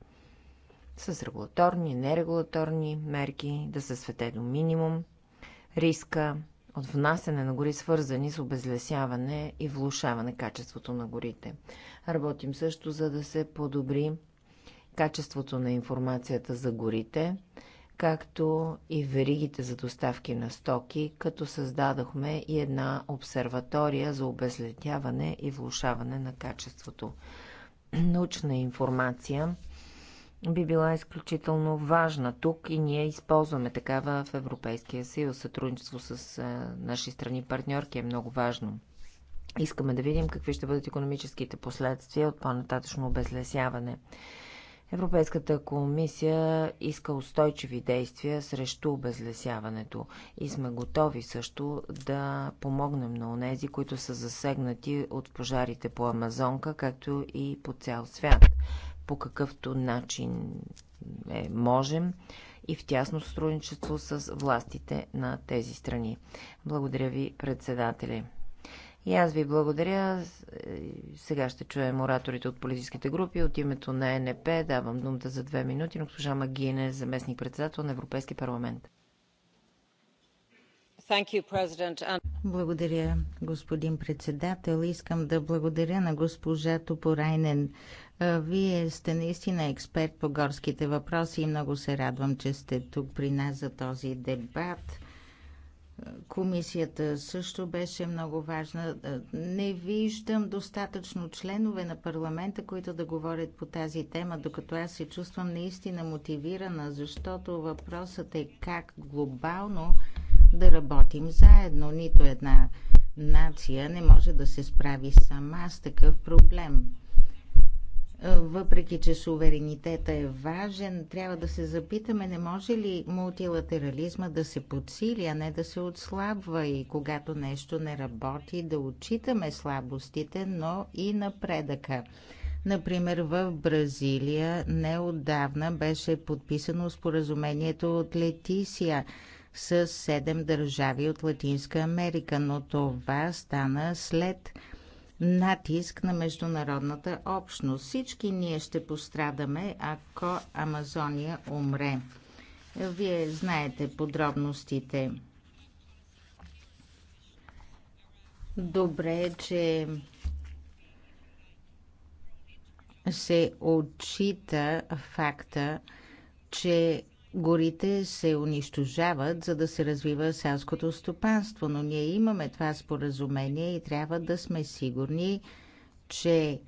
с регулаторни, нерегулаторни мерки, да се свете до минимум риска от внасяне на гори, свързани с обезлесяване и влушаване качеството на горите. Работим също за да се подобри качеството на информацията за горите, както и веригите за доставки на стоки, като създадохме и една обсерватория за обезлетяване и влушаване на качеството. Научна информация би била изключително важна тук и ние използваме такава в Европейския съюз. Сътрудничество с наши страни партньорки е много важно. Искаме да видим какви ще бъдат економическите последствия от по-нататъчно обезлесяване. Европейската комисия иска устойчиви действия срещу обезлесяването и сме готови също да помогнем на онези, които са засегнати от пожарите по Амазонка, както и по цял свят, по какъвто начин е, можем и в тясно сътрудничество с властите на тези страни. Благодаря ви, председатели. И аз ви благодаря. Сега ще чуем ораторите от политическите групи. От името на НП давам думата за две минути на госпожа Магине, заместник председател на Европейски парламент. благодаря, господин председател. Искам да благодаря на госпожа Топорайнен. Вие сте наистина експерт по горските въпроси и много се радвам, че сте тук при нас за този дебат. Комисията също беше много важна. Не виждам достатъчно членове на парламента, които да говорят по тази тема, докато аз се чувствам наистина мотивирана, защото въпросът е как глобално да работим заедно. Нито една нация не може да се справи сама с такъв проблем. Въпреки, че суверенитета е важен, трябва да се запитаме, не може ли мултилатерализма да се подсили, а не да се отслабва и когато нещо не работи, да отчитаме слабостите, но и напредъка. Например, в Бразилия неодавна беше подписано споразумението от Летисия с седем държави от Латинска Америка, но това стана след натиск на международната общност. Всички ние ще пострадаме, ако Амазония умре. Вие знаете подробностите. Добре, че се отчита факта, че горите се унищожават, за да се развива селското стопанство, но ние имаме това споразумение и трябва да сме сигурни, че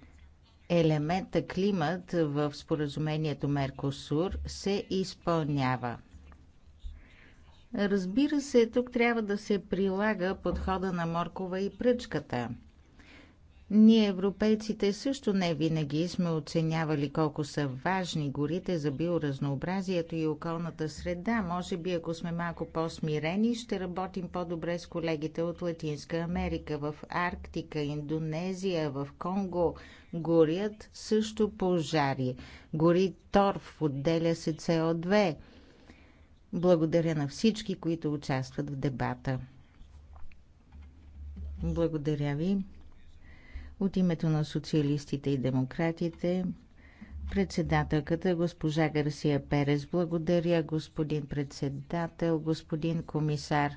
елемента климат в споразумението Меркосур се изпълнява. Разбира се, тук трябва да се прилага подхода на моркова и пръчката – ние, европейците, също не винаги сме оценявали колко са важни горите за биоразнообразието и околната среда. Може би, ако сме малко по-смирени, ще работим по-добре с колегите от Латинска Америка, в Арктика, Индонезия, в Конго. Горят също пожари. Гори торф, отделя се СО2. Благодаря на всички, които участват в дебата. Благодаря ви. От името на социалистите и демократите, председателката госпожа Гарсия Перес, благодаря господин председател, господин комисар.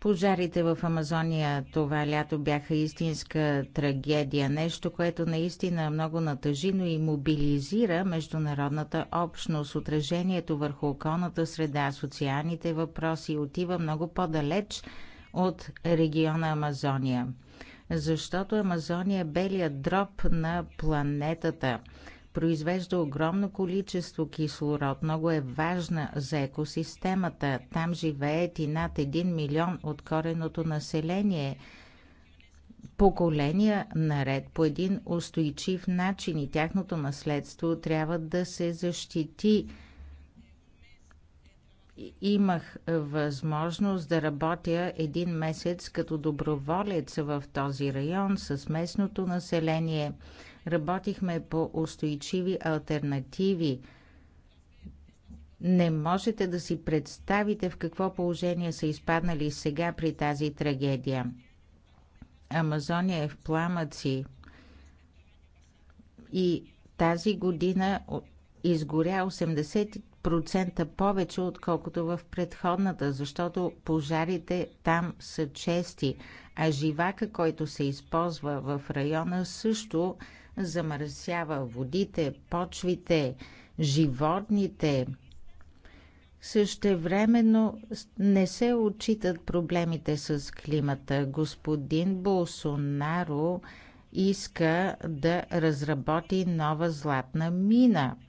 Пожарите в Амазония това лято бяха истинска трагедия, нещо, което наистина много натъжи, но и мобилизира международната общност. Отражението върху околната среда, социалните въпроси отива много по-далеч от региона Амазония защото Амазония е белият дроб на планетата. Произвежда огромно количество кислород, много е важна за екосистемата. Там живеят и над 1 милион от кореното население поколения наред по един устойчив начин и тяхното наследство трябва да се защити имах възможност да работя един месец като доброволец в този район с местното население. Работихме по устойчиви альтернативи. Не можете да си представите в какво положение са изпаднали сега при тази трагедия. Амазония е в пламъци и тази година изгоря процента повече, отколкото в предходната, защото пожарите там са чести, а живака, който се използва в района, също замърсява водите, почвите, животните. Същевременно не се отчитат проблемите с климата. Господин Болсонаро иска да разработи нова златна мина –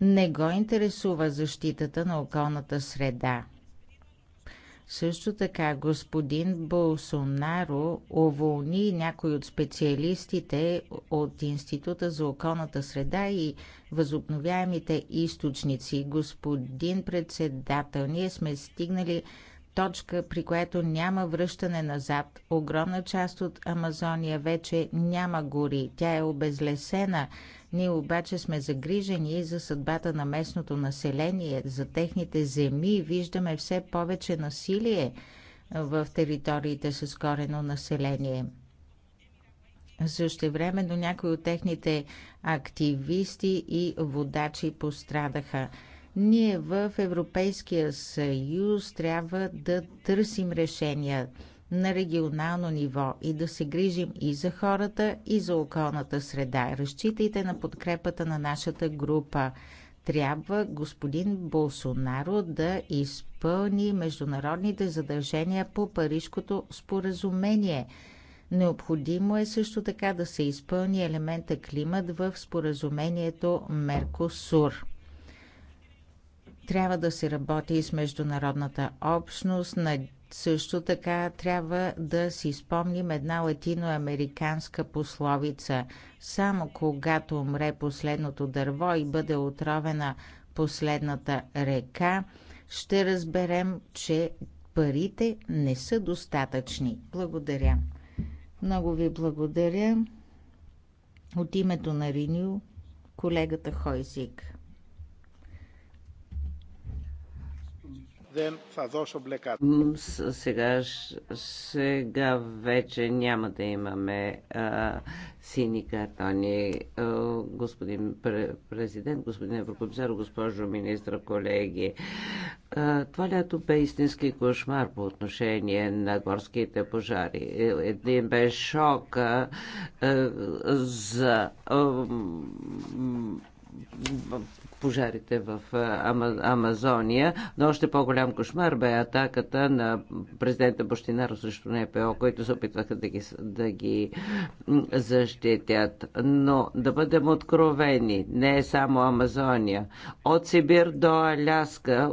не го интересува защитата на околната среда. Също така господин Болсонаро уволни някой от специалистите от Института за околната среда и възобновяемите източници. Господин председател, ние сме стигнали точка, при което няма връщане назад. Огромна част от Амазония вече няма гори. Тя е обезлесена. Ние обаче сме загрижени и за съдбата на местното население, за техните земи. Виждаме все повече насилие в териториите с корено население. Също време до някои от техните активисти и водачи пострадаха. Ние в Европейския съюз трябва да търсим решения на регионално ниво и да се грижим и за хората, и за околната среда. Разчитайте на подкрепата на нашата група. Трябва господин Болсонаро да изпълни международните задължения по Парижкото споразумение. Необходимо е също така да се изпълни елемента климат в споразумението Меркосур. Трябва да се работи и с международната общност. Също така трябва да си спомним една латиноамериканска пословица. Само когато умре последното дърво и бъде отровена последната река, ще разберем, че парите не са достатъчни. Благодаря. Много ви благодаря. От името на Риню, колегата Хойзик. Сега, сега вече няма да имаме а, сини картони. А, господин президент, господин еврокомисар, госпожо министра, колеги. А, това лято бе истински кошмар по отношение на горските пожари. Е, един бе шок а, за а, пожарите в Амазония, но още по-голям кошмар бе атаката на президента Бощинаро срещу НПО, които се опитваха да ги, да ги защитят. Но да бъдем откровени, не е само Амазония. От Сибир до Аляска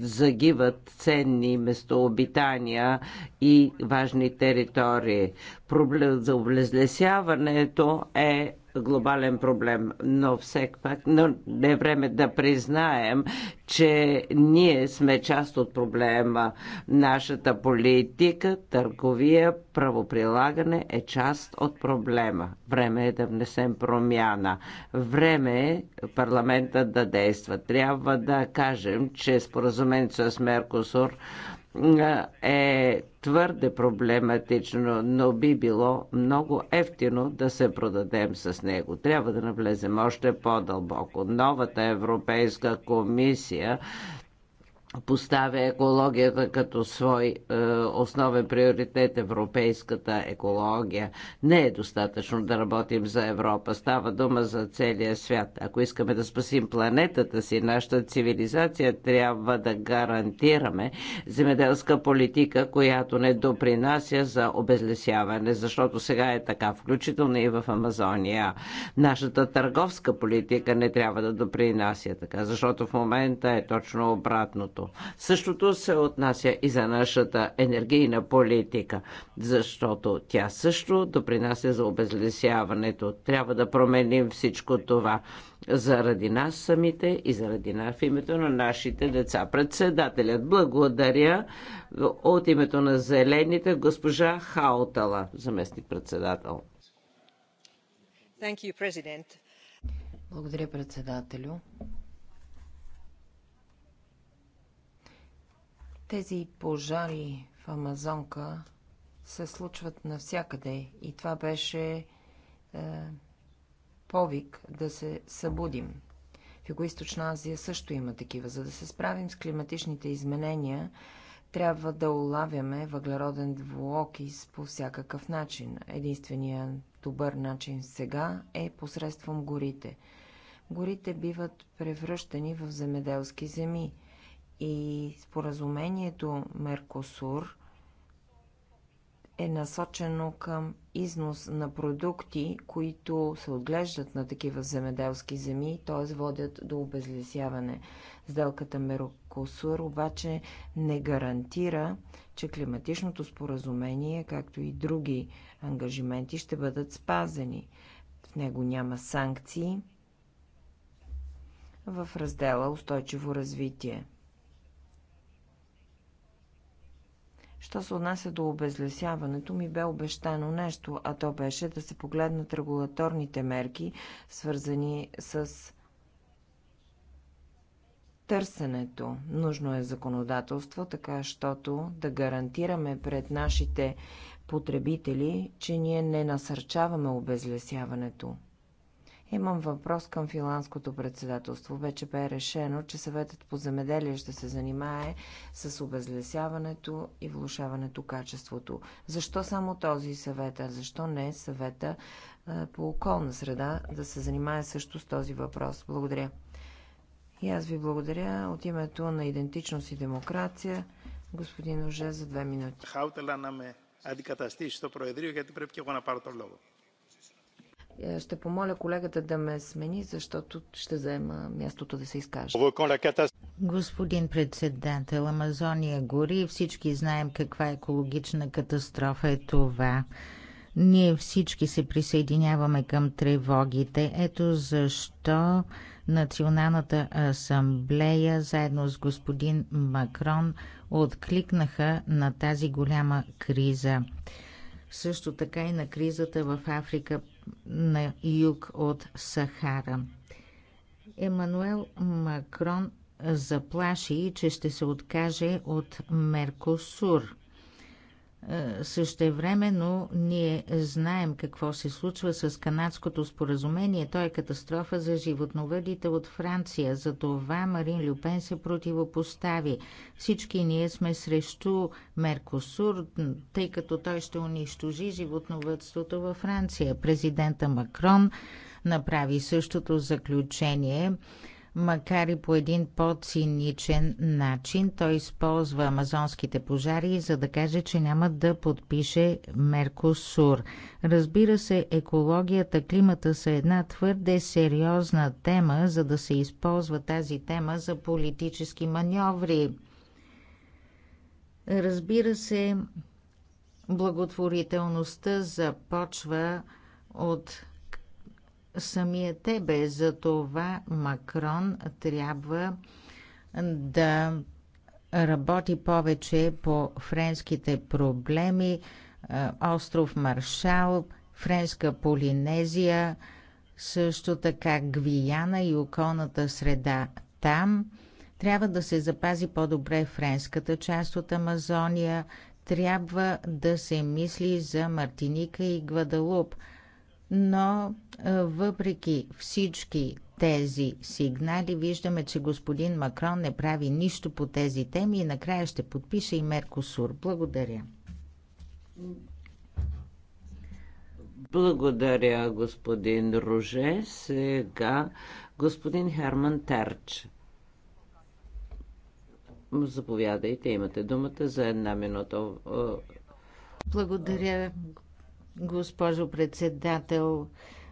загиват ценни местообитания и важни територии. Проблем за облезлесяването е глобален проблем, но все пак но не е време да признаем, че ние сме част от проблема. Нашата политика, търговия, правоприлагане е част от проблема. Време е да внесем промяна. Време е парламента да действа. Трябва да кажем, че споразумението с Меркосур е твърде проблематично, но би било много ефтино да се продадем с него. Трябва да навлезем още по-дълбоко. Новата Европейска комисия поставя екологията като свой е, основен приоритет европейската екология. Не е достатъчно да работим за Европа. Става дума за целия свят. Ако искаме да спасим планетата си, нашата цивилизация, трябва да гарантираме земеделска политика, която не допринася за обезлесяване, защото сега е така, включително и в Амазония. Нашата търговска политика не трябва да допринася така, защото в момента е точно обратното. Същото се отнася и за нашата енергийна политика, защото тя също допринася за обезлесяването. Трябва да променим всичко това заради нас самите и заради нас в името на нашите деца. Председателят благодаря от името на зелените госпожа Хаутала, заместник председател. Благодаря, председателю. Тези пожари в Амазонка се случват навсякъде и това беше е, повик да се събудим. В Юго-Источна Азия също има такива. За да се справим с климатичните изменения, трябва да улавяме въглероден двуокис по всякакъв начин. Единственият добър начин сега е посредством горите. Горите биват превръщани в земеделски земи – и споразумението Меркосур е насочено към износ на продукти, които се отглеждат на такива земеделски земи, т.е. водят до обезлесяване. Сделката Меркосур обаче не гарантира, че климатичното споразумение, както и други ангажименти, ще бъдат спазени. В него няма санкции в раздела Устойчиво развитие. Що се отнася до обезлесяването, ми бе обещано нещо, а то беше да се погледнат регулаторните мерки, свързани с търсенето. Нужно е законодателство, така щото да гарантираме пред нашите потребители, че ние не насърчаваме обезлесяването. Имам въпрос към финландското председателство. Вече бе решено, че съветът по земеделие ще се занимае с обезлесяването и влушаването качеството. Защо само този съвет, а защо не съвета по околна среда да се занимае също с този въпрос? Благодаря. И аз ви благодаря от името на идентичност и демокрация, господин Оже, за две минути. Хаутела на ме адикатастиш, то Προεδρείο, гето πρέπει και εγώ να лого. Е, ще помоля колегата да ме смени, защото ще заема мястото да се изкаже. Господин председател, Амазония гори и всички знаем каква екологична катастрофа е това. Ние всички се присъединяваме към тревогите. Ето защо Националната асамблея заедно с господин Макрон откликнаха на тази голяма криза. Също така и на кризата в Африка на юг от Сахара. Емануел Макрон заплаши, че ще се откаже от Меркосур но ние знаем какво се случва с канадското споразумение. То е катастрофа за животновъдите от Франция. За това Марин Люпен се противопостави. Всички ние сме срещу Меркосур, тъй като той ще унищожи животновътството във Франция. Президента Макрон направи същото заключение макар и по един по-циничен начин. Той използва амазонските пожари, за да каже, че няма да подпише Меркосур. Разбира се, екологията, климата са една твърде сериозна тема, за да се използва тази тема за политически маньоври. Разбира се, благотворителността започва от самия тебе. За това Макрон трябва да работи повече по френските проблеми, е, остров Маршал, Френска Полинезия, също така Гвияна и околната среда там. Трябва да се запази по-добре френската част от Амазония, трябва да се мисли за Мартиника и Гвадалуп – но е, въпреки всички тези сигнали, виждаме, че господин Макрон не прави нищо по тези теми и накрая ще подпише и Меркосур. Благодаря. Благодаря, господин Роже. Сега господин Херман Терч. Заповядайте, имате думата за една минута. Е, Благодаря, госпожо председател.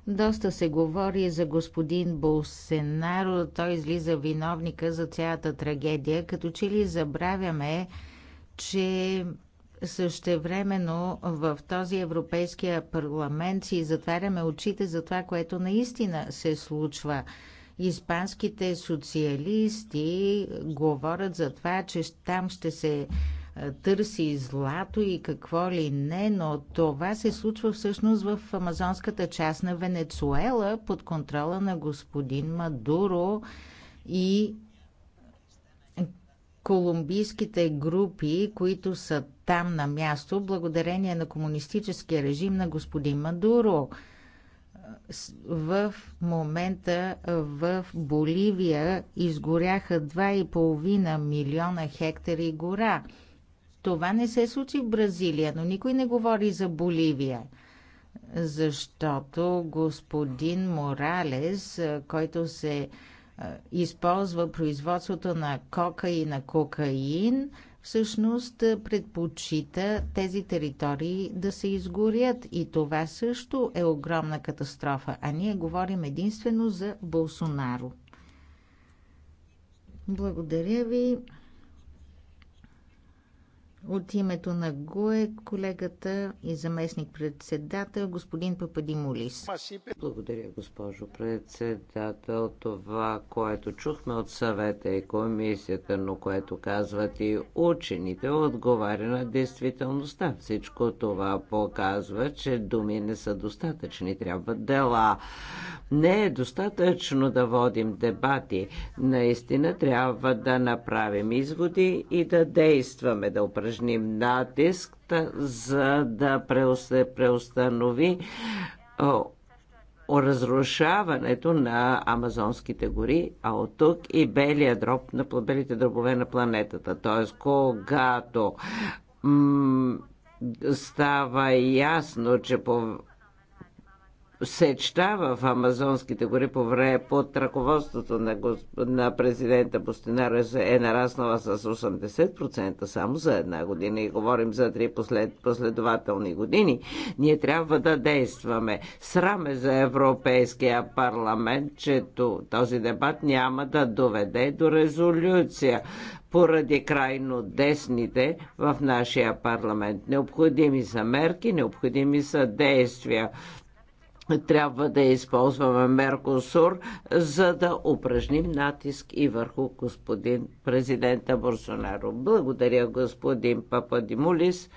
Доста се говори за господин Болсенаро. Той излиза виновника за цялата трагедия, като че ли забравяме, че същевременно в този Европейския парламент си затваряме очите за това, което наистина се случва. Испанските социалисти говорят за това, че там ще се търси злато и какво ли не, но това се случва всъщност в амазонската част на Венецуела под контрола на господин Мадуро и колумбийските групи, които са там на място, благодарение на комунистическия режим на господин Мадуро. В момента в Боливия изгоряха 2,5 милиона хектари гора. Това не се случи в Бразилия, но никой не говори за Боливия. Защото господин Моралес, който се използва производството на кока и на кокаин, всъщност предпочита тези територии да се изгорят. И това също е огромна катастрофа. А ние говорим единствено за Болсонаро. Благодаря ви. От името на ГУЕ колегата и заместник председател господин Пападимулис. Благодаря, госпожо председател. Това, което чухме от съвета и комисията, но което казват и учените, отговаря на действителността. Всичко това показва, че думи не са достатъчни. Трябват дела. Не е достатъчно да водим дебати. Наистина трябва да направим изводи и да действаме, да упражняваме упражним натиск, за да преустанови разрушаването на амазонските гори, а от тук и белия дроб на белите дробове на планетата. Т.е. когато става ясно, че по сечта в Амазонските гори по време под ръководството на, госп... на президента Бостинаро е, е нараснала с 80% само за една година и говорим за три послед... последователни години, ние трябва да действаме. Сраме за Европейския парламент, че този дебат няма да доведе до резолюция поради крайно десните в нашия парламент. Необходими са мерки, необходими са действия трябва да използваме Меркосур, за да упражним натиск и върху господин президента Борсонаро. Благодаря господин Пападимулис.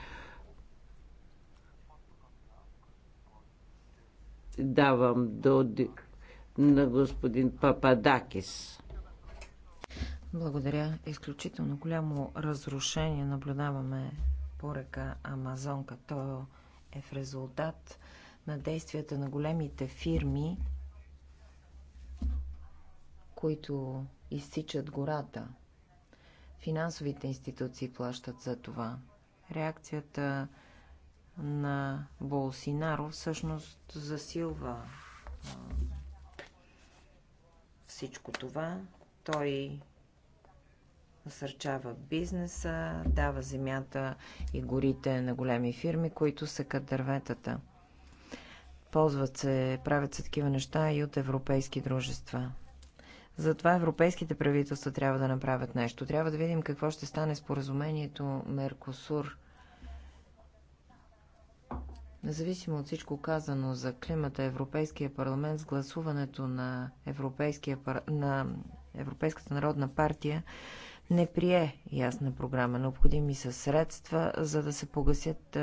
Давам до на господин Пападакис. Благодаря. Изключително голямо разрушение наблюдаваме по река Амазонка. То е в резултат на действията на големите фирми, които изсичат гората. Финансовите институции плащат за това. Реакцията на Болсинаро всъщност засилва всичко това. Той насърчава бизнеса, дава земята и горите на големи фирми, които са кът дърветата. Използват се, правят се такива неща и от европейски дружества. Затова европейските правителства трябва да направят нещо. Трябва да видим какво ще стане споразумението Меркосур. Независимо от всичко казано за климата, Европейския парламент с гласуването на, Европейския, на Европейската народна партия не прие ясна програма. Необходими са средства, за да се погасят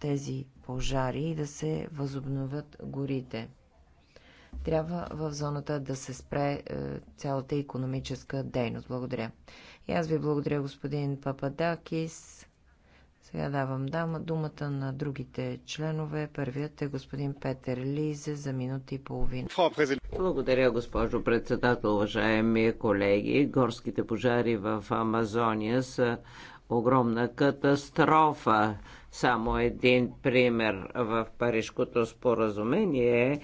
тези пожари и да се възобновят горите. Трябва в зоната да се спре е, цялата економическа дейност. Благодаря. И аз ви благодаря, господин Пападакис. Сега давам дама думата на другите членове. Първият е господин Петър Лизе за минути и половина. Благодаря, госпожо председател, уважаеми колеги. Горските пожари в Амазония са огромна катастрофа. Само един пример в Парижкото споразумение е,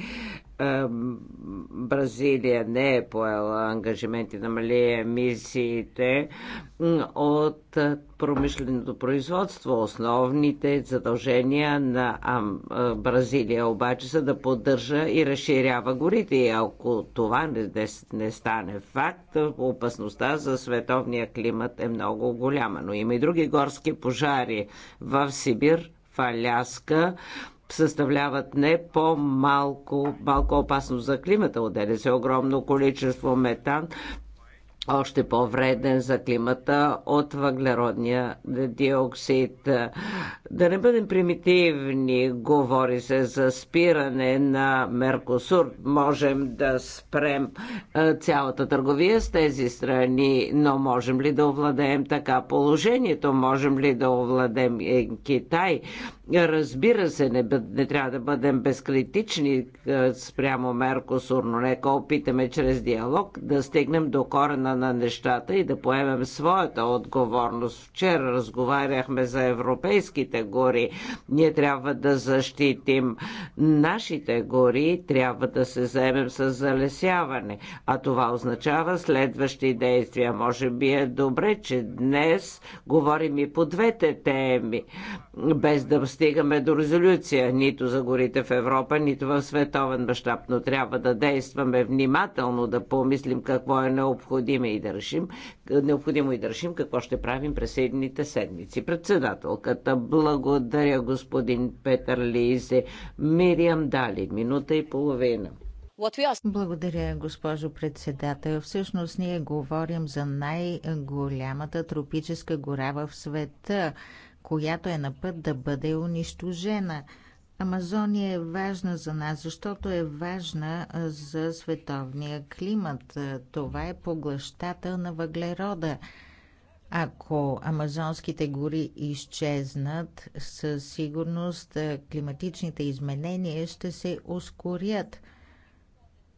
Бразилия не е поела ангажименти да мали емисиите от промишленото производство. Основните задължения на Бразилия обаче са да поддържа и разширява горите. И ако това не, не стане факт, опасността за световния климат е много голяма. Но има и други горски пожари в Сибир, в Аляска съставляват не по-малко малко опасно за климата. Отделя се огромно количество метан, още по-вреден за климата от въглеродния диоксид. Да не бъдем примитивни, говори се за спиране на Меркосур. Можем да спрем цялата търговия с тези страни, но можем ли да овладеем така положението? Можем ли да овладеем е, Китай? Разбира се, не, не трябва да бъдем безкритични е, спрямо Меркосур, но нека опитаме чрез диалог да стигнем до корена на нещата и да поемем своята отговорност. Вчера разговаряхме за европейските гори. Ние трябва да защитим нашите гори, трябва да се заемем с залесяване. А това означава следващи действия. Може би е добре, че днес говорим и по двете теми, без да стигаме до резолюция нито за горите в Европа, нито в световен мащаб, но трябва да действаме внимателно, да помислим какво е необходимо и да решим, необходимо и да решим какво ще правим през следните седмици. Председателката, благодаря господин Петър Лизе, Мириам Дали, минута и половина. Благодаря, госпожо председател. Всъщност ние говорим за най-голямата тропическа гора в света която е на път да бъде унищожена. Амазония е важна за нас, защото е важна за световния климат. Това е поглъщател на въглерода. Ако амазонските гори изчезнат, със сигурност климатичните изменения ще се ускорят.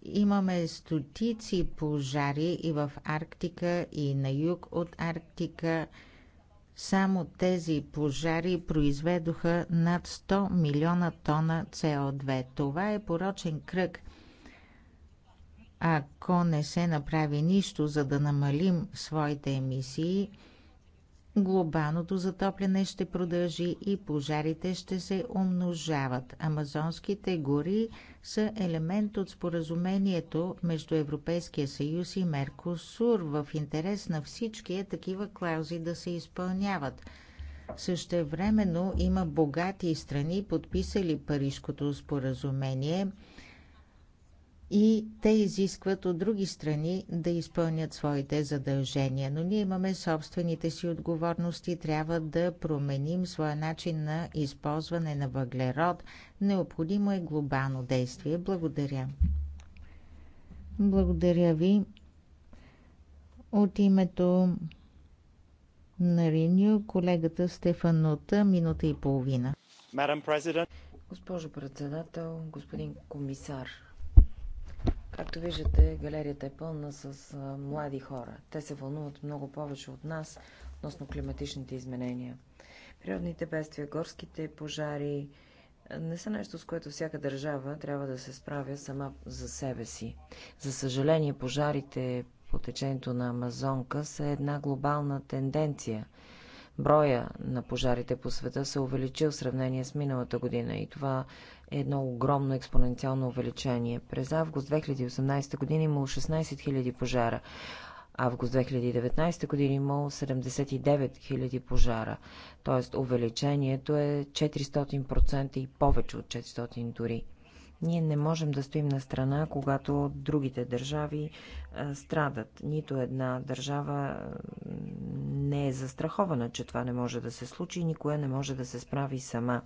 Имаме стотици пожари и в Арктика, и на юг от Арктика – само тези пожари произведоха над 100 милиона тона CO2. Това е порочен кръг. Ако не се направи нищо, за да намалим своите емисии, Глобалното затопляне ще продължи и пожарите ще се умножават. Амазонските гори са елемент от споразумението между Европейския съюз и Меркосур в интерес на всички е такива клаузи да се изпълняват. Същевременно има богати страни, подписали Парижското споразумение – и те изискват от други страни да изпълнят своите задължения. Но ние имаме собствените си отговорности, трябва да променим своя начин на използване на въглерод. Необходимо е глобално действие. Благодаря. Благодаря ви. От името на Риню, колегата Стефанута, минута и половина. Госпожо председател, господин комисар, Както виждате, галерията е пълна с млади хора. Те се вълнуват много повече от нас относно климатичните изменения. Природните бедствия, горските пожари не са нещо, с което всяка държава трябва да се справя сама за себе си. За съжаление, пожарите по течението на Амазонка са една глобална тенденция. Броя на пожарите по света се увеличил в сравнение с миналата година и това едно огромно експоненциално увеличение. През август 2018 година имало 16 000 пожара. Август 2019 година имало 79 000 пожара. Тоест увеличението е 400% и повече от 400 дори. Ние не можем да стоим на страна, когато другите държави а, страдат. Нито една държава не е застрахована, че това не може да се случи и никоя не може да се справи сама.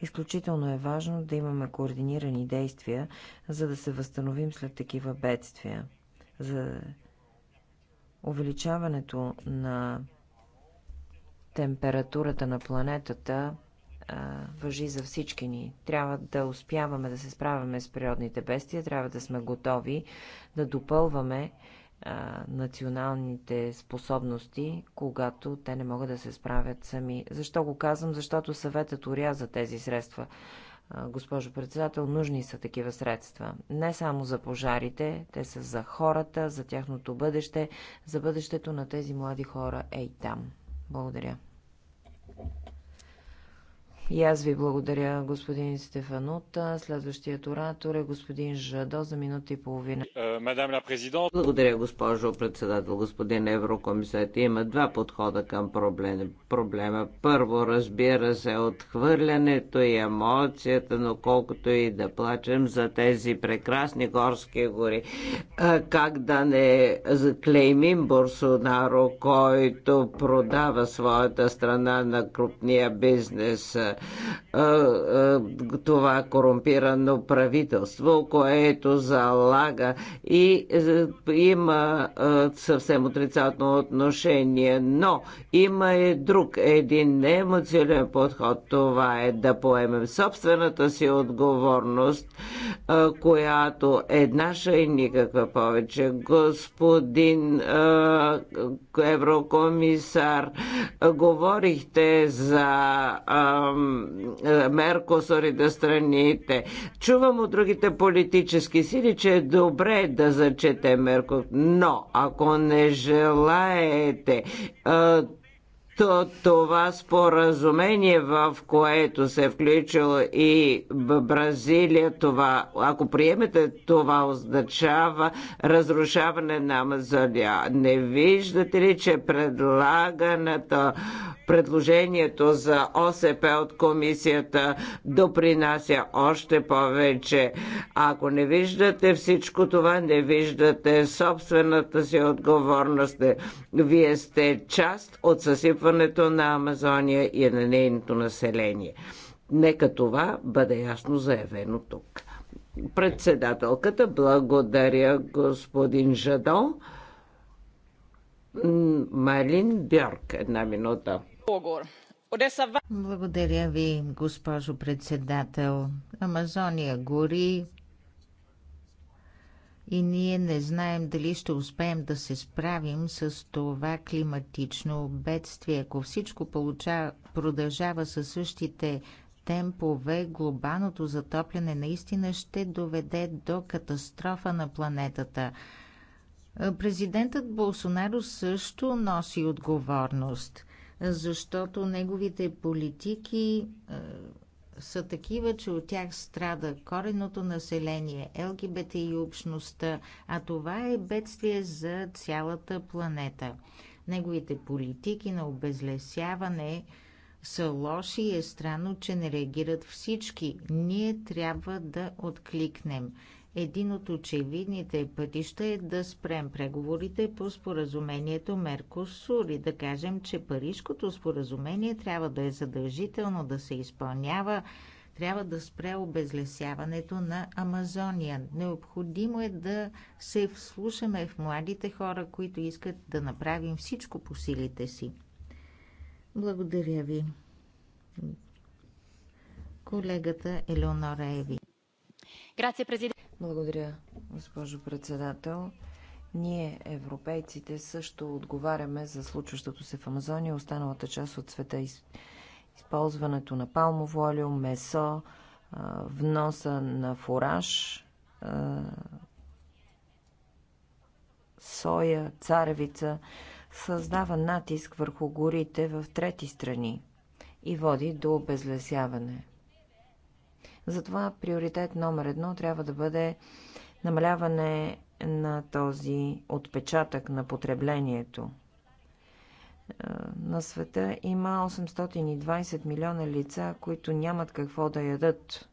Изключително е важно да имаме координирани действия, за да се възстановим след такива бедствия. За увеличаването на температурата на планетата въжи за всички ни. Трябва да успяваме да се справяме с природните бедствия, трябва да сме готови да допълваме а, националните способности, когато те не могат да се справят сами. Защо го казвам? Защото съветът уряза тези средства. А, госпожо председател, нужни са такива средства. Не само за пожарите, те са за хората, за тяхното бъдеще, за бъдещето на тези млади хора е и там. Благодаря. И аз ви благодаря, господин Стефанута. Следващият оратор е господин Жадо за минута и половина. Е, благодаря, госпожо председател, господин еврокомисар. Има два подхода към проблем, проблема. Първо, разбира се, отхвърлянето и емоцията, но колкото и да плачем за тези прекрасни горски гори, как да не заклеймим Борсонаро, който продава своята страна на крупния бизнес това корумпирано правителство, което залага и има съвсем отрицателно отношение, но има и друг, един неемоционален подход. Това е да поемем собствената си отговорност, която е наша и никаква повече. Господин еврокомисар, говорихте за е, Меркосур и да страните. Чувам от другите политически сили, че е добре да зачете Меркосур, но ако не желаете е, то това споразумение, в което се е включило и Бразилия, това, ако приемете, това означава разрушаване на Амазония. Не виждате ли, че предлаганата Предложението за ОСП от комисията допринася още повече. Ако не виждате всичко това, не виждате собствената си отговорност. Вие сте част от съсипването на Амазония и на нейното население. Нека това бъде ясно заявено тук. Председателката, благодаря господин Жадо. Малин Бьорк, една минута. Благодаря ви, госпожо председател. Амазония гори и ние не знаем дали ще успеем да се справим с това климатично бедствие. Ако всичко получава, продължава със същите темпове, глобалното затопляне наистина ще доведе до катастрофа на планетата. Президентът Болсонаро също носи отговорност – защото неговите политики е, са такива, че от тях страда коренното население, ЛГБТ и общността, а това е бедствие за цялата планета. Неговите политики на обезлесяване са лоши и е странно, че не реагират всички. Ние трябва да откликнем. Един от очевидните пътища е да спрем преговорите по споразумението Меркосур и да кажем, че Парижкото споразумение трябва да е задължително да се изпълнява, трябва да спре обезлесяването на Амазония. Необходимо е да се вслушаме в младите хора, които искат да направим всичко по силите си. Благодаря ви. Колегата Елеонора Еви. Грация, президент. Благодаря, госпожо председател. Ние, европейците, също отговаряме за случващото се в Амазония, останалата част от света. Използването на палмово олио, месо, вноса на фураж, соя, царевица, създава натиск върху горите в трети страни и води до обезлесяване. Затова приоритет номер едно трябва да бъде намаляване на този отпечатък на потреблението. Е, на света има 820 милиона лица, които нямат какво да ядат.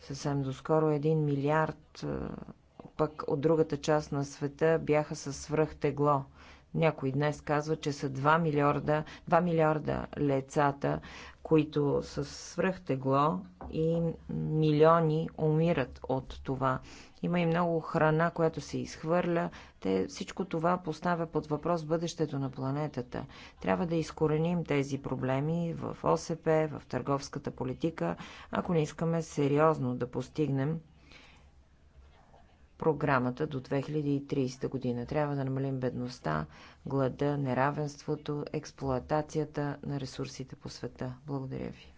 Съвсем доскоро 1 милиард е, пък от другата част на света бяха със свръхтегло. Някой днес казва, че са 2 милиарда, 2 милиарда лецата, които са свръхтегло и милиони умират от това. Има и много храна, която се изхвърля. Те, всичко това поставя под въпрос бъдещето на планетата. Трябва да изкореним тези проблеми в ОСП, в търговската политика, ако не искаме сериозно да постигнем програмата до 2030 година. Трябва да намалим бедността, глада, неравенството, експлоатацията на ресурсите по света. Благодаря ви.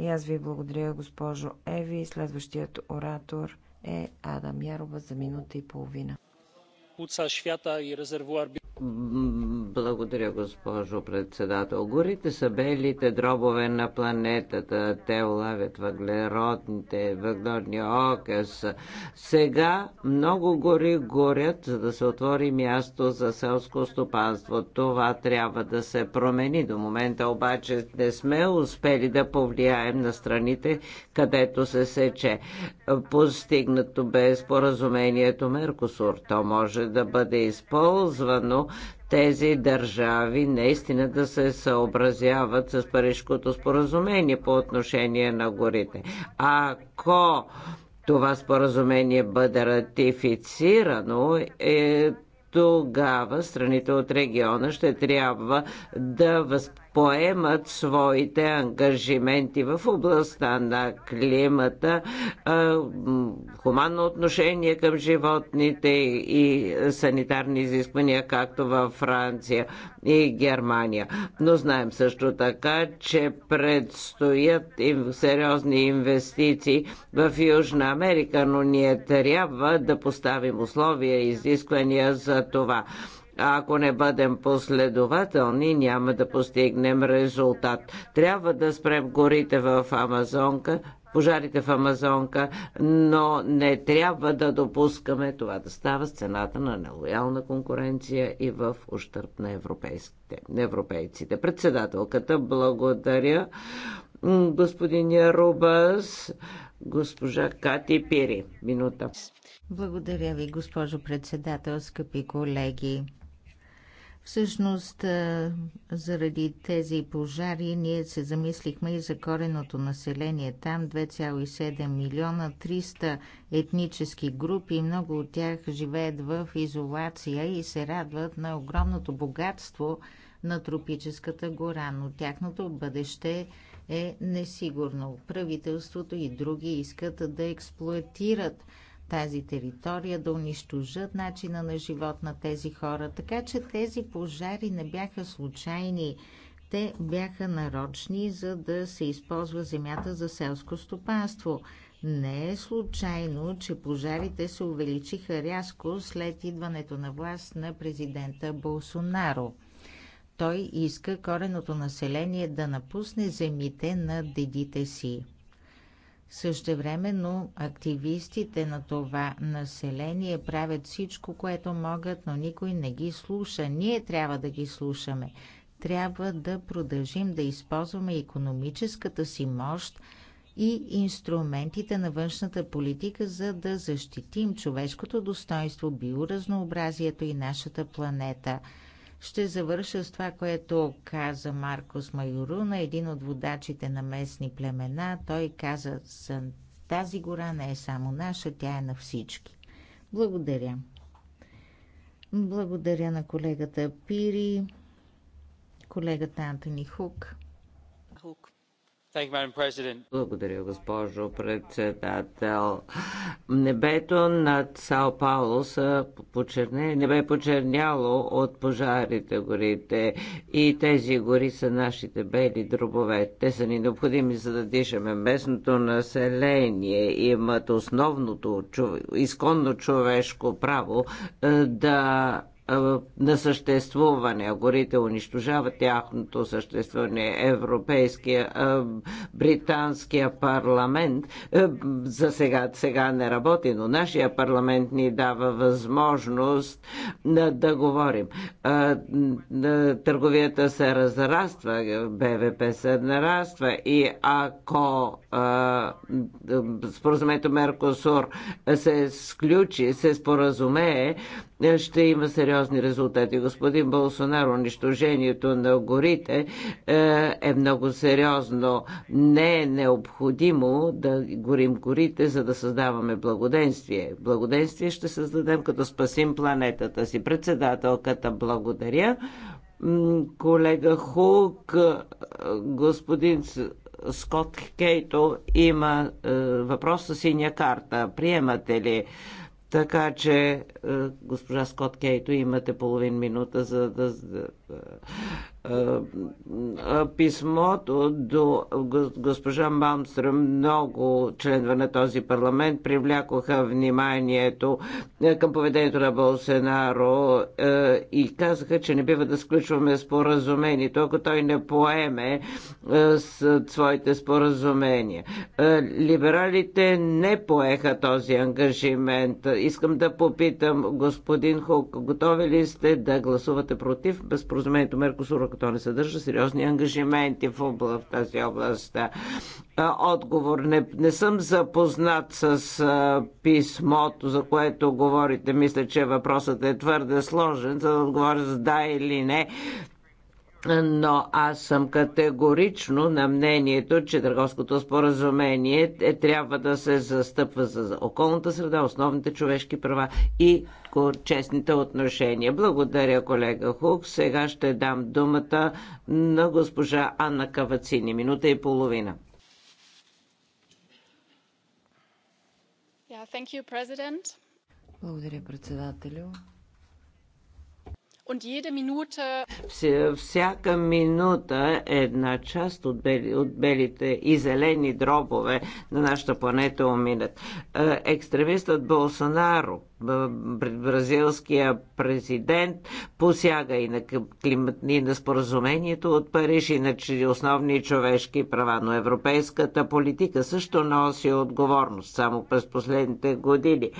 И аз ви благодаря, госпожо Еви. Следващият оратор е Адам Ярова за минута и половина. Пуца свята и резервуар благодаря, госпожо председател. Горите са белите дробове на планетата. Те улавят въглеродните, въглеродния окъс. Сега много гори горят, за да се отвори място за селско стопанство. Това трябва да се промени. До момента обаче не сме успели да повлияем на страните, където се сече. Постигнато бе споразумението Меркосур. То може да бъде използвано тези държави наистина да се съобразяват с Парижското споразумение по отношение на горите. Ако това споразумение бъде ратифицирано, е, тогава страните от региона ще трябва да възпитават поемат своите ангажименти в областта на климата, хуманно отношение към животните и санитарни изисквания, както във Франция и Германия. Но знаем също така, че предстоят им сериозни инвестиции в Южна Америка, но ние трябва да поставим условия и изисквания за това. Ако не бъдем последователни, няма да постигнем резултат. Трябва да спрем горите в Амазонка, пожарите в Амазонка, но не трябва да допускаме това да става с цената на нелоялна конкуренция и в ущърп на, на европейците. Председателката, благодаря господин Ярубас, госпожа Кати Пири. Минута. Благодаря ви, госпожо председател, скъпи колеги. Всъщност, заради тези пожари, ние се замислихме и за кореното население. Там 2,7 милиона, 300 етнически групи, много от тях живеят в изолация и се радват на огромното богатство на тропическата гора, но тяхното бъдеще е несигурно. Правителството и други искат да експлуатират тази територия, да унищожат начина на живот на тези хора. Така че тези пожари не бяха случайни. Те бяха нарочни, за да се използва земята за селско стопанство. Не е случайно, че пожарите се увеличиха рязко след идването на власт на президента Болсонаро. Той иска кореното население да напусне земите на дедите си. Същевременно активистите на това население правят всичко, което могат, но никой не ги слуша. Ние трябва да ги слушаме. Трябва да продължим да използваме економическата си мощ и инструментите на външната политика, за да защитим човешкото достоинство, биоразнообразието и нашата планета – ще завърша с това, което каза Маркос Майоруна, един от водачите на местни племена. Той каза, тази гора не е само наша, тя е на всички. Благодаря. Благодаря на колегата Пири, колегата Антони Хук. Хук. Благодаря, госпожо председател. Небето над Сао Пауло са почерне, небе е почерняло от пожарите горите и тези гори са нашите бели дробове. Те са ни необходими за да дишаме. Местното население имат основното, изконно човешко право е, да на съществуване. Горите унищожават тяхното съществуване. Европейския, британския парламент за сега, сега не работи, но нашия парламент ни дава възможност да говорим. Търговията се разраства, БВП се нараства и ако споразумението Меркосур се сключи, се споразумее, ще има сериозни резултати. Господин Болсонар, унищожението на горите е, е много сериозно. Не е необходимо да горим горите, за да създаваме благоденствие. Благоденствие ще създадем, като спасим планетата си. Председателката, благодаря. Колега Хук, е, господин Скот Кейто има е, въпрос с синя карта. Приемате ли? Така че е, госпожа Скот Кейто, имате половин минута за да е, е, писмото до госпожа Малмстръм, много членове на този парламент привлякоха вниманието към поведението на Болсенаро и казаха, че не бива да сключваме споразумението, ако той не поеме с своите споразумения. Либералите не поеха този ангажимент. Искам да попитам питам господин Хук. Готови ли сте да гласувате против безпоразумението Меркосур, като не съдържа сериозни ангажименти в, обла, в тази област? Отговор. Не, не съм запознат с а, писмото, за което говорите. Мисля, че въпросът е твърде сложен, за да отговоря с да или не но аз съм категорично на мнението, че търговското споразумение е, трябва да се застъпва за околната среда, основните човешки права и честните отношения. Благодаря, колега Хук. Сега ще дам думата на госпожа Анна Кавацини. Минута и половина. Yeah, you, Благодаря, председателю. Всяка минута е една част от, бели, от белите и зелени дробове на нашата планета уминат. Е, екстремистът Болсонаро бразилския президент посяга и на, климат, и на споразумението от Париж и на основни човешки права. Но европейската политика също носи отговорност. Само през последните години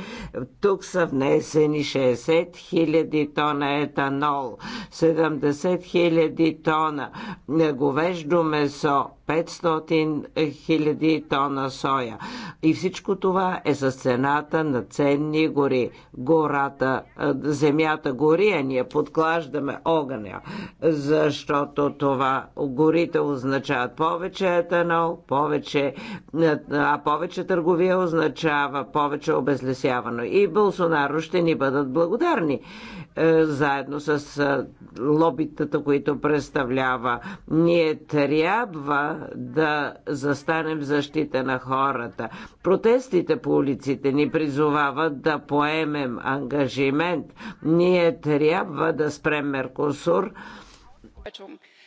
тук са внесени 60 хиляди тона етанол, 70 хиляди тона говеждо месо, 500 хиляди тона соя. И всичко това е с цената на ценни гори. Гората, земята гори, а ние подклаждаме огъня, защото това горите означават повече етанол, повече, а повече търговия означава повече обезлесяване. И Болсонаро ще ни бъдат благодарни. Е, заедно с е, лобитата, които представлява. Ние трябва да застанем в защита на хората. Протестите по улиците ни призовават да поемем ангажимент. Ние трябва да спрем Меркосур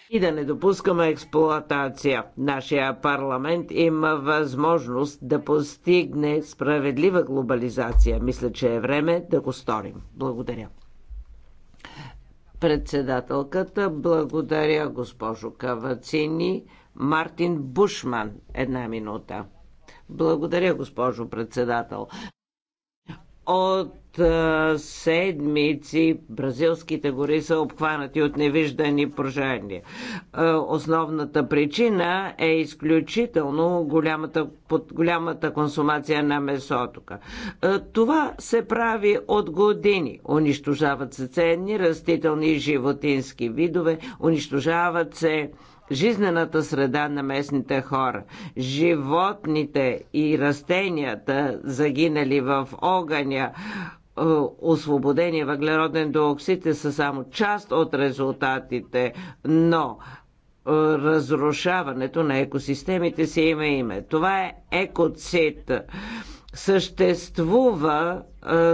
и да не допускаме експлоатация. Нашия парламент има възможност да постигне справедлива глобализация. Мисля, че е време да го сторим. Благодаря. Председателката, благодаря госпожо Кавацини. Мартин Бушман, една минута. Благодаря, госпожо председател. От седмици бразилските гори са обхванати от невиждани пожарни. Основната причина е изключително голямата, под голямата консумация на месо тук. Това се прави от години. Унищожават се ценни растителни и животински видове, унищожават се жизнената среда на местните хора. Животните и растенията, загинали в огъня, е, освободения въглероден диоксид е са само част от резултатите, но е, разрушаването на екосистемите си има име. Това е екоцит. Съществува е,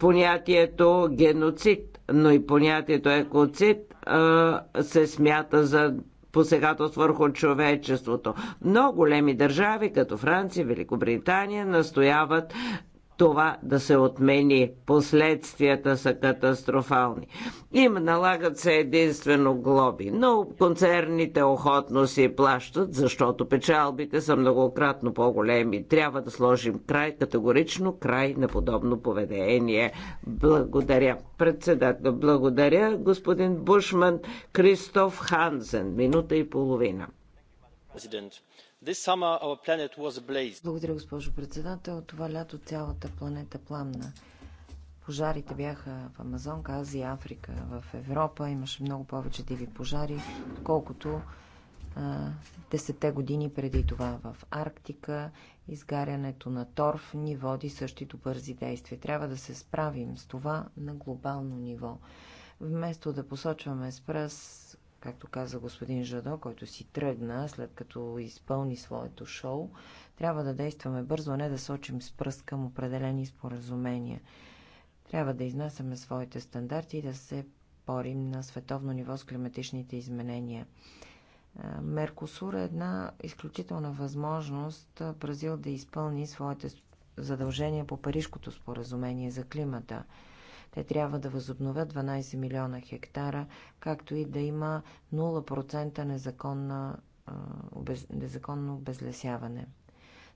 понятието геноцид, но и понятието екоцит се смята за посегателство върху човечеството. Много големи държави, като Франция, Великобритания, настояват това да се отмени. Последствията са катастрофални. Им налагат се единствено глоби, но концерните охотно си плащат, защото печалбите са многократно по-големи. Трябва да сложим край, категорично край на подобно поведение. Благодаря. Председател, благодаря господин Бушман Кристоф Ханзен. Минута и половина. Благодаря, госпожо председател. Това лято цялата планета пламна. Пожарите бяха в Амазонка, Азия, Африка, в Европа. Имаше много повече диви пожари, колкото десетте години преди това в Арктика. Изгарянето на торф ни води същито бързи действия. Трябва да се справим с това на глобално ниво. Вместо да посочваме с пръст Както каза господин Жадо, който си тръгна след като изпълни своето шоу, трябва да действаме бързо, а не да сочим с пръст към определени споразумения. Трябва да изнасяме своите стандарти и да се борим на световно ниво с климатичните изменения. Меркосур е една изключителна възможност Бразил да изпълни своите задължения по Парижкото споразумение за климата – те трябва да възобновят 12 милиона хектара, както и да има 0% незаконна, незаконно обезлесяване.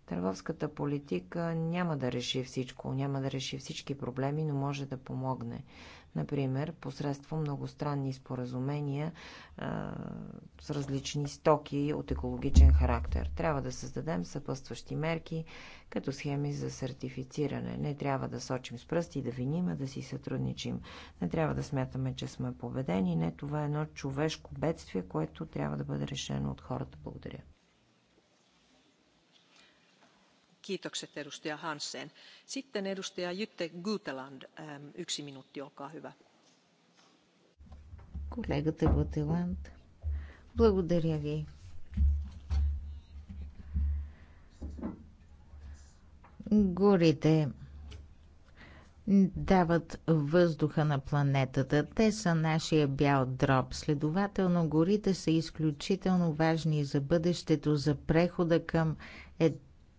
Търговската политика няма да реши всичко, няма да реши всички проблеми, но може да помогне. Например, посредством многостранни споразумения а, с различни стоки от екологичен характер. Трябва да създадем съпътстващи мерки, като схеми за сертифициране. Не трябва да сочим с пръсти и да виним, а да си сътрудничим. Не трябва да смятаме, че сме победени. Не, това е едно човешко бедствие, което трябва да бъде решено от хората. Благодаря. Kiitokset edustaja Hansen. Sitten ähm, hyvä. Колегата Гутеланд, благодаря ви. Горите дават въздуха на планетата. Те са нашия бял дроб. Следователно, горите са изключително важни за бъдещето, за прехода към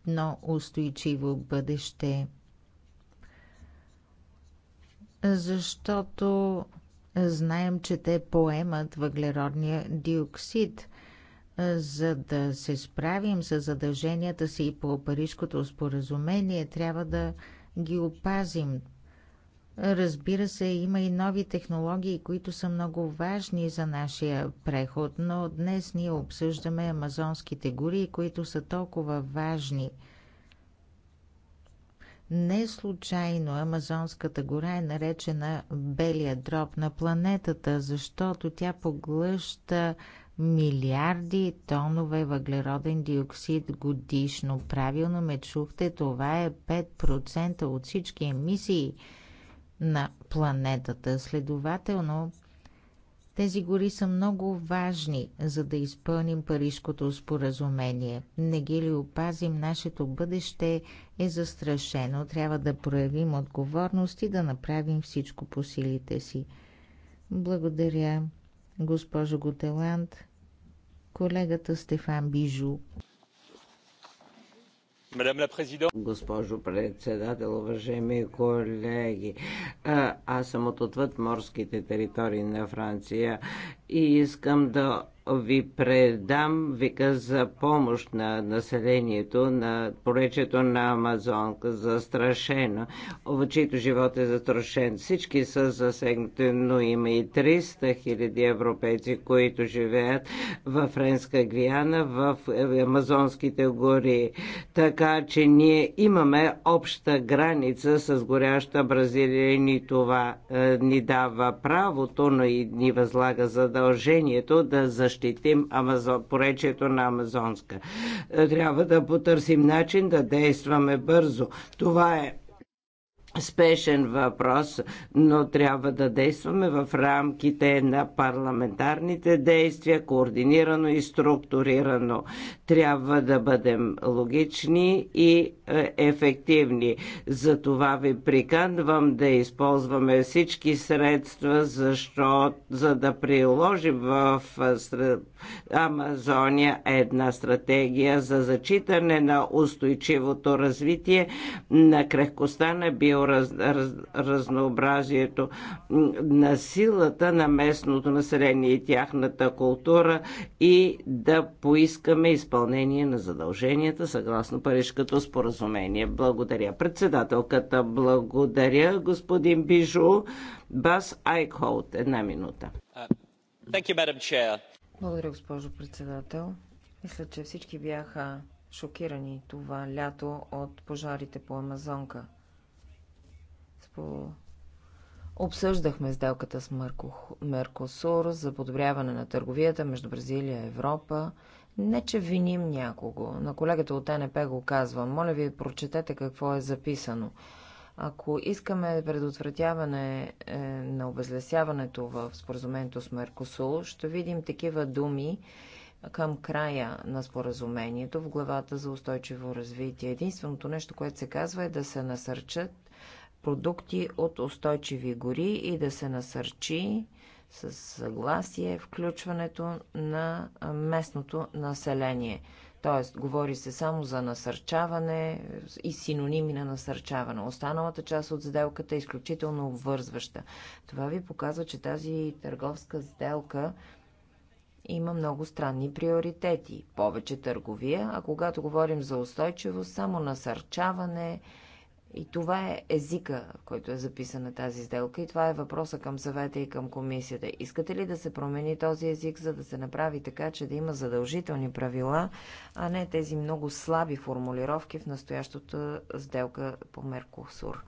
едно устойчиво бъдеще. Защото знаем, че те поемат въглеродния диоксид. За да се справим с задълженията си по Парижското споразумение, трябва да ги опазим. Разбира се, има и нови технологии, които са много важни за нашия преход, но днес ние обсъждаме амазонските гори, които са толкова важни. Не случайно Амазонската гора е наречена белия дроб на планетата, защото тя поглъща милиарди тонове въглероден диоксид годишно. Правилно ме чухте, това е 5% от всички емисии – на планетата. Следователно, тези гори са много важни, за да изпълним Парижкото споразумение. Не ги ли опазим, нашето бъдеще е застрашено. Трябва да проявим отговорност и да направим всичко по силите си. Благодаря, госпожо Готеланд, колегата Стефан Бижу. Госпожо председател, уважаеми колеги, аз съм от отвъд морските територии на Франция и искам да ви предам вика за помощ на населението на поречето на Амазонка, застрашено, чието живот е застрашен. Всички са засегнати, но има и 300 хиляди европейци, които живеят в Френска Гвиана, в Амазонските гори. Така че ние имаме обща граница с горяща Бразилия и ни това е, ни дава правото, но и ни възлага задължението да защитим защитим Амазон, поречието на Амазонска. Трябва да потърсим начин да действаме бързо. Това е спешен въпрос, но трябва да действаме в рамките на парламентарните действия, координирано и структурирано. Трябва да бъдем логични и ефективни. Затова ви приканвам да използваме всички средства, защо, за да приложим в Амазония една стратегия за зачитане на устойчивото развитие, на крехкостта на биоразнообразието, на силата на местното население и тяхната култура и да поискаме изпълнение на задълженията съгласно Парижкото споразумение споразумение. Благодаря. Председателката, благодаря. Господин Бижу, Бас Айкхолт, една минута. Благодаря, госпожо председател. Мисля, че всички бяха шокирани това лято от пожарите по Амазонка. Спо... Обсъждахме сделката с Меркосур за подобряване на търговията между Бразилия и Европа не, че виним някого. На колегата от НП го казвам. Моля ви, прочетете какво е записано. Ако искаме предотвратяване е, на обезлесяването в споразумението с Меркосул, ще видим такива думи към края на споразумението в главата за устойчиво развитие. Единственото нещо, което се казва е да се насърчат продукти от устойчиви гори и да се насърчи с съгласие включването на местното население. Тоест, говори се само за насърчаване и синоними на насърчаване. Останалата част от сделката е изключително обвързваща. Това ви показва, че тази търговска сделка има много странни приоритети. Повече търговия, а когато говорим за устойчивост, само насърчаване, и това е езика, в който е записана тази сделка и това е въпроса към съвета и към комисията. Искате ли да се промени този език, за да се направи така, че да има задължителни правила, а не тези много слаби формулировки в настоящата сделка по Меркосур?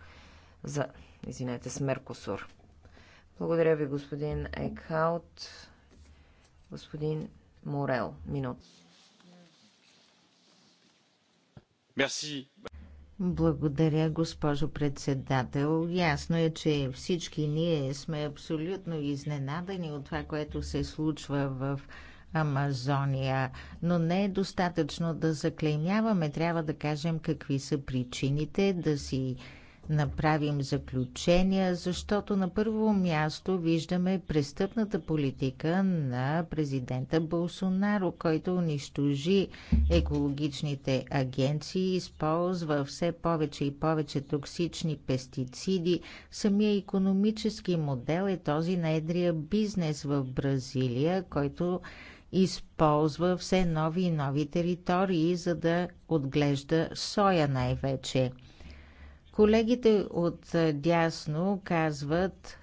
За, извинете, с Меркосур. Благодаря ви, господин Екхаут. Господин Морел, минут. Мерси. Благодаря, госпожо председател. Ясно е, че всички ние сме абсолютно изненадани от това, което се случва в Амазония, но не е достатъчно да заклеймяваме. Трябва да кажем какви са причините, да си направим заключения, защото на първо място виждаме престъпната политика на президента Болсонаро, който унищожи екологичните агенции, използва все повече и повече токсични пестициди. Самия економически модел е този на едрия бизнес в Бразилия, който използва все нови и нови територии, за да отглежда соя най-вече – Колегите от дясно казват,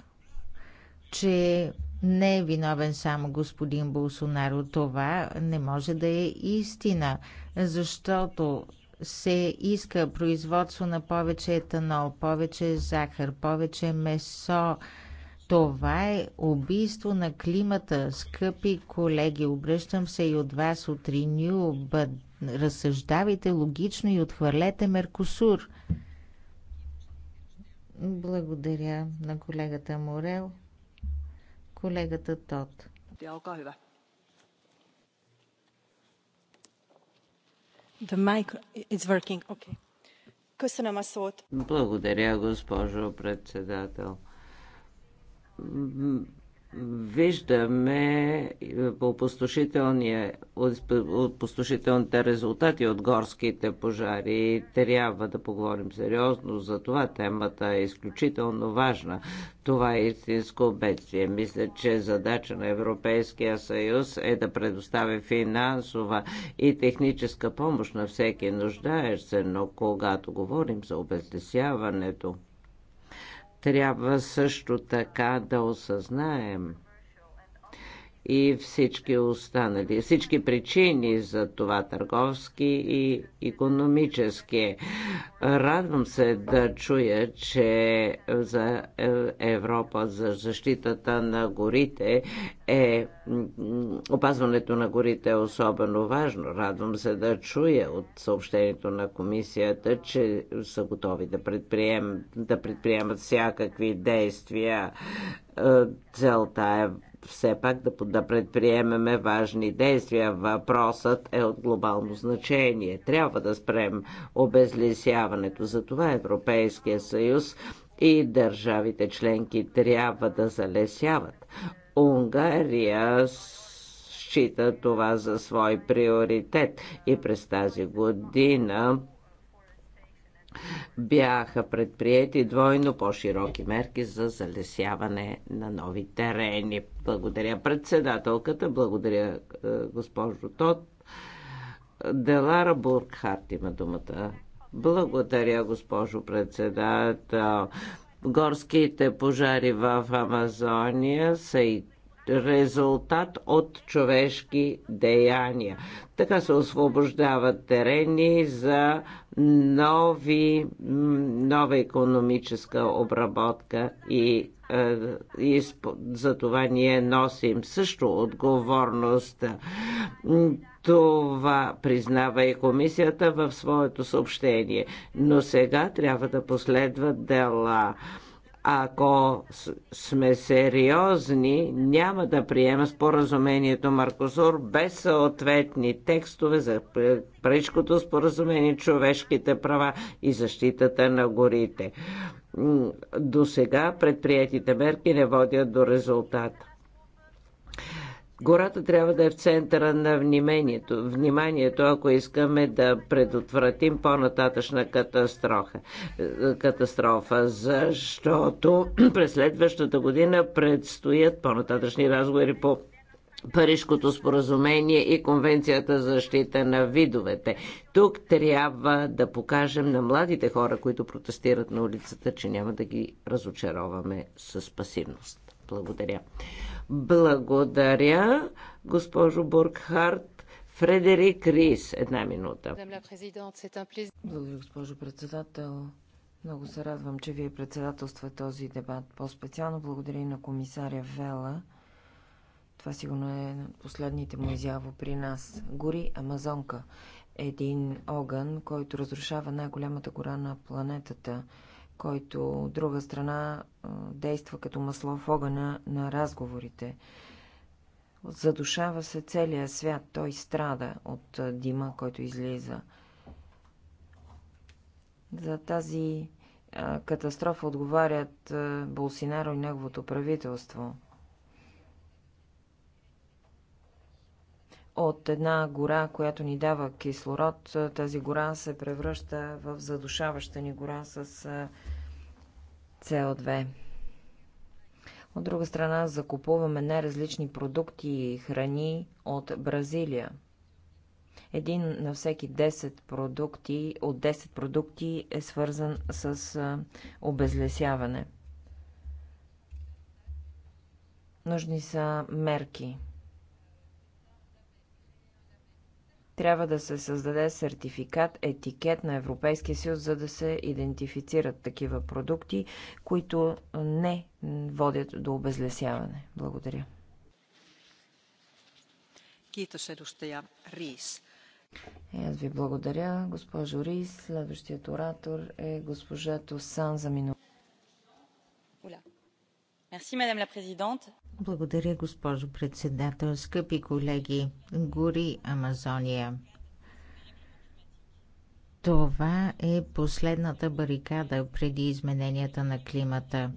че не е виновен само господин Болсонаро. Това не може да е истина, защото се иска производство на повече етанол, повече захар, повече месо. Това е убийство на климата, скъпи колеги. Обръщам се и от вас от Renew. Разсъждавайте логично и отхвърлете Меркосур. Благодаря на колегата Морел. Колегата Тот. Е okay. Благодаря, госпожо председател виждаме е, опустошителните резултати от горските пожари. Трябва да поговорим сериозно за това. Темата е изключително важна. Това е истинско бедствие. Мисля, че задача на Европейския съюз е да предостави финансова и техническа помощ на всеки нуждаещ се, но когато говорим за обезлесяването, трябва също така да осъзнаем – и всички останали, всички причини за това търговски и економически. Радвам се да чуя, че за Европа за защитата на горите е опазването на горите е особено важно. Радвам се да чуя от съобщението на комисията, че са готови да, предприем, да предприемат всякакви действия. Е, целта е все пак да, да предприемеме важни действия. Въпросът е от глобално значение. Трябва да спрем обезлисяването. Затова Европейския съюз и държавите членки трябва да залесяват. Унгария счита това за свой приоритет и през тази година бяха предприяти двойно по-широки мерки за залесяване на нови терени. Благодаря председателката, благодаря е, госпожо Тот. Делара Бургхарт има думата. Благодаря, госпожо председател. Горските пожари в Амазония са и резултат от човешки деяния. Така се освобождават терени за нови, нова економическа обработка и, е, и за това ние носим също отговорност. Това признава и комисията в своето съобщение. Но сега трябва да последват дела. Ако сме сериозни, няма да приема споразумението Маркозор без съответни текстове за Парижкото споразумение, човешките права и защитата на горите. До сега предприятите мерки не водят до резултата Гората трябва да е в центъра на вниманието, вниманието ако искаме да предотвратим по-нататъчна катастрофа, катастрофа защото през следващата година предстоят по-нататъчни разговори по Парижкото споразумение и Конвенцията за защита на видовете. Тук трябва да покажем на младите хора, които протестират на улицата, че няма да ги разочароваме с пасивност. Благодаря. Благодаря, госпожо Бургхарт. Фредерик Рис, една минута. Благодаря, госпожо председател. Много се радвам, че вие председателства този дебат. По-специално благодаря и на комисаря Вела. Това сигурно е последните му изява при нас. Гори Амазонка. Един огън, който разрушава най-голямата гора на планетата – който от друга страна действа като масло в огъна на разговорите. Задушава се целия свят, той страда от дима, който излиза. За тази катастрофа отговарят Болсинаро и неговото правителство. От една гора, която ни дава кислород, тази гора се превръща в задушаваща ни гора с CO2. От друга страна, закупуваме най-различни продукти и храни от Бразилия. Един на всеки 10 продукти, от 10 продукти е свързан с обезлесяване. Нужни са мерки – трябва да се създаде сертификат, етикет на Европейския съюз, за да се идентифицират такива продукти, които не водят до обезлесяване. Благодаря. Аз ви благодаря, госпожо Рис. Следващият оратор е госпожа Тосан за минута. Благодаря, госпожо председател. Скъпи колеги, гори Амазония. Това е последната барикада преди измененията на климата.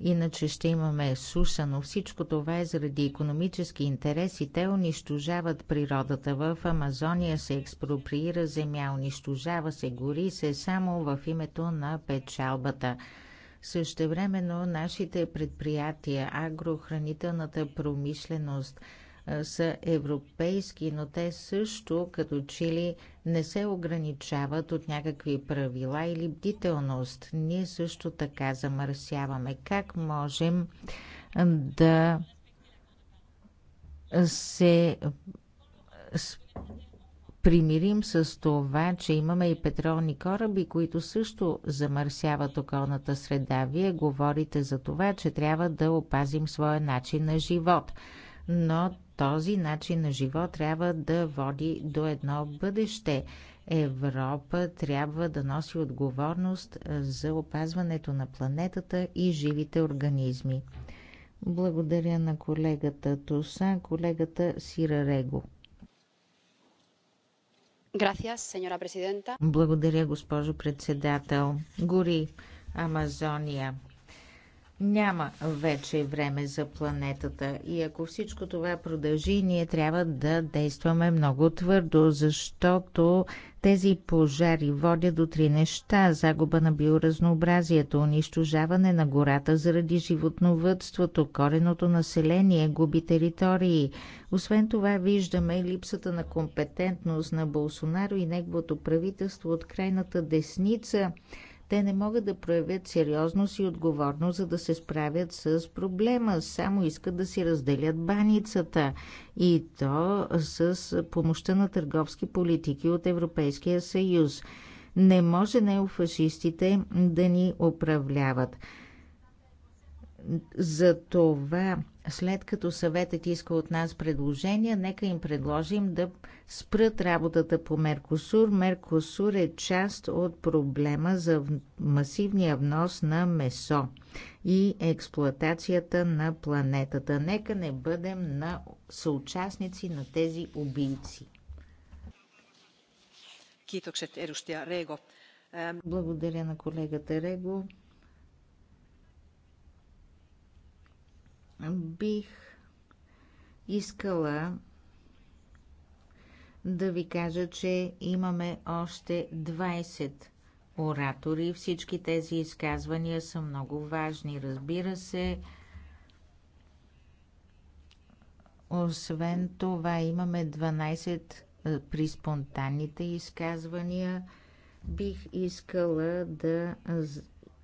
Иначе ще имаме суша, но всичко това е заради економически интереси. Те унищожават природата. В Амазония се експроприира земя, унищожава се гори се само в името на печалбата. Същевременно нашите предприятия, агрохранителната промишленост са европейски, но те също като чили не се ограничават от някакви правила или бдителност. Ние също така замърсяваме. Как можем да се примирим с това, че имаме и петролни кораби, които също замърсяват околната среда. Вие говорите за това, че трябва да опазим своя начин на живот. Но този начин на живот трябва да води до едно бъдеще. Европа трябва да носи отговорност за опазването на планетата и живите организми. Благодаря на колегата Туса, колегата Сира Рего. Благодаря, госпожо председател. Гори Амазония. Няма вече време за планетата и ако всичко това продължи, ние трябва да действаме много твърдо, защото тези пожари водят до три неща – загуба на биоразнообразието, унищожаване на гората заради животновътството, кореното население губи територии. Освен това виждаме липсата на компетентност на Болсонаро и неговото правителство от крайната десница – те не могат да проявят сериозност и отговорност, за да се справят с проблема. Само искат да си разделят баницата. И то с помощта на търговски политики от Европейския съюз. Не може неофашистите да ни управляват. За това след като съветът иска от нас предложения, нека им предложим да спрат работата по Меркосур. Меркосур е част от проблема за масивния внос на месо и експлоатацията на планетата. Нека не бъдем на съучастници на тези убийци. Благодаря на колегата Рего. бих искала да ви кажа, че имаме още 20 оратори. Всички тези изказвания са много важни, разбира се. Освен това, имаме 12 при спонтанните изказвания. Бих искала да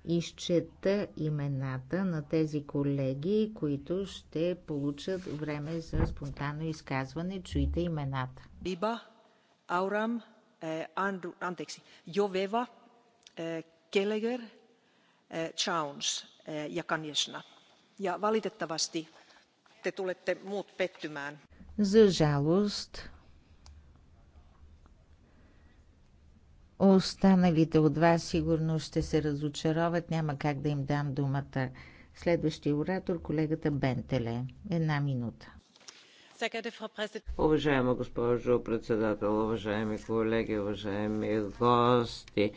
изчета имената на тези колеги, които ще получат време за спонтанно изказване. Чуйте имената. Биба, Аурам, е, Андру, антекси, Йовева, е, Келегер, е, Чаунс ja Kanjesna. Я валитетавасти, те тулете мут петтюмен. За жалост, Останалите от вас сигурно ще се разочароват, няма как да им дам думата. Следващия оратор, колегата Бентеле. Една минута. Уважаема госпожо председател, уважаеми колеги, уважаеми гости,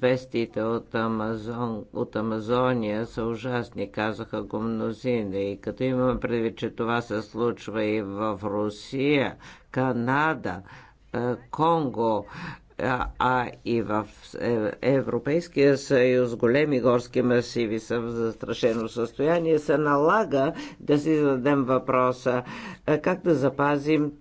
вестите от, Амазон, от Амазония са ужасни, казаха го мнозина. И като имаме предвид, че това се случва и в Русия, Канада, е, Конго, а и в е, Европейския съюз големи горски масиви са в застрашено състояние, се налага да си зададем въпроса как да запазим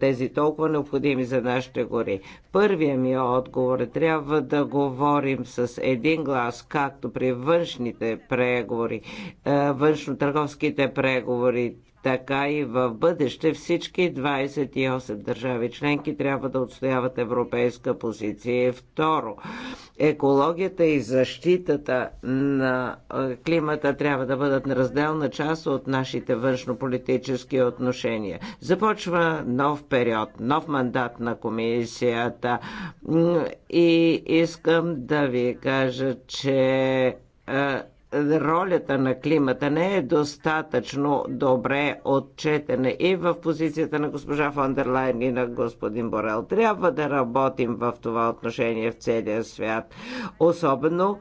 тези толкова необходими за нашите гори. Първия ми отговор е трябва да говорим с един глас, както при външните преговори, външно-търговските преговори, така и в бъдеще всички 28 държави членки трябва да отстояват европейска позиция. И второ, екологията и защитата на е, климата трябва да бъдат разделна част от нашите външнополитически отношения. Започва нов период, нов мандат на комисията и искам да ви кажа, че е, ролята на климата не е достатъчно добре отчетена и в позицията на госпожа Фондерлайн и на господин Борел. Трябва да работим в това отношение в целия свят. Особено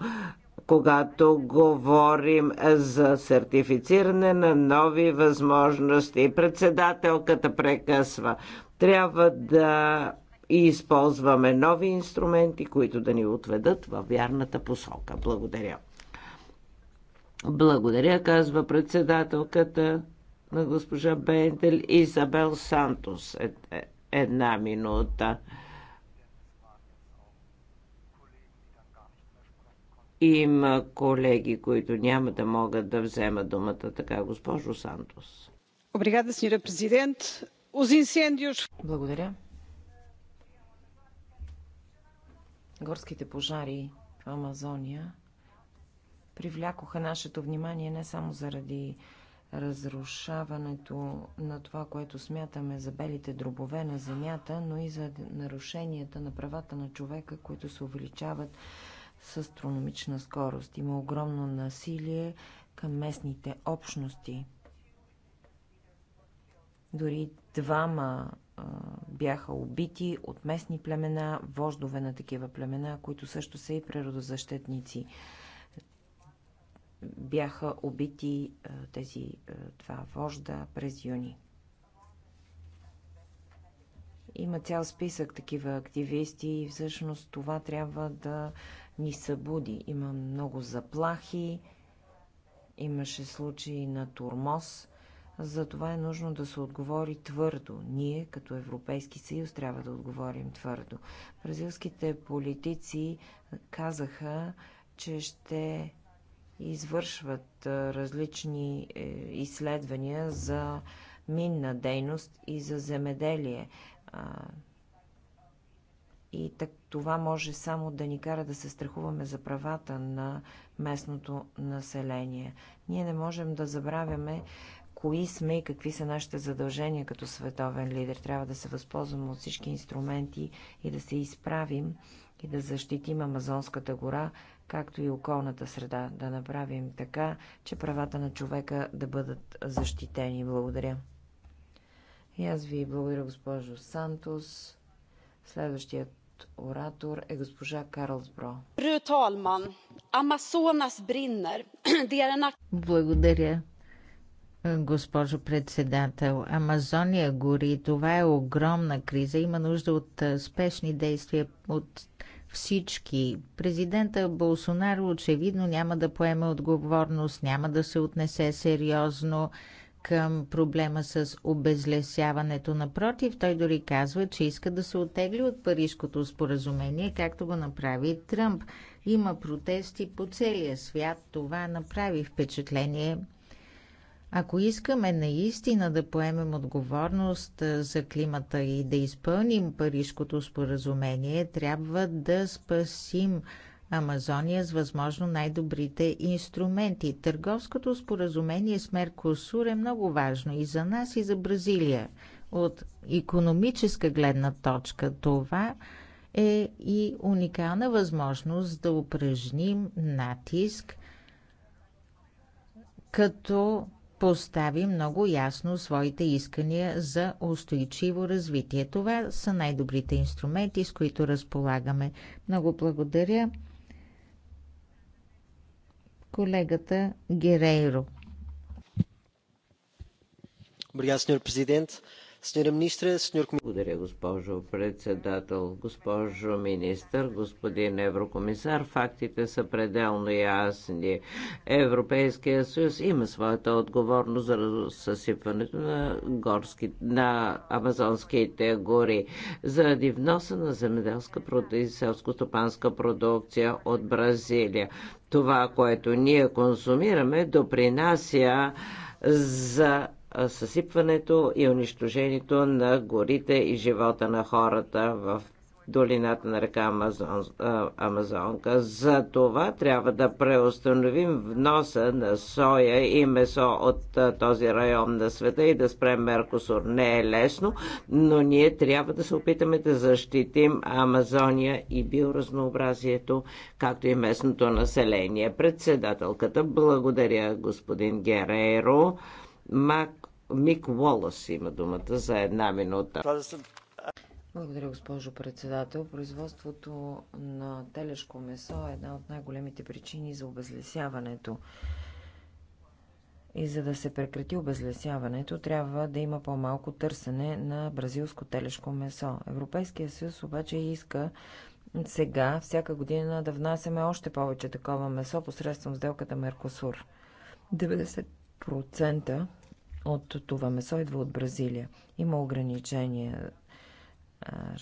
когато говорим за сертифициране на нови възможности. Председателката прекъсва. Трябва да и използваме нови инструменти, които да ни отведат във вярната посока. Благодаря. Благодаря, казва председателката на госпожа Бентел Изабел Сантос. Е, е, една минута. Има колеги, които няма да могат да вземат думата. Така, госпожо Сантос. Обригада, сеньора президент. Благодаря. Горските пожари в Амазония привлякоха нашето внимание не само заради разрушаването на това, което смятаме за белите дробове на земята, но и за нарушенията на правата на човека, които се увеличават с астрономична скорост. Има огромно насилие към местните общности. Дори двама а, бяха убити от местни племена, вождове на такива племена, които също са и природозащитници бяха убити тези два вожда през юни. Има цял списък такива активисти и всъщност това трябва да ни събуди. Има много заплахи, имаше случаи на турмоз. Затова е нужно да се отговори твърдо. Ние, като Европейски съюз, трябва да отговорим твърдо. Бразилските политици казаха, че ще извършват различни е, изследвания за минна дейност и за земеделие. И так, това може само да ни кара да се страхуваме за правата на местното население. Ние не можем да забравяме кои сме и какви са нашите задължения като световен лидер. Трябва да се възползваме от всички инструменти и да се изправим и да защитим Амазонската гора както и околната среда, да направим така, че правата на човека да бъдат защитени. Благодаря. И аз ви благодаря, госпожо Сантос. Следващият оратор е госпожа Карлсбро. Фру талман, Амазонас бринер. Благодаря, госпожо председател. Амазония гори. Това е огромна криза. Има нужда от спешни действия от всички. Президента Болсонаро очевидно няма да поеме отговорност, няма да се отнесе сериозно към проблема с обезлесяването. Напротив, той дори казва, че иска да се отегли от Парижкото споразумение, както го направи Тръмп. Има протести по целия свят. Това направи впечатление ако искаме наистина да поемем отговорност за климата и да изпълним Парижското споразумение, трябва да спасим Амазония с възможно най-добрите инструменти. Търговското споразумение с Меркосур е много важно и за нас, и за Бразилия. От економическа гледна точка това е и уникална възможност да упражним натиск, като постави много ясно своите искания за устойчиво развитие. Това са най-добрите инструменти, с които разполагаме. Много благодаря колегата Герейро. Благодаря, Sr. Благодаря, госпожо председател, госпожо министър, господин еврокомисар. Фактите са пределно ясни. Европейския съюз има своята отговорност за съсипването на, горски, на амазонските гори. Заради вноса на земеделска и селско-стопанска продукция от Бразилия. Това, което ние консумираме, допринася за съсипването и унищожението на горите и живота на хората в долината на река Амазон, Амазонка. За това трябва да преустановим вноса на соя и месо от този район на света и да спрем Меркосур. Не е лесно, но ние трябва да се опитаме да защитим Амазония и биоразнообразието, както и местното население. Председателката, благодаря господин Герейро. Мак... Мик Уолъс има думата за една минута. Благодаря, госпожо председател. Производството на телешко месо е една от най-големите причини за обезлесяването. И за да се прекрати обезлесяването, трябва да има по-малко търсене на бразилско телешко месо. Европейския съюз обаче иска сега, всяка година, да внасяме още повече такова месо посредством сделката Меркосур. 90% от това месо идва от Бразилия. Има ограничения,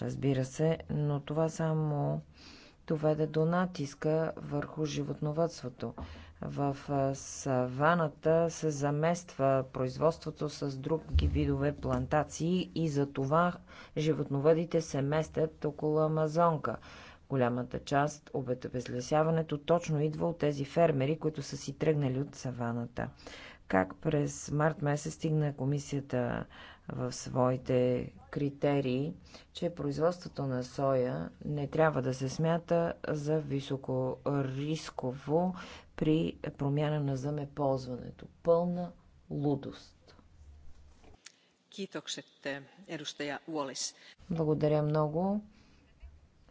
разбира се, но това само доведе до натиска върху животновътството. В саваната се замества производството с други видове плантации и за това животновъдите се местят около Амазонка. Голямата част от обезлесяването точно идва от тези фермери, които са си тръгнали от саваната как през март месец стигна комисията в своите критерии, че производството на соя не трябва да се смята за високо рисково при промяна на земеползването. Пълна лудост. Благодаря много.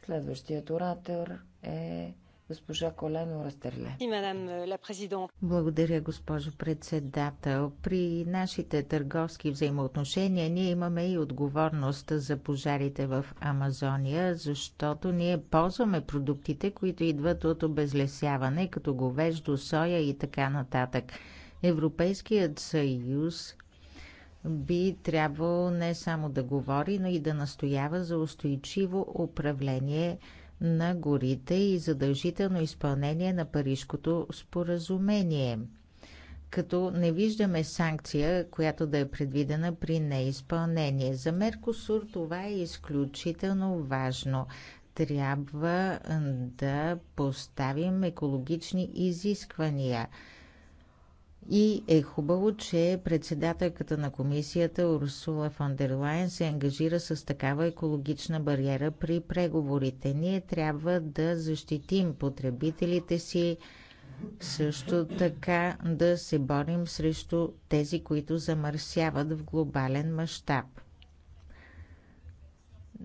Следващият оратор е госпожа Коляно Растерле. Е, Благодаря, госпожо председател. При нашите търговски взаимоотношения ние имаме и отговорност за пожарите в Амазония, защото ние ползваме продуктите, които идват от обезлесяване, като говеждо, соя и така нататък. Европейският съюз би трябвало не само да говори, но и да настоява за устойчиво управление – на горите и задължително изпълнение на Парижкото споразумение. Като не виждаме санкция, която да е предвидена при неизпълнение. За Меркосур това е изключително важно. Трябва да поставим екологични изисквания – и е хубаво, че председателката на комисията Урсула фон дер се ангажира с такава екологична бариера при преговорите. Ние трябва да защитим потребителите си, също така да се борим срещу тези, които замърсяват в глобален мащаб.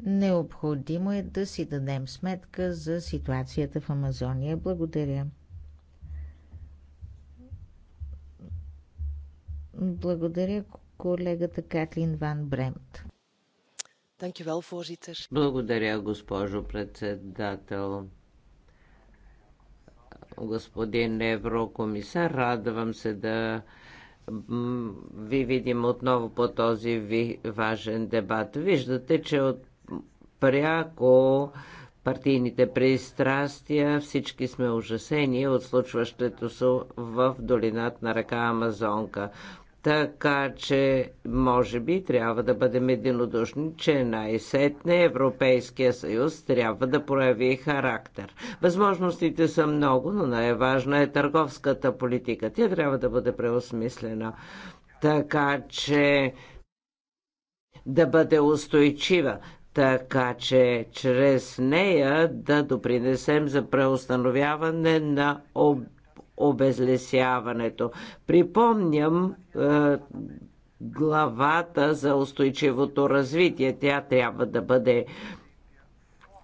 Необходимо е да си дадем сметка за ситуацията в Амазония. Благодаря. Благодаря колегата Катлин Ван Бремт. Благодаря, госпожо председател. Господин еврокомисар, радвам се да ви видим отново по този ви важен дебат. Виждате, че от пряко партийните пристрастия, всички сме ужасени от случващото се в долината на река Амазонка. Така че, може би, трябва да бъдем единодушни, че най-сетне Европейския съюз трябва да прояви характер. Възможностите са много, но най-важна е търговската политика. Тя трябва да бъде преосмислена. Така че да бъде устойчива, така че чрез нея да допринесем за преустановяване на об обезлесяването. Припомням е, главата за устойчивото развитие. Тя трябва да бъде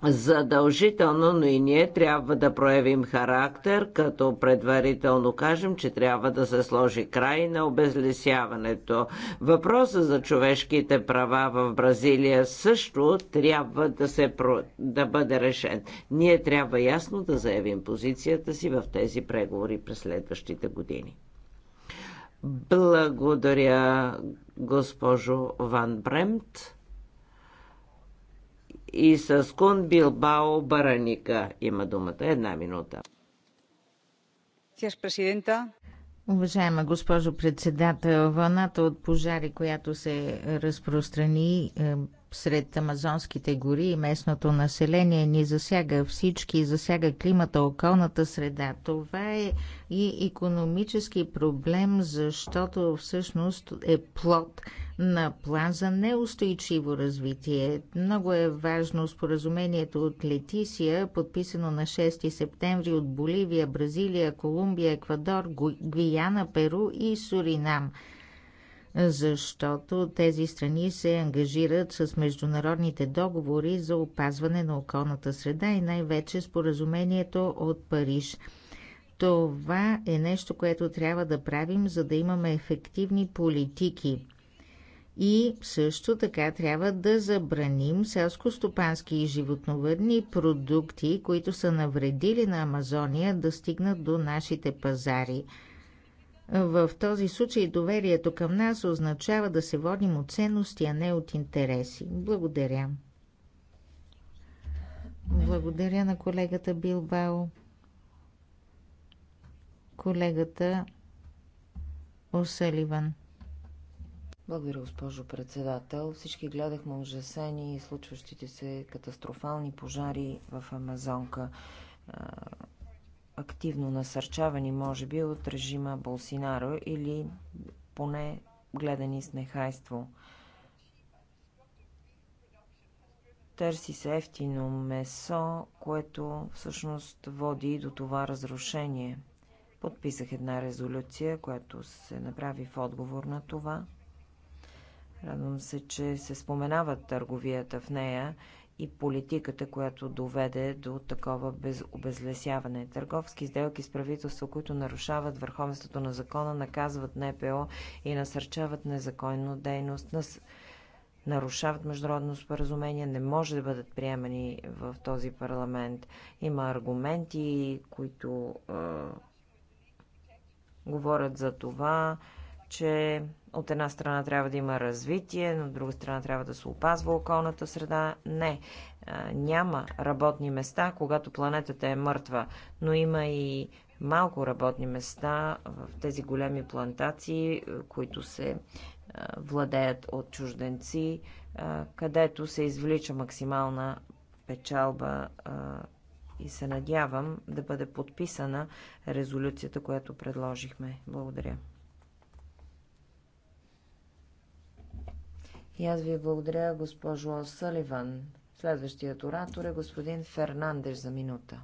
задължително, но и ние трябва да проявим характер, като предварително кажем, че трябва да се сложи край на обезлесяването. Въпросът за човешките права в Бразилия също трябва да, се, да бъде решен. Ние трябва ясно да заявим позицията си в тези преговори през следващите години. Благодаря, госпожо Ван Бремт и с Кон Билбао Бараника. Има думата. Една минута. Уважаема госпожо председател, вълната от пожари, която се разпространи е, сред амазонските гори и местното население ни засяга всички, засяга климата, околната среда. Това е и економически проблем, защото всъщност е плод на план за неустойчиво развитие. Много е важно споразумението от Летисия, подписано на 6 септември от Боливия, Бразилия, Колумбия, Еквадор, Гвиана, Перу и Суринам защото тези страни се ангажират с международните договори за опазване на околната среда и най-вече споразумението от Париж. Това е нещо, което трябва да правим, за да имаме ефективни политики. И също така трябва да забраним селско-стопански и животновъдни продукти, които са навредили на Амазония да стигнат до нашите пазари. В този случай доверието към нас означава да се водим от ценности, а не от интереси. Благодаря. Благодаря на колегата Билбао. Колегата Осаливан. Благодаря, госпожо председател. Всички гледахме ужасени и случващите се катастрофални пожари в Амазонка. Активно насърчавани, може би, от режима Болсинаро или поне гледани с нехайство. Търси се ефтино месо, което всъщност води до това разрушение. Подписах една резолюция, която се направи в отговор на това – Радвам се, че се споменава търговията в нея и политиката, която доведе до такова без обезлесяване. Търговски сделки с правителство, които нарушават върховенството на закона, наказват НПО и насърчават незаконно дейност, нас... нарушават международно споразумение, не може да бъдат приемани в този парламент. Има аргументи, които е... говорят за това, че от една страна трябва да има развитие, но от друга страна трябва да се опазва околната среда. Не, няма работни места, когато планетата е мъртва, но има и малко работни места в тези големи плантации, които се владеят от чужденци, където се извлича максимална печалба и се надявам да бъде подписана резолюцията, която предложихме. Благодаря. И аз ви благодаря, госпожо Саливан. Следващият оратор е господин Фернандеш за минута.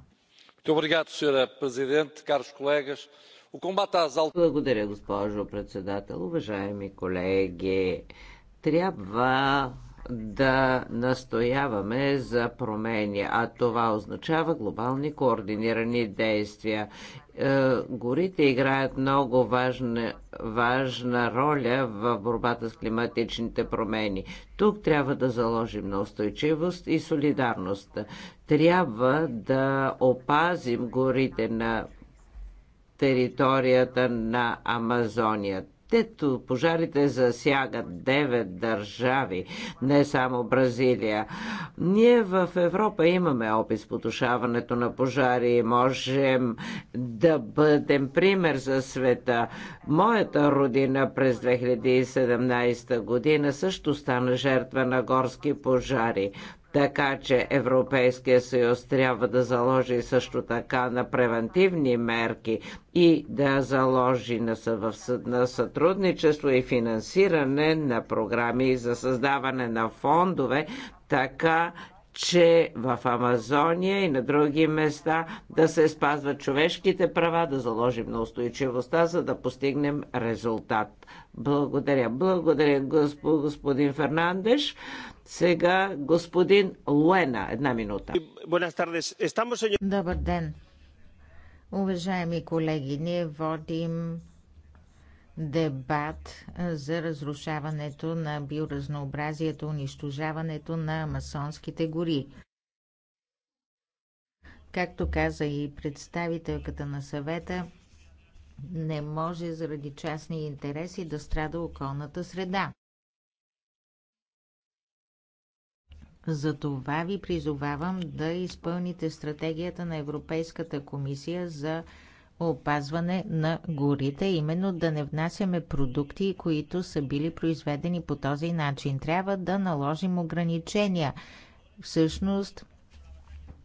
Благодаря, госпожо председател. Уважаеми колеги, трябва да настояваме за промени, а това означава глобални координирани действия. Е, горите играят много важна, важна роля в борбата с климатичните промени. Тук трябва да заложим на устойчивост и солидарност. Трябва да опазим горите на територията на Амазония. Тето пожарите засягат 9 държави, не само Бразилия. Ние в Европа имаме опит с потушаването на пожари и можем да бъдем пример за света. Моята родина през 2017 година също стана жертва на горски пожари. Така че Европейския съюз трябва да заложи също така на превентивни мерки и да заложи на, на сътрудничество и финансиране на програми за създаване на фондове, така че в Амазония и на други места да се спазват човешките права, да заложим на устойчивостта, за да постигнем резултат. Благодаря. Благодаря, господин Фернандеш. Сега господин Луена, една минута. Добър ден. Уважаеми колеги, ние водим дебат за разрушаването на биоразнообразието, унищожаването на масонските гори. Както каза и представителката на съвета, не може заради частни интереси да страда околната среда. За това ви призовавам да изпълните стратегията на Европейската комисия за опазване на горите, именно да не внасяме продукти, които са били произведени по този начин. Трябва да наложим ограничения. Всъщност,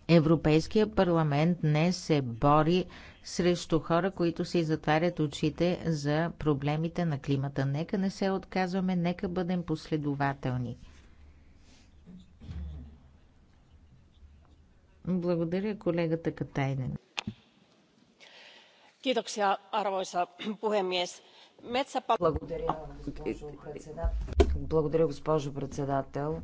Европейския парламент не се бори срещу хора, които си затварят очите за проблемите на климата. Нека не се отказваме, нека бъдем последователни. Благодаря колегата Катайнен. Kiitoksia, arvoisa puhemies. Благодаря, госпожо Благодаря, госпожо председател.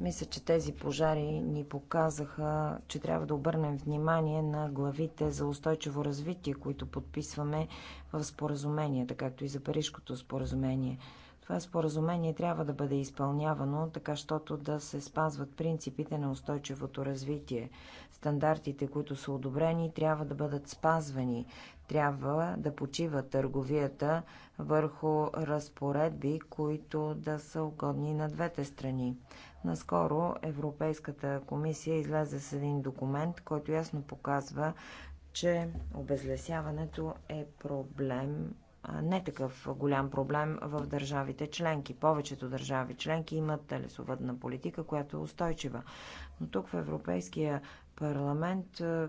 Мисля, че тези пожари ни показаха, че трябва да обърнем внимание на главите за устойчиво развитие, които подписваме в споразуменията, както и за Парижкото споразумение. Това споразумение трябва да бъде изпълнявано, така щото да се спазват принципите на устойчивото развитие. Стандартите, които са одобрени, трябва да бъдат спазвани. Трябва да почива търговията върху разпоредби, които да са угодни на двете страни. Наскоро Европейската комисия излезе с един документ, който ясно показва, че обезлесяването е проблем не такъв голям проблем в държавите членки. Повечето държави членки имат лесовъдна политика, която е устойчива. Но тук в Европейския парламент,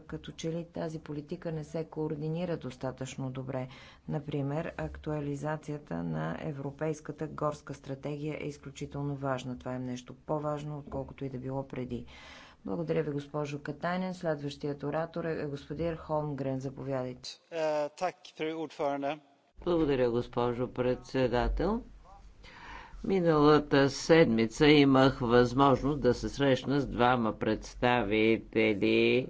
като че ли тази политика не се координира достатъчно добре. Например, актуализацията на Европейската горска стратегия е изключително важна. Това е нещо по-важно, отколкото и да било преди. Благодаря ви, госпожо Катайнен. Следващият оратор е господин Холмгрен. Заповядайте. Е, благодаря, госпожо председател. Миналата седмица имах възможност да се срещна с двама представители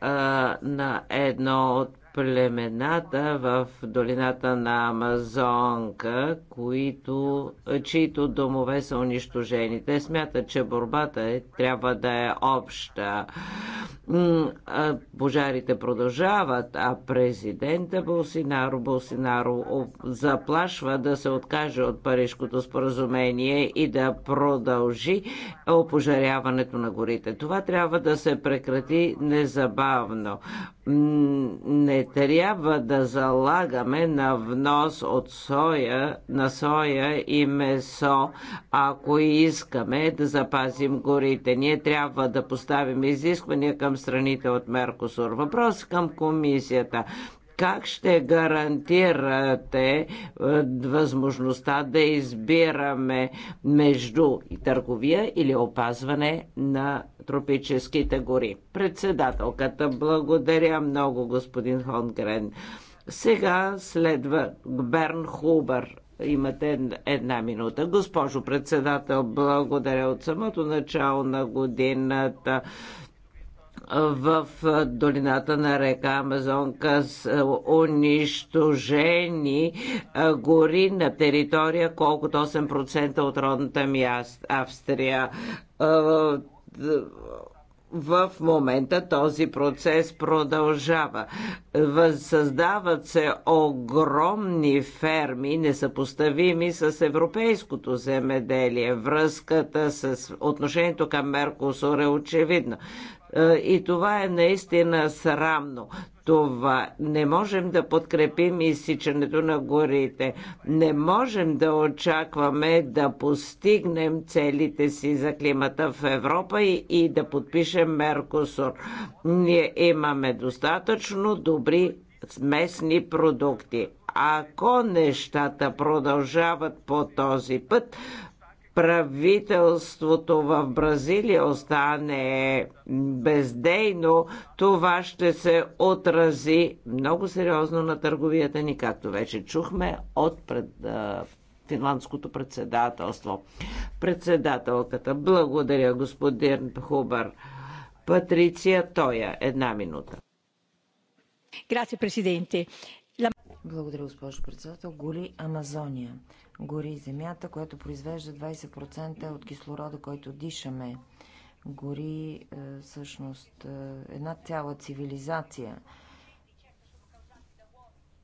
а, на едно от племената в долината на Амазонка, които, чието домове са унищожени. Те смятат, че борбата е, трябва да е обща. Пожарите продължават, а президента Болсинаро, Болсинаро заплашва да се откаже от Парижкото споразумение и да продължи опожаряването на горите. Това трябва да се прекрати незабавно не трябва да залагаме на внос от соя, на соя и месо, ако искаме да запазим горите. Ние трябва да поставим изисквания към страните от Меркосур. Въпрос към комисията. Как ще гарантирате е, възможността да избираме между търговия или опазване на тропическите гори? Председателката, благодаря много, господин Хонгрен. Сега следва Берн Хубър. Имате една минута. Госпожо председател, благодаря от самото начало на годината в долината на река Амазонка с унищожени гори на територия колкото 8% от родната ми Австрия в момента този процес продължава. Създават се огромни ферми, несъпоставими с европейското земеделие. Връзката с отношението към Меркосур е очевидна. Е, и това е наистина срамно. Това не можем да подкрепим изсичането на горите. Не можем да очакваме да постигнем целите си за климата в Европа и, и да подпишем Меркосур. Ние имаме достатъчно добри местни продукти. Ако нещата продължават по този път, правителството в Бразилия остане бездейно, това ще се отрази много сериозно на търговията ни, както вече чухме от пред, финландското председателство. Председателката, благодаря господин Хубър. Патриция Тоя, една минута. Grazie Presidente. Благодаря, госпожо председател. Гори Амазония. Гори земята, която произвежда 20% от кислорода, който дишаме. Гори е, всъщност е, една цяла цивилизация.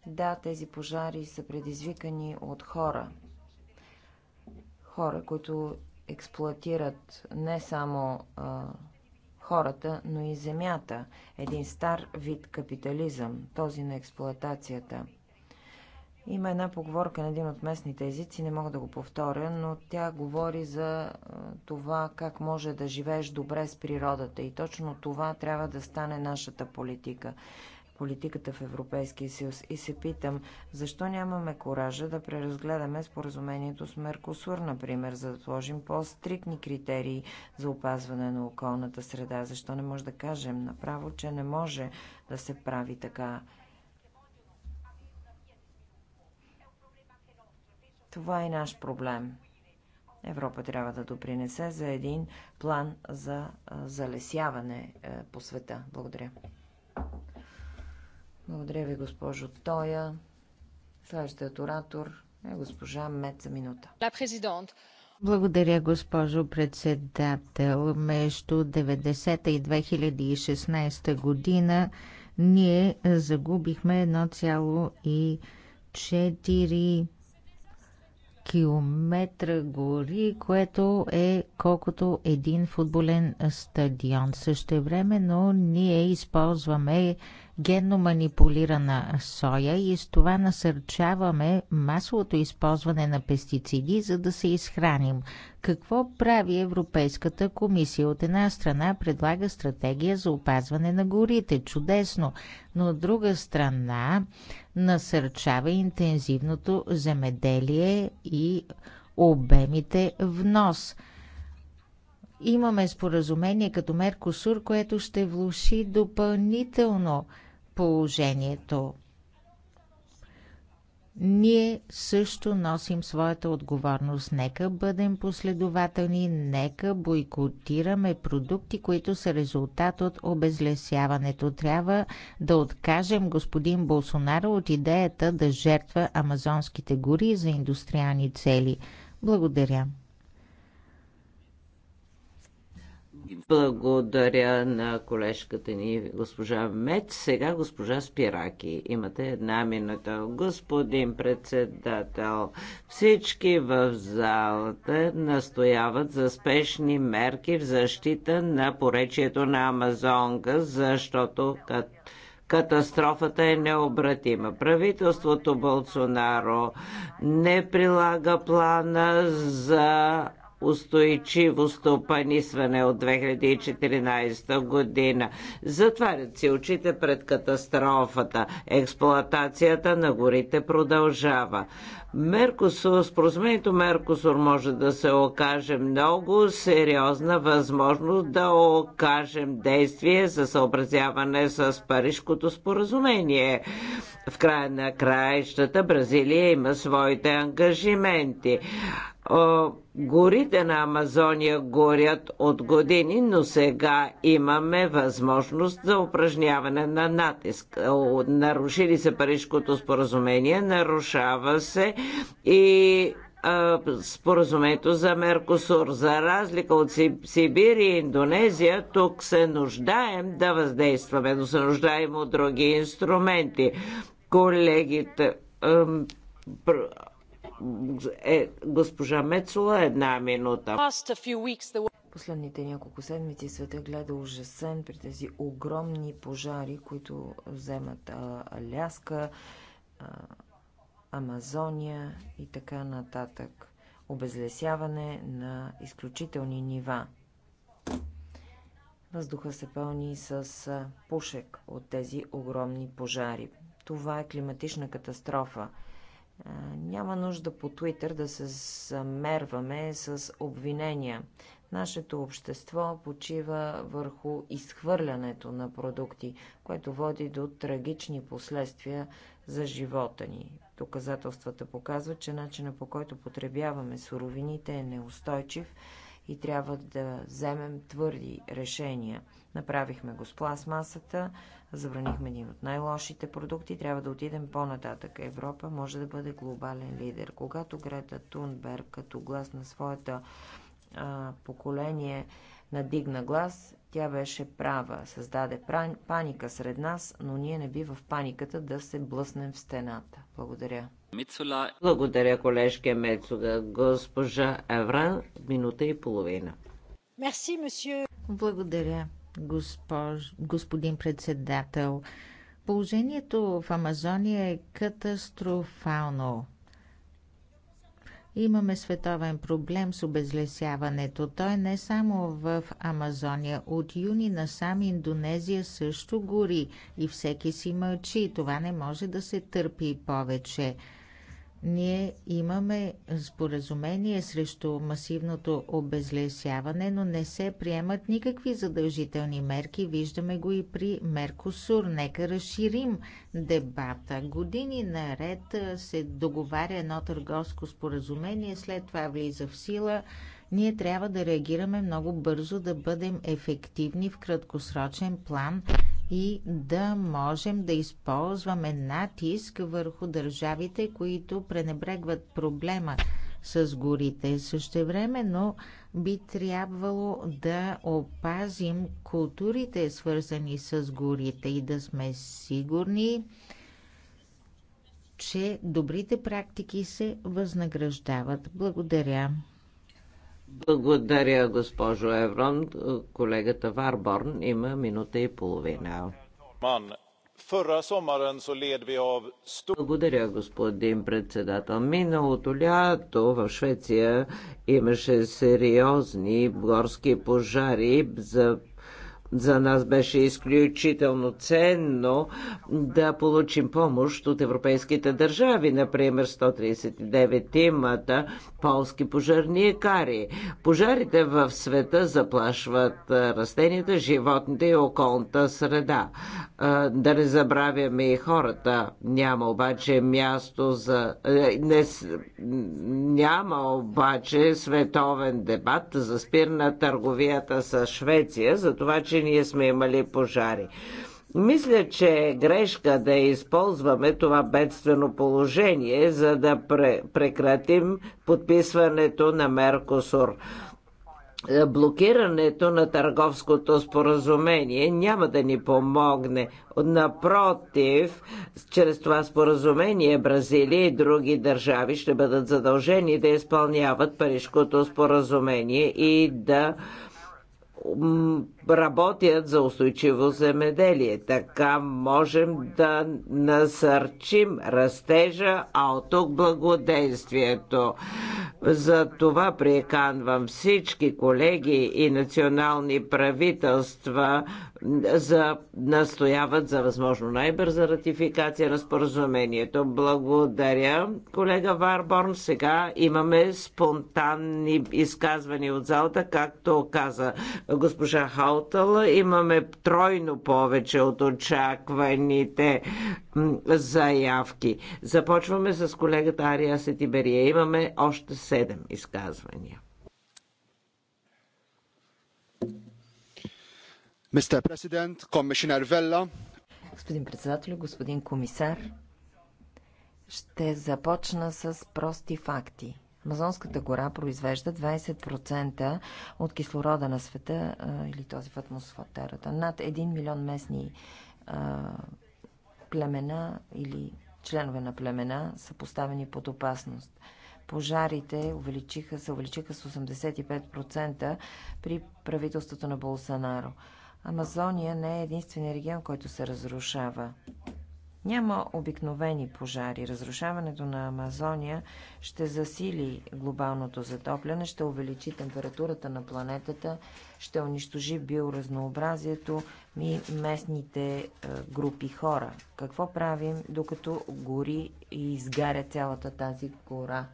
Да, тези пожари са предизвикани от хора. Хора, които експлуатират не само а, хората, но и земята. Един стар вид капитализъм, този на експлуатацията – има една поговорка на един от местните езици, не мога да го повторя, но тя говори за е, това как може да живееш добре с природата. И точно това трябва да стане нашата политика политиката в Европейския съюз и се питам, защо нямаме коража да преразгледаме споразумението с Меркосур, например, за да сложим по-стрикни критерии за опазване на околната среда? Защо не може да кажем направо, че не може да се прави така? Това е наш проблем. Европа трябва да допринесе за един план за залесяване е, по света. Благодаря. Благодаря ви, госпожо Тоя. Следващият оратор е госпожа Меца минута. Благодаря, госпожо председател. Между 90 та и 2016 година ние загубихме 1,4 километра гори, което е колкото един футболен стадион. Също време, но ние използваме генно манипулирана соя и с това насърчаваме масовото използване на пестициди, за да се изхраним. Какво прави Европейската комисия? От една страна предлага стратегия за опазване на горите. Чудесно! Но от друга страна насърчава интензивното земеделие и обемите внос. Имаме споразумение като Меркосур, което ще влуши допълнително – положението. Ние също носим своята отговорност. Нека бъдем последователни, нека бойкотираме продукти, които са резултат от обезлесяването. Трябва да откажем господин Болсонаро от идеята да жертва амазонските гори за индустриални цели. Благодаря. Благодаря на колежката ни госпожа Мед. Сега госпожа Спираки. Имате една минута. Господин председател, всички в залата настояват за спешни мерки в защита на поречието на Амазонка, защото като катастрофата е необратима. Правителството Болсонаро не прилага плана за устойчиво стопанисване от 2014 година. Затварят си очите пред катастрофата. Експлоатацията на горите продължава. Меркосур, споразумението Меркосур може да се окаже много сериозна възможност да окажем действие за съобразяване с Парижкото споразумение. В края на краищата Бразилия има своите ангажименти. Е, горите на Амазония горят от години, но сега имаме възможност за упражняване на натиск. Е, нарушили се Парижското споразумение, нарушава се и е, споразумението за Меркосур. За разлика от Сибир и Индонезия, тук се нуждаем да въздействаме, но се нуждаем от други инструменти. Колегите е, госпожа Мецула, една минута. Последните няколко седмици света гледа ужасен при тези огромни пожари, които вземат а, Аляска, а, Амазония и така нататък. Обезлесяване на изключителни нива. Въздуха се пълни с пушек от тези огромни пожари. Това е климатична катастрофа – няма нужда по Твитър да се замерваме с обвинения. Нашето общество почива върху изхвърлянето на продукти, което води до трагични последствия за живота ни. Доказателствата показват, че начинът по който потребяваме суровините е неустойчив и трябва да вземем твърди решения – Направихме го с пластмасата, забранихме един от най-лошите продукти, трябва да отидем по-нататък. Европа може да бъде глобален лидер. Когато Грета Тунберг като глас на своята а, поколение надигна глас, тя беше права, създаде паника сред нас, но ние не бива в паниката да се блъснем в стената. Благодаря. Мицула. Благодаря, колежке Мецуга. Госпожа Евран, минута и половина. Мерси, Благодаря госпож... господин председател. Положението в Амазония е катастрофално. Имаме световен проблем с обезлесяването. Той е не само в Амазония. От юни насам Индонезия също гори и всеки си мълчи. Това не може да се търпи повече. Ние имаме споразумение срещу масивното обезлесяване, но не се приемат никакви задължителни мерки. Виждаме го и при Меркосур. Нека разширим дебата. Години наред се договаря едно търговско споразумение, след това влиза в сила. Ние трябва да реагираме много бързо, да бъдем ефективни в краткосрочен план и да можем да използваме натиск върху държавите, които пренебрегват проблема с горите. Същевременно би трябвало да опазим културите, свързани с горите и да сме сигурни, че добрите практики се възнаграждават. Благодаря. Благодаря, госпожо Еврон. Колегата Варборн има минута и половина. Благодаря, господин председател. Миналото лято в Швеция имаше сериозни горски пожари за за нас беше изключително ценно да получим помощ от европейските държави, например 139 тимата полски пожарникари. Пожарите в света заплашват растенията, животните и околната среда. Да не забравяме и хората. Няма обаче място за... Не... Няма обаче световен дебат за спирна търговията с Швеция, за това, че че ние сме имали пожари. Мисля, че е грешка да използваме това бедствено положение, за да пре- прекратим подписването на Меркосур блокирането на търговското споразумение няма да ни помогне. Напротив, чрез това споразумение Бразилия и други държави ще бъдат задължени да изпълняват Парижкото споразумение и да работят за устойчиво земеделие. Така можем да насърчим растежа, а от тук благоденствието. За това приканвам всички колеги и национални правителства за настояват за възможно най-бърза ратификация на споразумението. Благодаря, колега Варборн. Сега имаме спонтанни изказвания от залата, както каза госпожа Хаус Хаутала. Имаме тройно повече от очакваните заявки. Започваме с колегата Ария Сетиберия. Имаме още седем изказвания. Мистер президент, комисионер Велла. Господин председател, господин комисар, ще започна с прости факти. Амазонската гора произвежда 20% от кислорода на света или този в атмосферата. Над 1 милион местни а, племена или членове на племена са поставени под опасност. Пожарите увеличиха, се увеличиха с 85% при правителството на Болсонаро. Амазония не е единствения регион, който се разрушава. Няма обикновени пожари. Разрушаването на Амазония ще засили глобалното затопляне, ще увеличи температурата на планетата, ще унищожи биоразнообразието и местните е, групи хора. Какво правим, докато гори и изгаря цялата тази гора?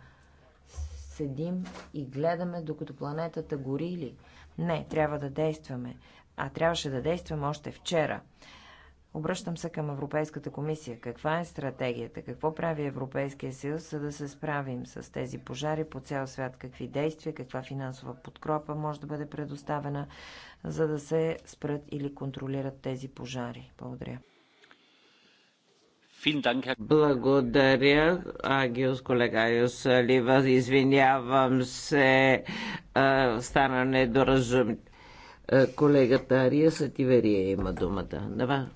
Седим и гледаме, докато планетата гори ли? Не, трябва да действаме. А трябваше да действаме още вчера. Обръщам се към Европейската комисия. Каква е стратегията? Какво прави Европейския съюз, за да се справим с тези пожари по цял свят? Какви действия, каква финансова подкропа може да бъде предоставена, за да се спрат или контролират тези пожари? Благодаря. Благодаря, Агиус, колега Агиус Лива. Извинявам се, стана недоразум. Е, колегата Ария Сативерия има думата. Дава.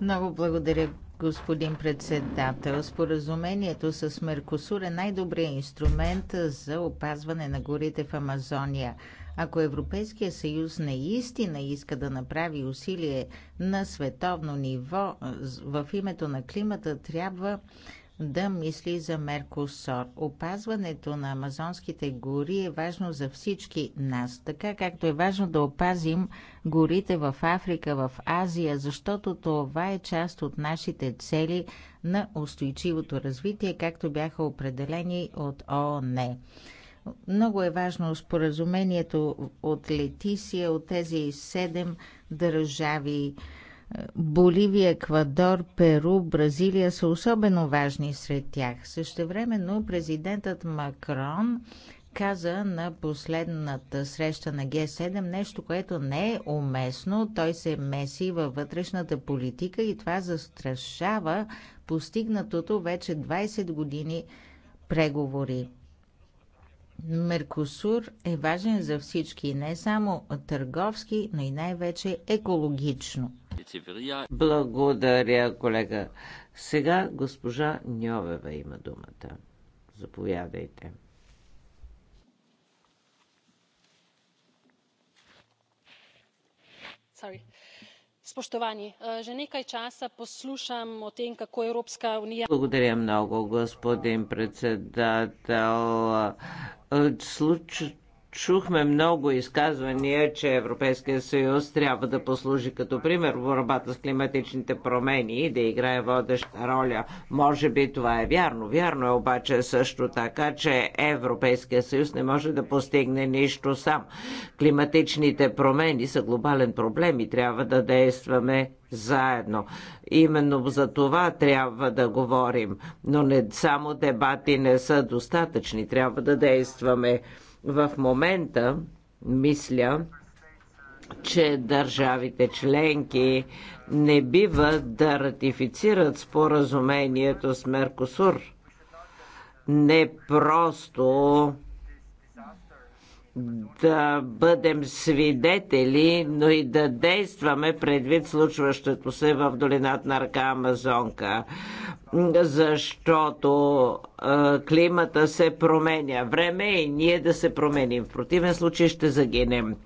Много благодаря, господин председател. Споразумението с Меркосур е най-добрият инструмент за опазване на горите в Амазония. Ако Европейския съюз наистина иска да направи усилие на световно ниво в името на климата, трябва да мисли за Меркосор. Опазването на амазонските гори е важно за всички нас, така както е важно да опазим горите в Африка, в Азия, защото това е част от нашите цели на устойчивото развитие, както бяха определени от ООН. Много е важно споразумението от Летисия, от тези седем държави. Боливия, Еквадор, Перу, Бразилия са особено важни сред тях. Същевременно президентът Макрон каза на последната среща на Г7 нещо, което не е уместно. Той се меси във вътрешната политика и това застрашава постигнатото вече 20 години преговори. Меркосур е важен за всички, не само търговски, но и най-вече екологично. Благодаря, колега. Сега госпожа Ньовева има думата. Заповядайте. Sorry spoštovani eh, že nekaj часа послушам о тем, како Европска unija. благодаря много господин председател е, случ Чухме много изказвания, че Европейския съюз трябва да послужи като пример в борбата с климатичните промени и да играе водеща роля. Може би това е вярно. Вярно е обаче също така, че Европейския съюз не може да постигне нищо сам. Климатичните промени са глобален проблем и трябва да действаме заедно. Именно за това трябва да говорим. Но не само дебати не са достатъчни. Трябва да действаме. В момента мисля, че държавите членки не бива да ратифицират споразумението с Меркосур. Не просто да бъдем свидетели, но и да действаме предвид случващото се в долината на ръка Амазонка. Защото е, климата се променя. Време е и ние да се променим. В противен случай ще загинем.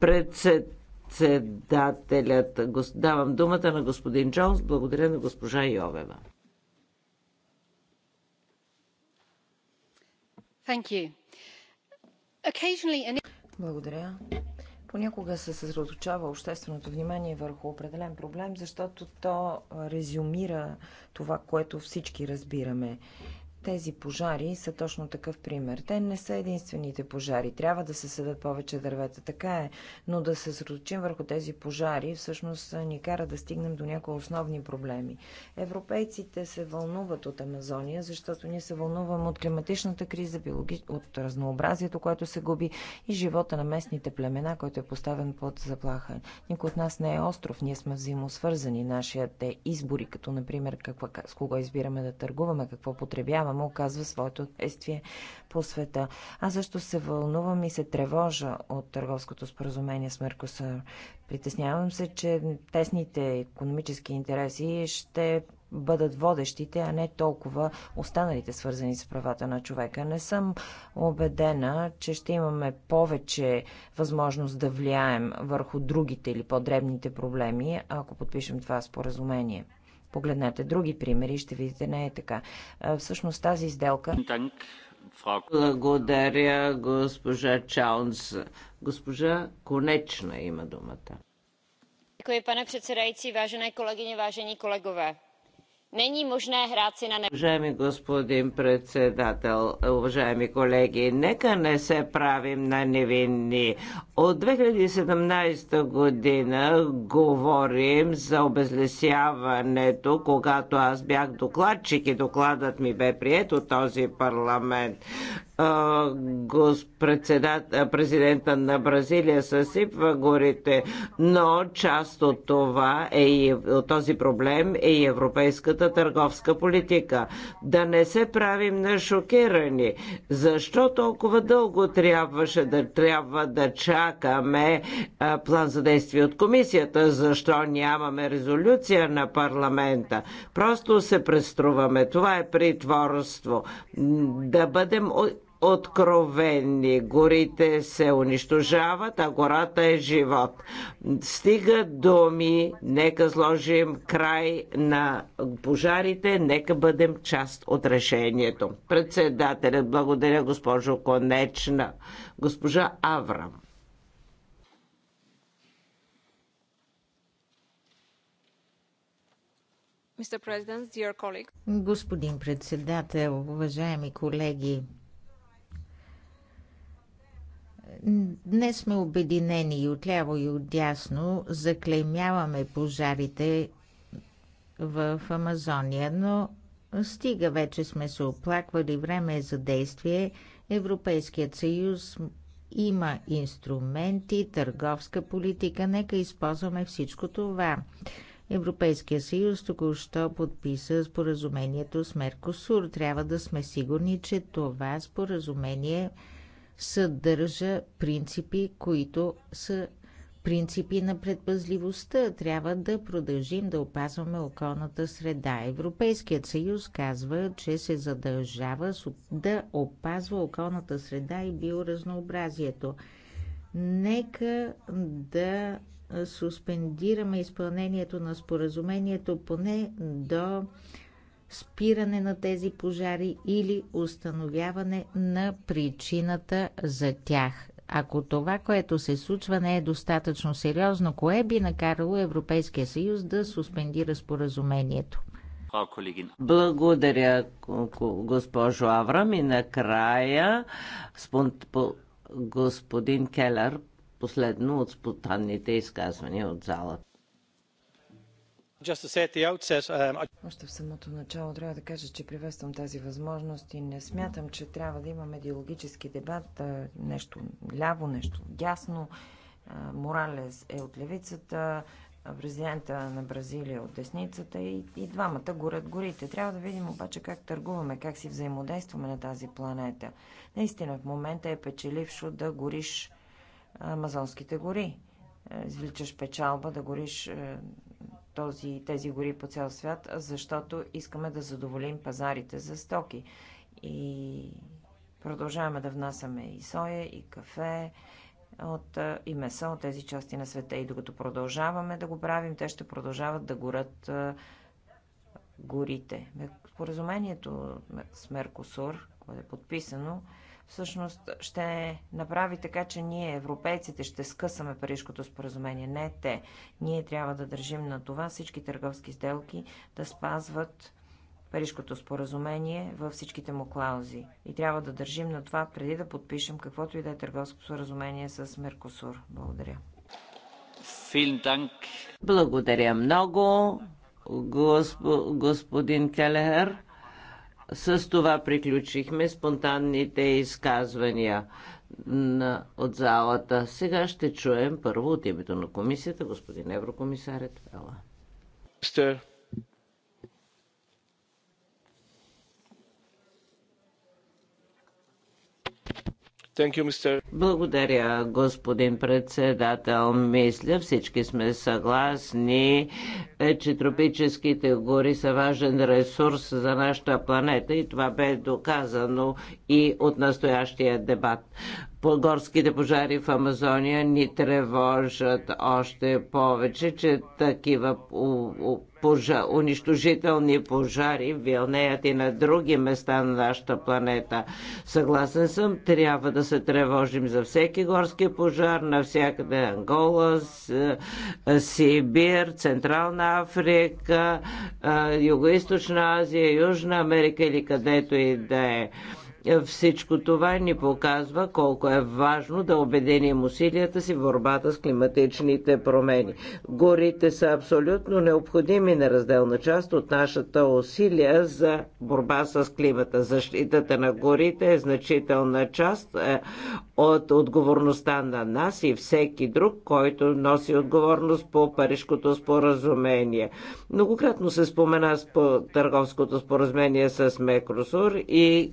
Председателят, давам думата на господин Джонс, благодаря на госпожа Йовева. Thank you. Благодаря. Понякога се съсредоточава общественото внимание върху определен проблем, защото то резюмира това, което всички разбираме. Тези пожари са точно такъв пример. Те не са единствените пожари. Трябва да се съдат повече дървета, така е. Но да се съсредоточим върху тези пожари всъщност ни кара да стигнем до някои основни проблеми. Европейците се вълнуват от Амазония, защото ние се вълнуваме от климатичната криза, от разнообразието, което се губи и живота на местните племена, който е поставен под заплаха. Никой от нас не е остров, ние сме взаимосвързани. Нашите избори, като например каква, с кого избираме да търгуваме, какво потребяваме, му оказва своето действие по света. Аз също се вълнувам и се тревожа от търговското споразумение с Меркосър. Притеснявам се, че тесните економически интереси ще бъдат водещите, а не толкова останалите свързани с правата на човека. Не съм убедена, че ще имаме повече възможност да влияем върху другите или по-дребните проблеми, ако подпишем това споразумение. Погледнете други примери и ще видите, не е така. Всъщност тази изделка... Благодаря, госпожа Чаунс. Госпожа Конечна има думата. Děkuji, pane předsedající, vážené kolegyně, vážení kolegové Není možné hrát si na не... Уважаеми господин председател, уважаеми колеги, нека не се правим на невинни. От 2017 година говорим за обезлесяването, когато аз бях докладчик и докладът ми бе прият от този парламент президента на Бразилия съсипва горите, но част от това е и от този проблем е и европейската търговска политика. Да не се правим на шокирани. Защо толкова дълго трябваше да трябва да чакаме план за действие от комисията? Защо нямаме резолюция на парламента? Просто се преструваме. Това е притворство. Да бъдем откровени. Горите се унищожават, а гората е живот. Стига думи, нека сложим край на пожарите, нека бъдем част от решението. Председателят, благодаря госпожо Конечна. Госпожа Аврам. Господин председател, уважаеми колеги, Днес сме обединени и отляво и отясно заклеймяваме пожарите в Амазония, но стига вече сме се оплаквали, време е за действие. Европейският съюз има инструменти, търговска политика, нека използваме всичко това. Европейския съюз току-що подписа споразумението с Меркосур. Трябва да сме сигурни, че това споразумение е съдържа принципи, които са принципи на предпазливостта. Трябва да продължим да опазваме околната среда. Европейският съюз казва, че се задължава да опазва околната среда и биоразнообразието. Нека да суспендираме изпълнението на споразумението поне до спиране на тези пожари или установяване на причината за тях. Ако това, което се случва, не е достатъчно сериозно, кое би накарало Европейския съюз да суспендира споразумението? Благодаря, госпожо Аврам. И накрая господин Келер, последно от спонтанните изказвания от залата. Um, Още в самото начало трябва да кажа, че приветствам тази възможност и не смятам, че трябва да имаме идеологически дебат, нещо ляво, нещо дясно. Моралес е от левицата, президента на Бразилия е от десницата и, и двамата горят горите. Трябва да видим обаче как търгуваме, как си взаимодействаме на тази планета. Наистина в момента е печелившо да гориш амазонските гори. Е, извличаш печалба да гориш е, този, тези гори по цял свят, защото искаме да задоволим пазарите за стоки. И продължаваме да внасяме и соя, и кафе, от, и месо от тези части на света. И докато продължаваме да го правим, те ще продължават да горят горите. Споразумението с Меркосур, което е подписано, всъщност ще направи така, че ние, европейците, ще скъсаме Парижкото споразумение. Не те. Ние трябва да държим на това всички търговски сделки да спазват Парижкото споразумение във всичките му клаузи. И трябва да държим на това преди да подпишем каквото и да е търговско споразумение с Меркосур. Благодаря. Благодаря много, госп... господин Келехер. С това приключихме спонтанните изказвания на, от залата. Сега ще чуем първо от името на комисията господин еврокомисарят Ела. Благодаря, господин председател. Мисля, всички сме съгласни, е, че тропическите гори са важен ресурс за нашата планета и това бе доказано и от настоящия дебат горските пожари в Амазония ни тревожат още повече, че такива пожа, унищожителни пожари вилнеят и на други места на нашата планета. Съгласен съм, трябва да се тревожим за всеки горски пожар, навсякъде Ангола, Сибир, Централна Африка, Юго-Источна Азия, Южна Америка или където и да е. Всичко това ни показва колко е важно да обединим усилията си в борбата с климатичните промени. Горите са абсолютно необходими на разделна част от нашата усилия за борба с климата. Защитата на горите е значителна част е, от отговорността на нас и всеки друг, който носи отговорност по Парижкото споразумение. Многократно се спомена с по търговското споразумение с Мекросур и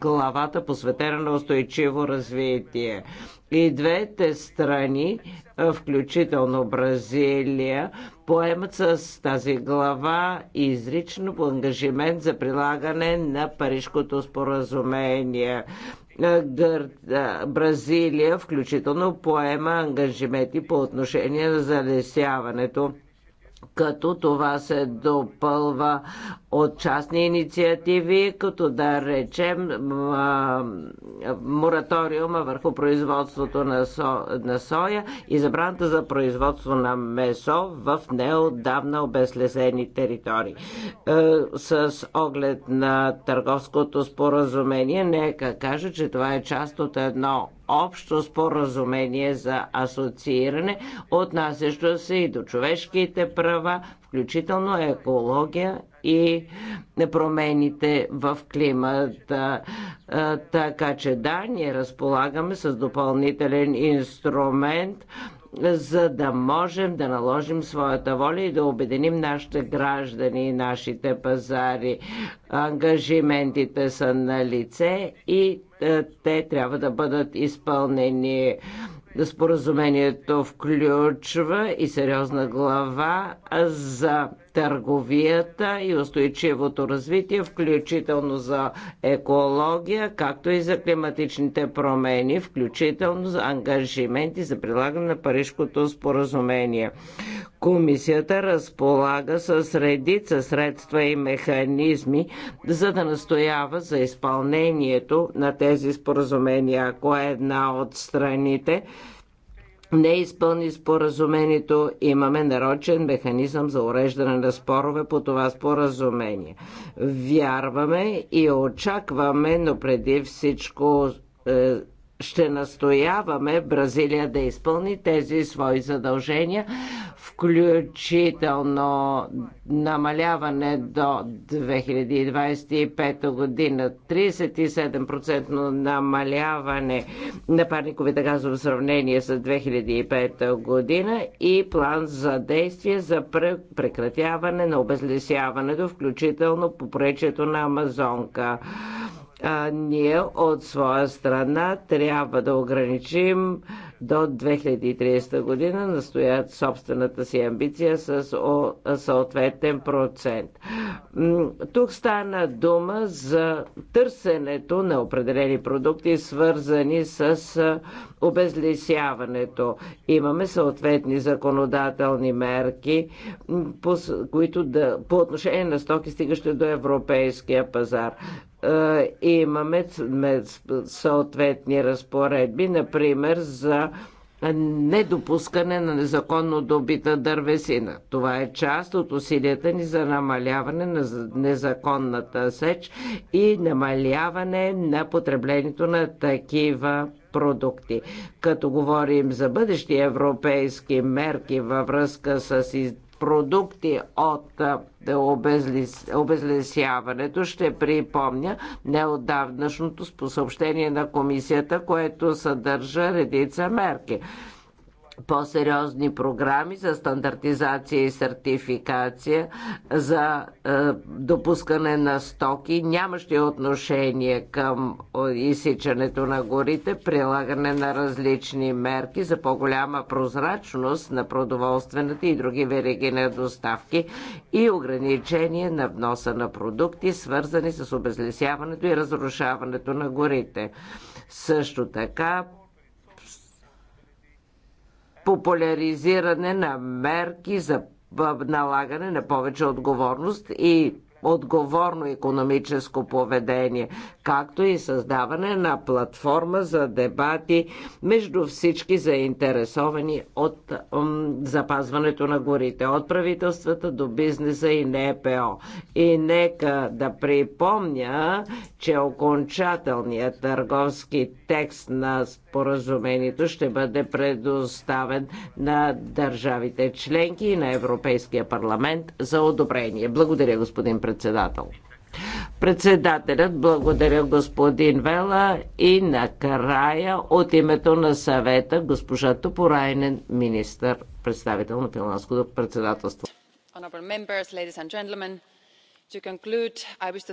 главата посветена на устойчиво развитие. И двете страни, включително Бразилия, поемат с тази глава изрично по ангажимент за прилагане на Парижкото споразумение. Бразилия включително поема ангажименти по отношение на залесяването като това се допълва от частни инициативи, като да речем мораториума върху производството на, со, на соя и забраната за производство на месо в неотдавна обезлесени територии. А, е, с оглед на търговското споразумение, нека кажа, че това е част от едно общо споразумение за асоцииране, отнасящо се и до човешките права, включително екология и промените в климата. Така че да, ние разполагаме с допълнителен инструмент за да можем да наложим своята воля и да обединим нашите граждани нашите пазари. Ангажиментите са на лице и е, те трябва да бъдат изпълнени. Споразумението включва и сериозна глава за търговията и устойчивото развитие, включително за екология, както и за климатичните промени, включително за ангажименти за прилагане на Парижкото споразумение. Комисията разполага с редица средства и механизми, за да настоява за изпълнението на тези споразумения. Ако е една от страните не изпълни споразумението, имаме нарочен механизъм за уреждане на спорове по това споразумение. Вярваме и очакваме, но преди всичко е, ще настояваме Бразилия да изпълни тези свои задължения, включително намаляване до 2025 година 37% намаляване на парниковите газове в сравнение с 2005 година и план за действие за прекратяване на обезлесяването, включително по пречето на Амазонка а, ние от своя страна трябва да ограничим до 2030 година настоят собствената си амбиция с о, съответен процент. Тук стана дума за търсенето на определени продукти, свързани с обезлисяването. Имаме съответни законодателни мерки, по, които да, по отношение на стоки, стигащи до европейския пазар е, имаме съответни разпоредби, например за недопускане на незаконно добита дървесина. Това е част от усилията ни за намаляване на незаконната сеч и намаляване на потреблението на такива продукти. Като говорим за бъдещи европейски мерки във връзка с продукти от обезлесяването. Ще припомня неотдавнашното съобщение на комисията, което съдържа редица мерки по-сериозни програми за стандартизация и сертификация за е, допускане на стоки, нямащи отношение към изсичането на горите, прилагане на различни мерки за по-голяма прозрачност на продоволствената и други вериги на доставки и ограничение на вноса на продукти, свързани с обезлесяването и разрушаването на горите. Също така популяризиране на мерки за налагане на повече отговорност и отговорно економическо поведение, както и създаване на платформа за дебати между всички заинтересовани от запазването на горите, от правителствата до бизнеса и НПО. И нека да припомня, че окончателният търговски текст на споразумението ще бъде предоставен на държавите членки и на Европейския парламент за одобрение. Благодаря, господин председател. Председателят благодаря господин Вела и накрая от името на съвета госпожа Топорайнен, министър, представител на финландското председателство.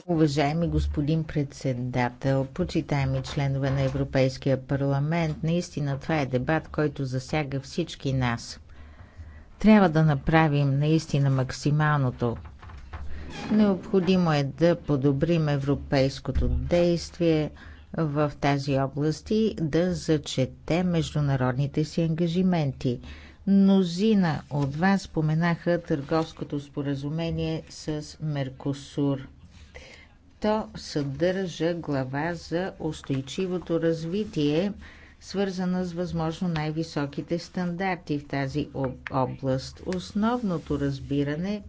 Уважаеми господин председател, почитаеми членове на Европейския парламент, наистина това е дебат, който засяга всички нас. Трябва да направим наистина максималното Необходимо е да подобрим европейското действие в тази област и да зачете международните си ангажименти. Мнозина от вас споменаха търговското споразумение с Меркосур. То съдържа глава за устойчивото развитие, свързана с възможно най-високите стандарти в тази област. Основното разбиране е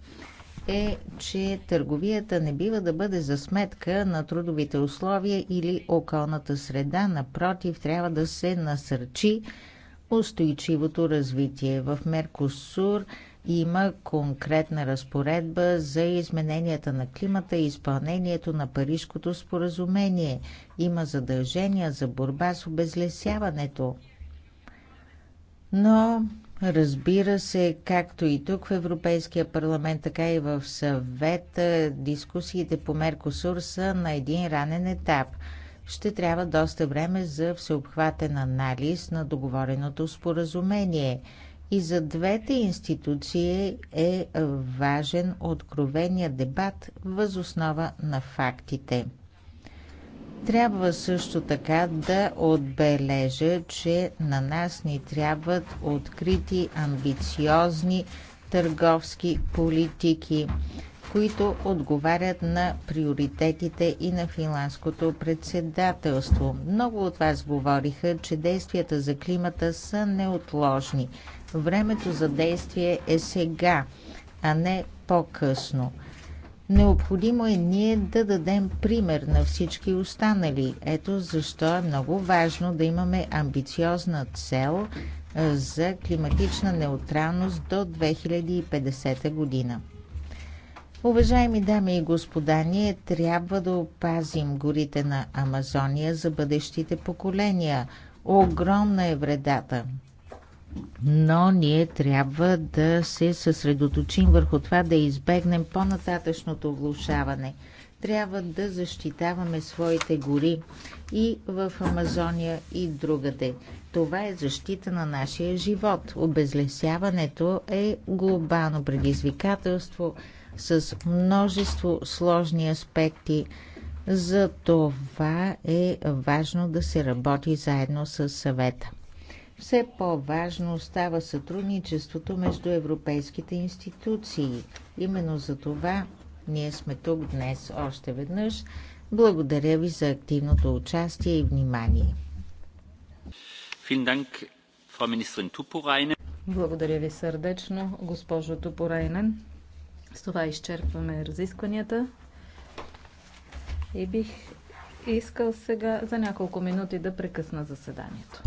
е, че търговията не бива да бъде за сметка на трудовите условия или околната среда. Напротив, трябва да се насърчи устойчивото развитие. В Меркосур има конкретна разпоредба за измененията на климата и изпълнението на Парижското споразумение. Има задължения за борба с обезлесяването. Но Разбира се, както и тук в Европейския парламент, така и в съвета, дискусиите по Меркосур са на един ранен етап. Ще трябва доста време за всеобхватен анализ на договореното споразумение. И за двете институции е важен откровения дебат възоснова на фактите. Трябва също така да отбележа, че на нас ни трябват открити, амбициозни търговски политики, които отговарят на приоритетите и на финландското председателство. Много от вас говориха, че действията за климата са неотложни. Времето за действие е сега, а не по-късно. Необходимо е ние да дадем пример на всички останали. Ето защо е много важно да имаме амбициозна цел за климатична неутралност до 2050 година. Уважаеми дами и господа, ние трябва да опазим горите на Амазония за бъдещите поколения. Огромна е вредата, но ние трябва да се съсредоточим върху това да избегнем по-нататъчното влушаване. Трябва да защитаваме своите гори и в Амазония и другаде. Това е защита на нашия живот. Обезлесяването е глобално предизвикателство с множество сложни аспекти. За това е важно да се работи заедно с съвета все по-важно става сътрудничеството между европейските институции. Именно за това ние сме тук днес още веднъж. Благодаря ви за активното участие и внимание. Благодаря ви сърдечно, госпожо Тупорайнен. С това изчерпваме разискванията и бих искал сега за няколко минути да прекъсна заседанието.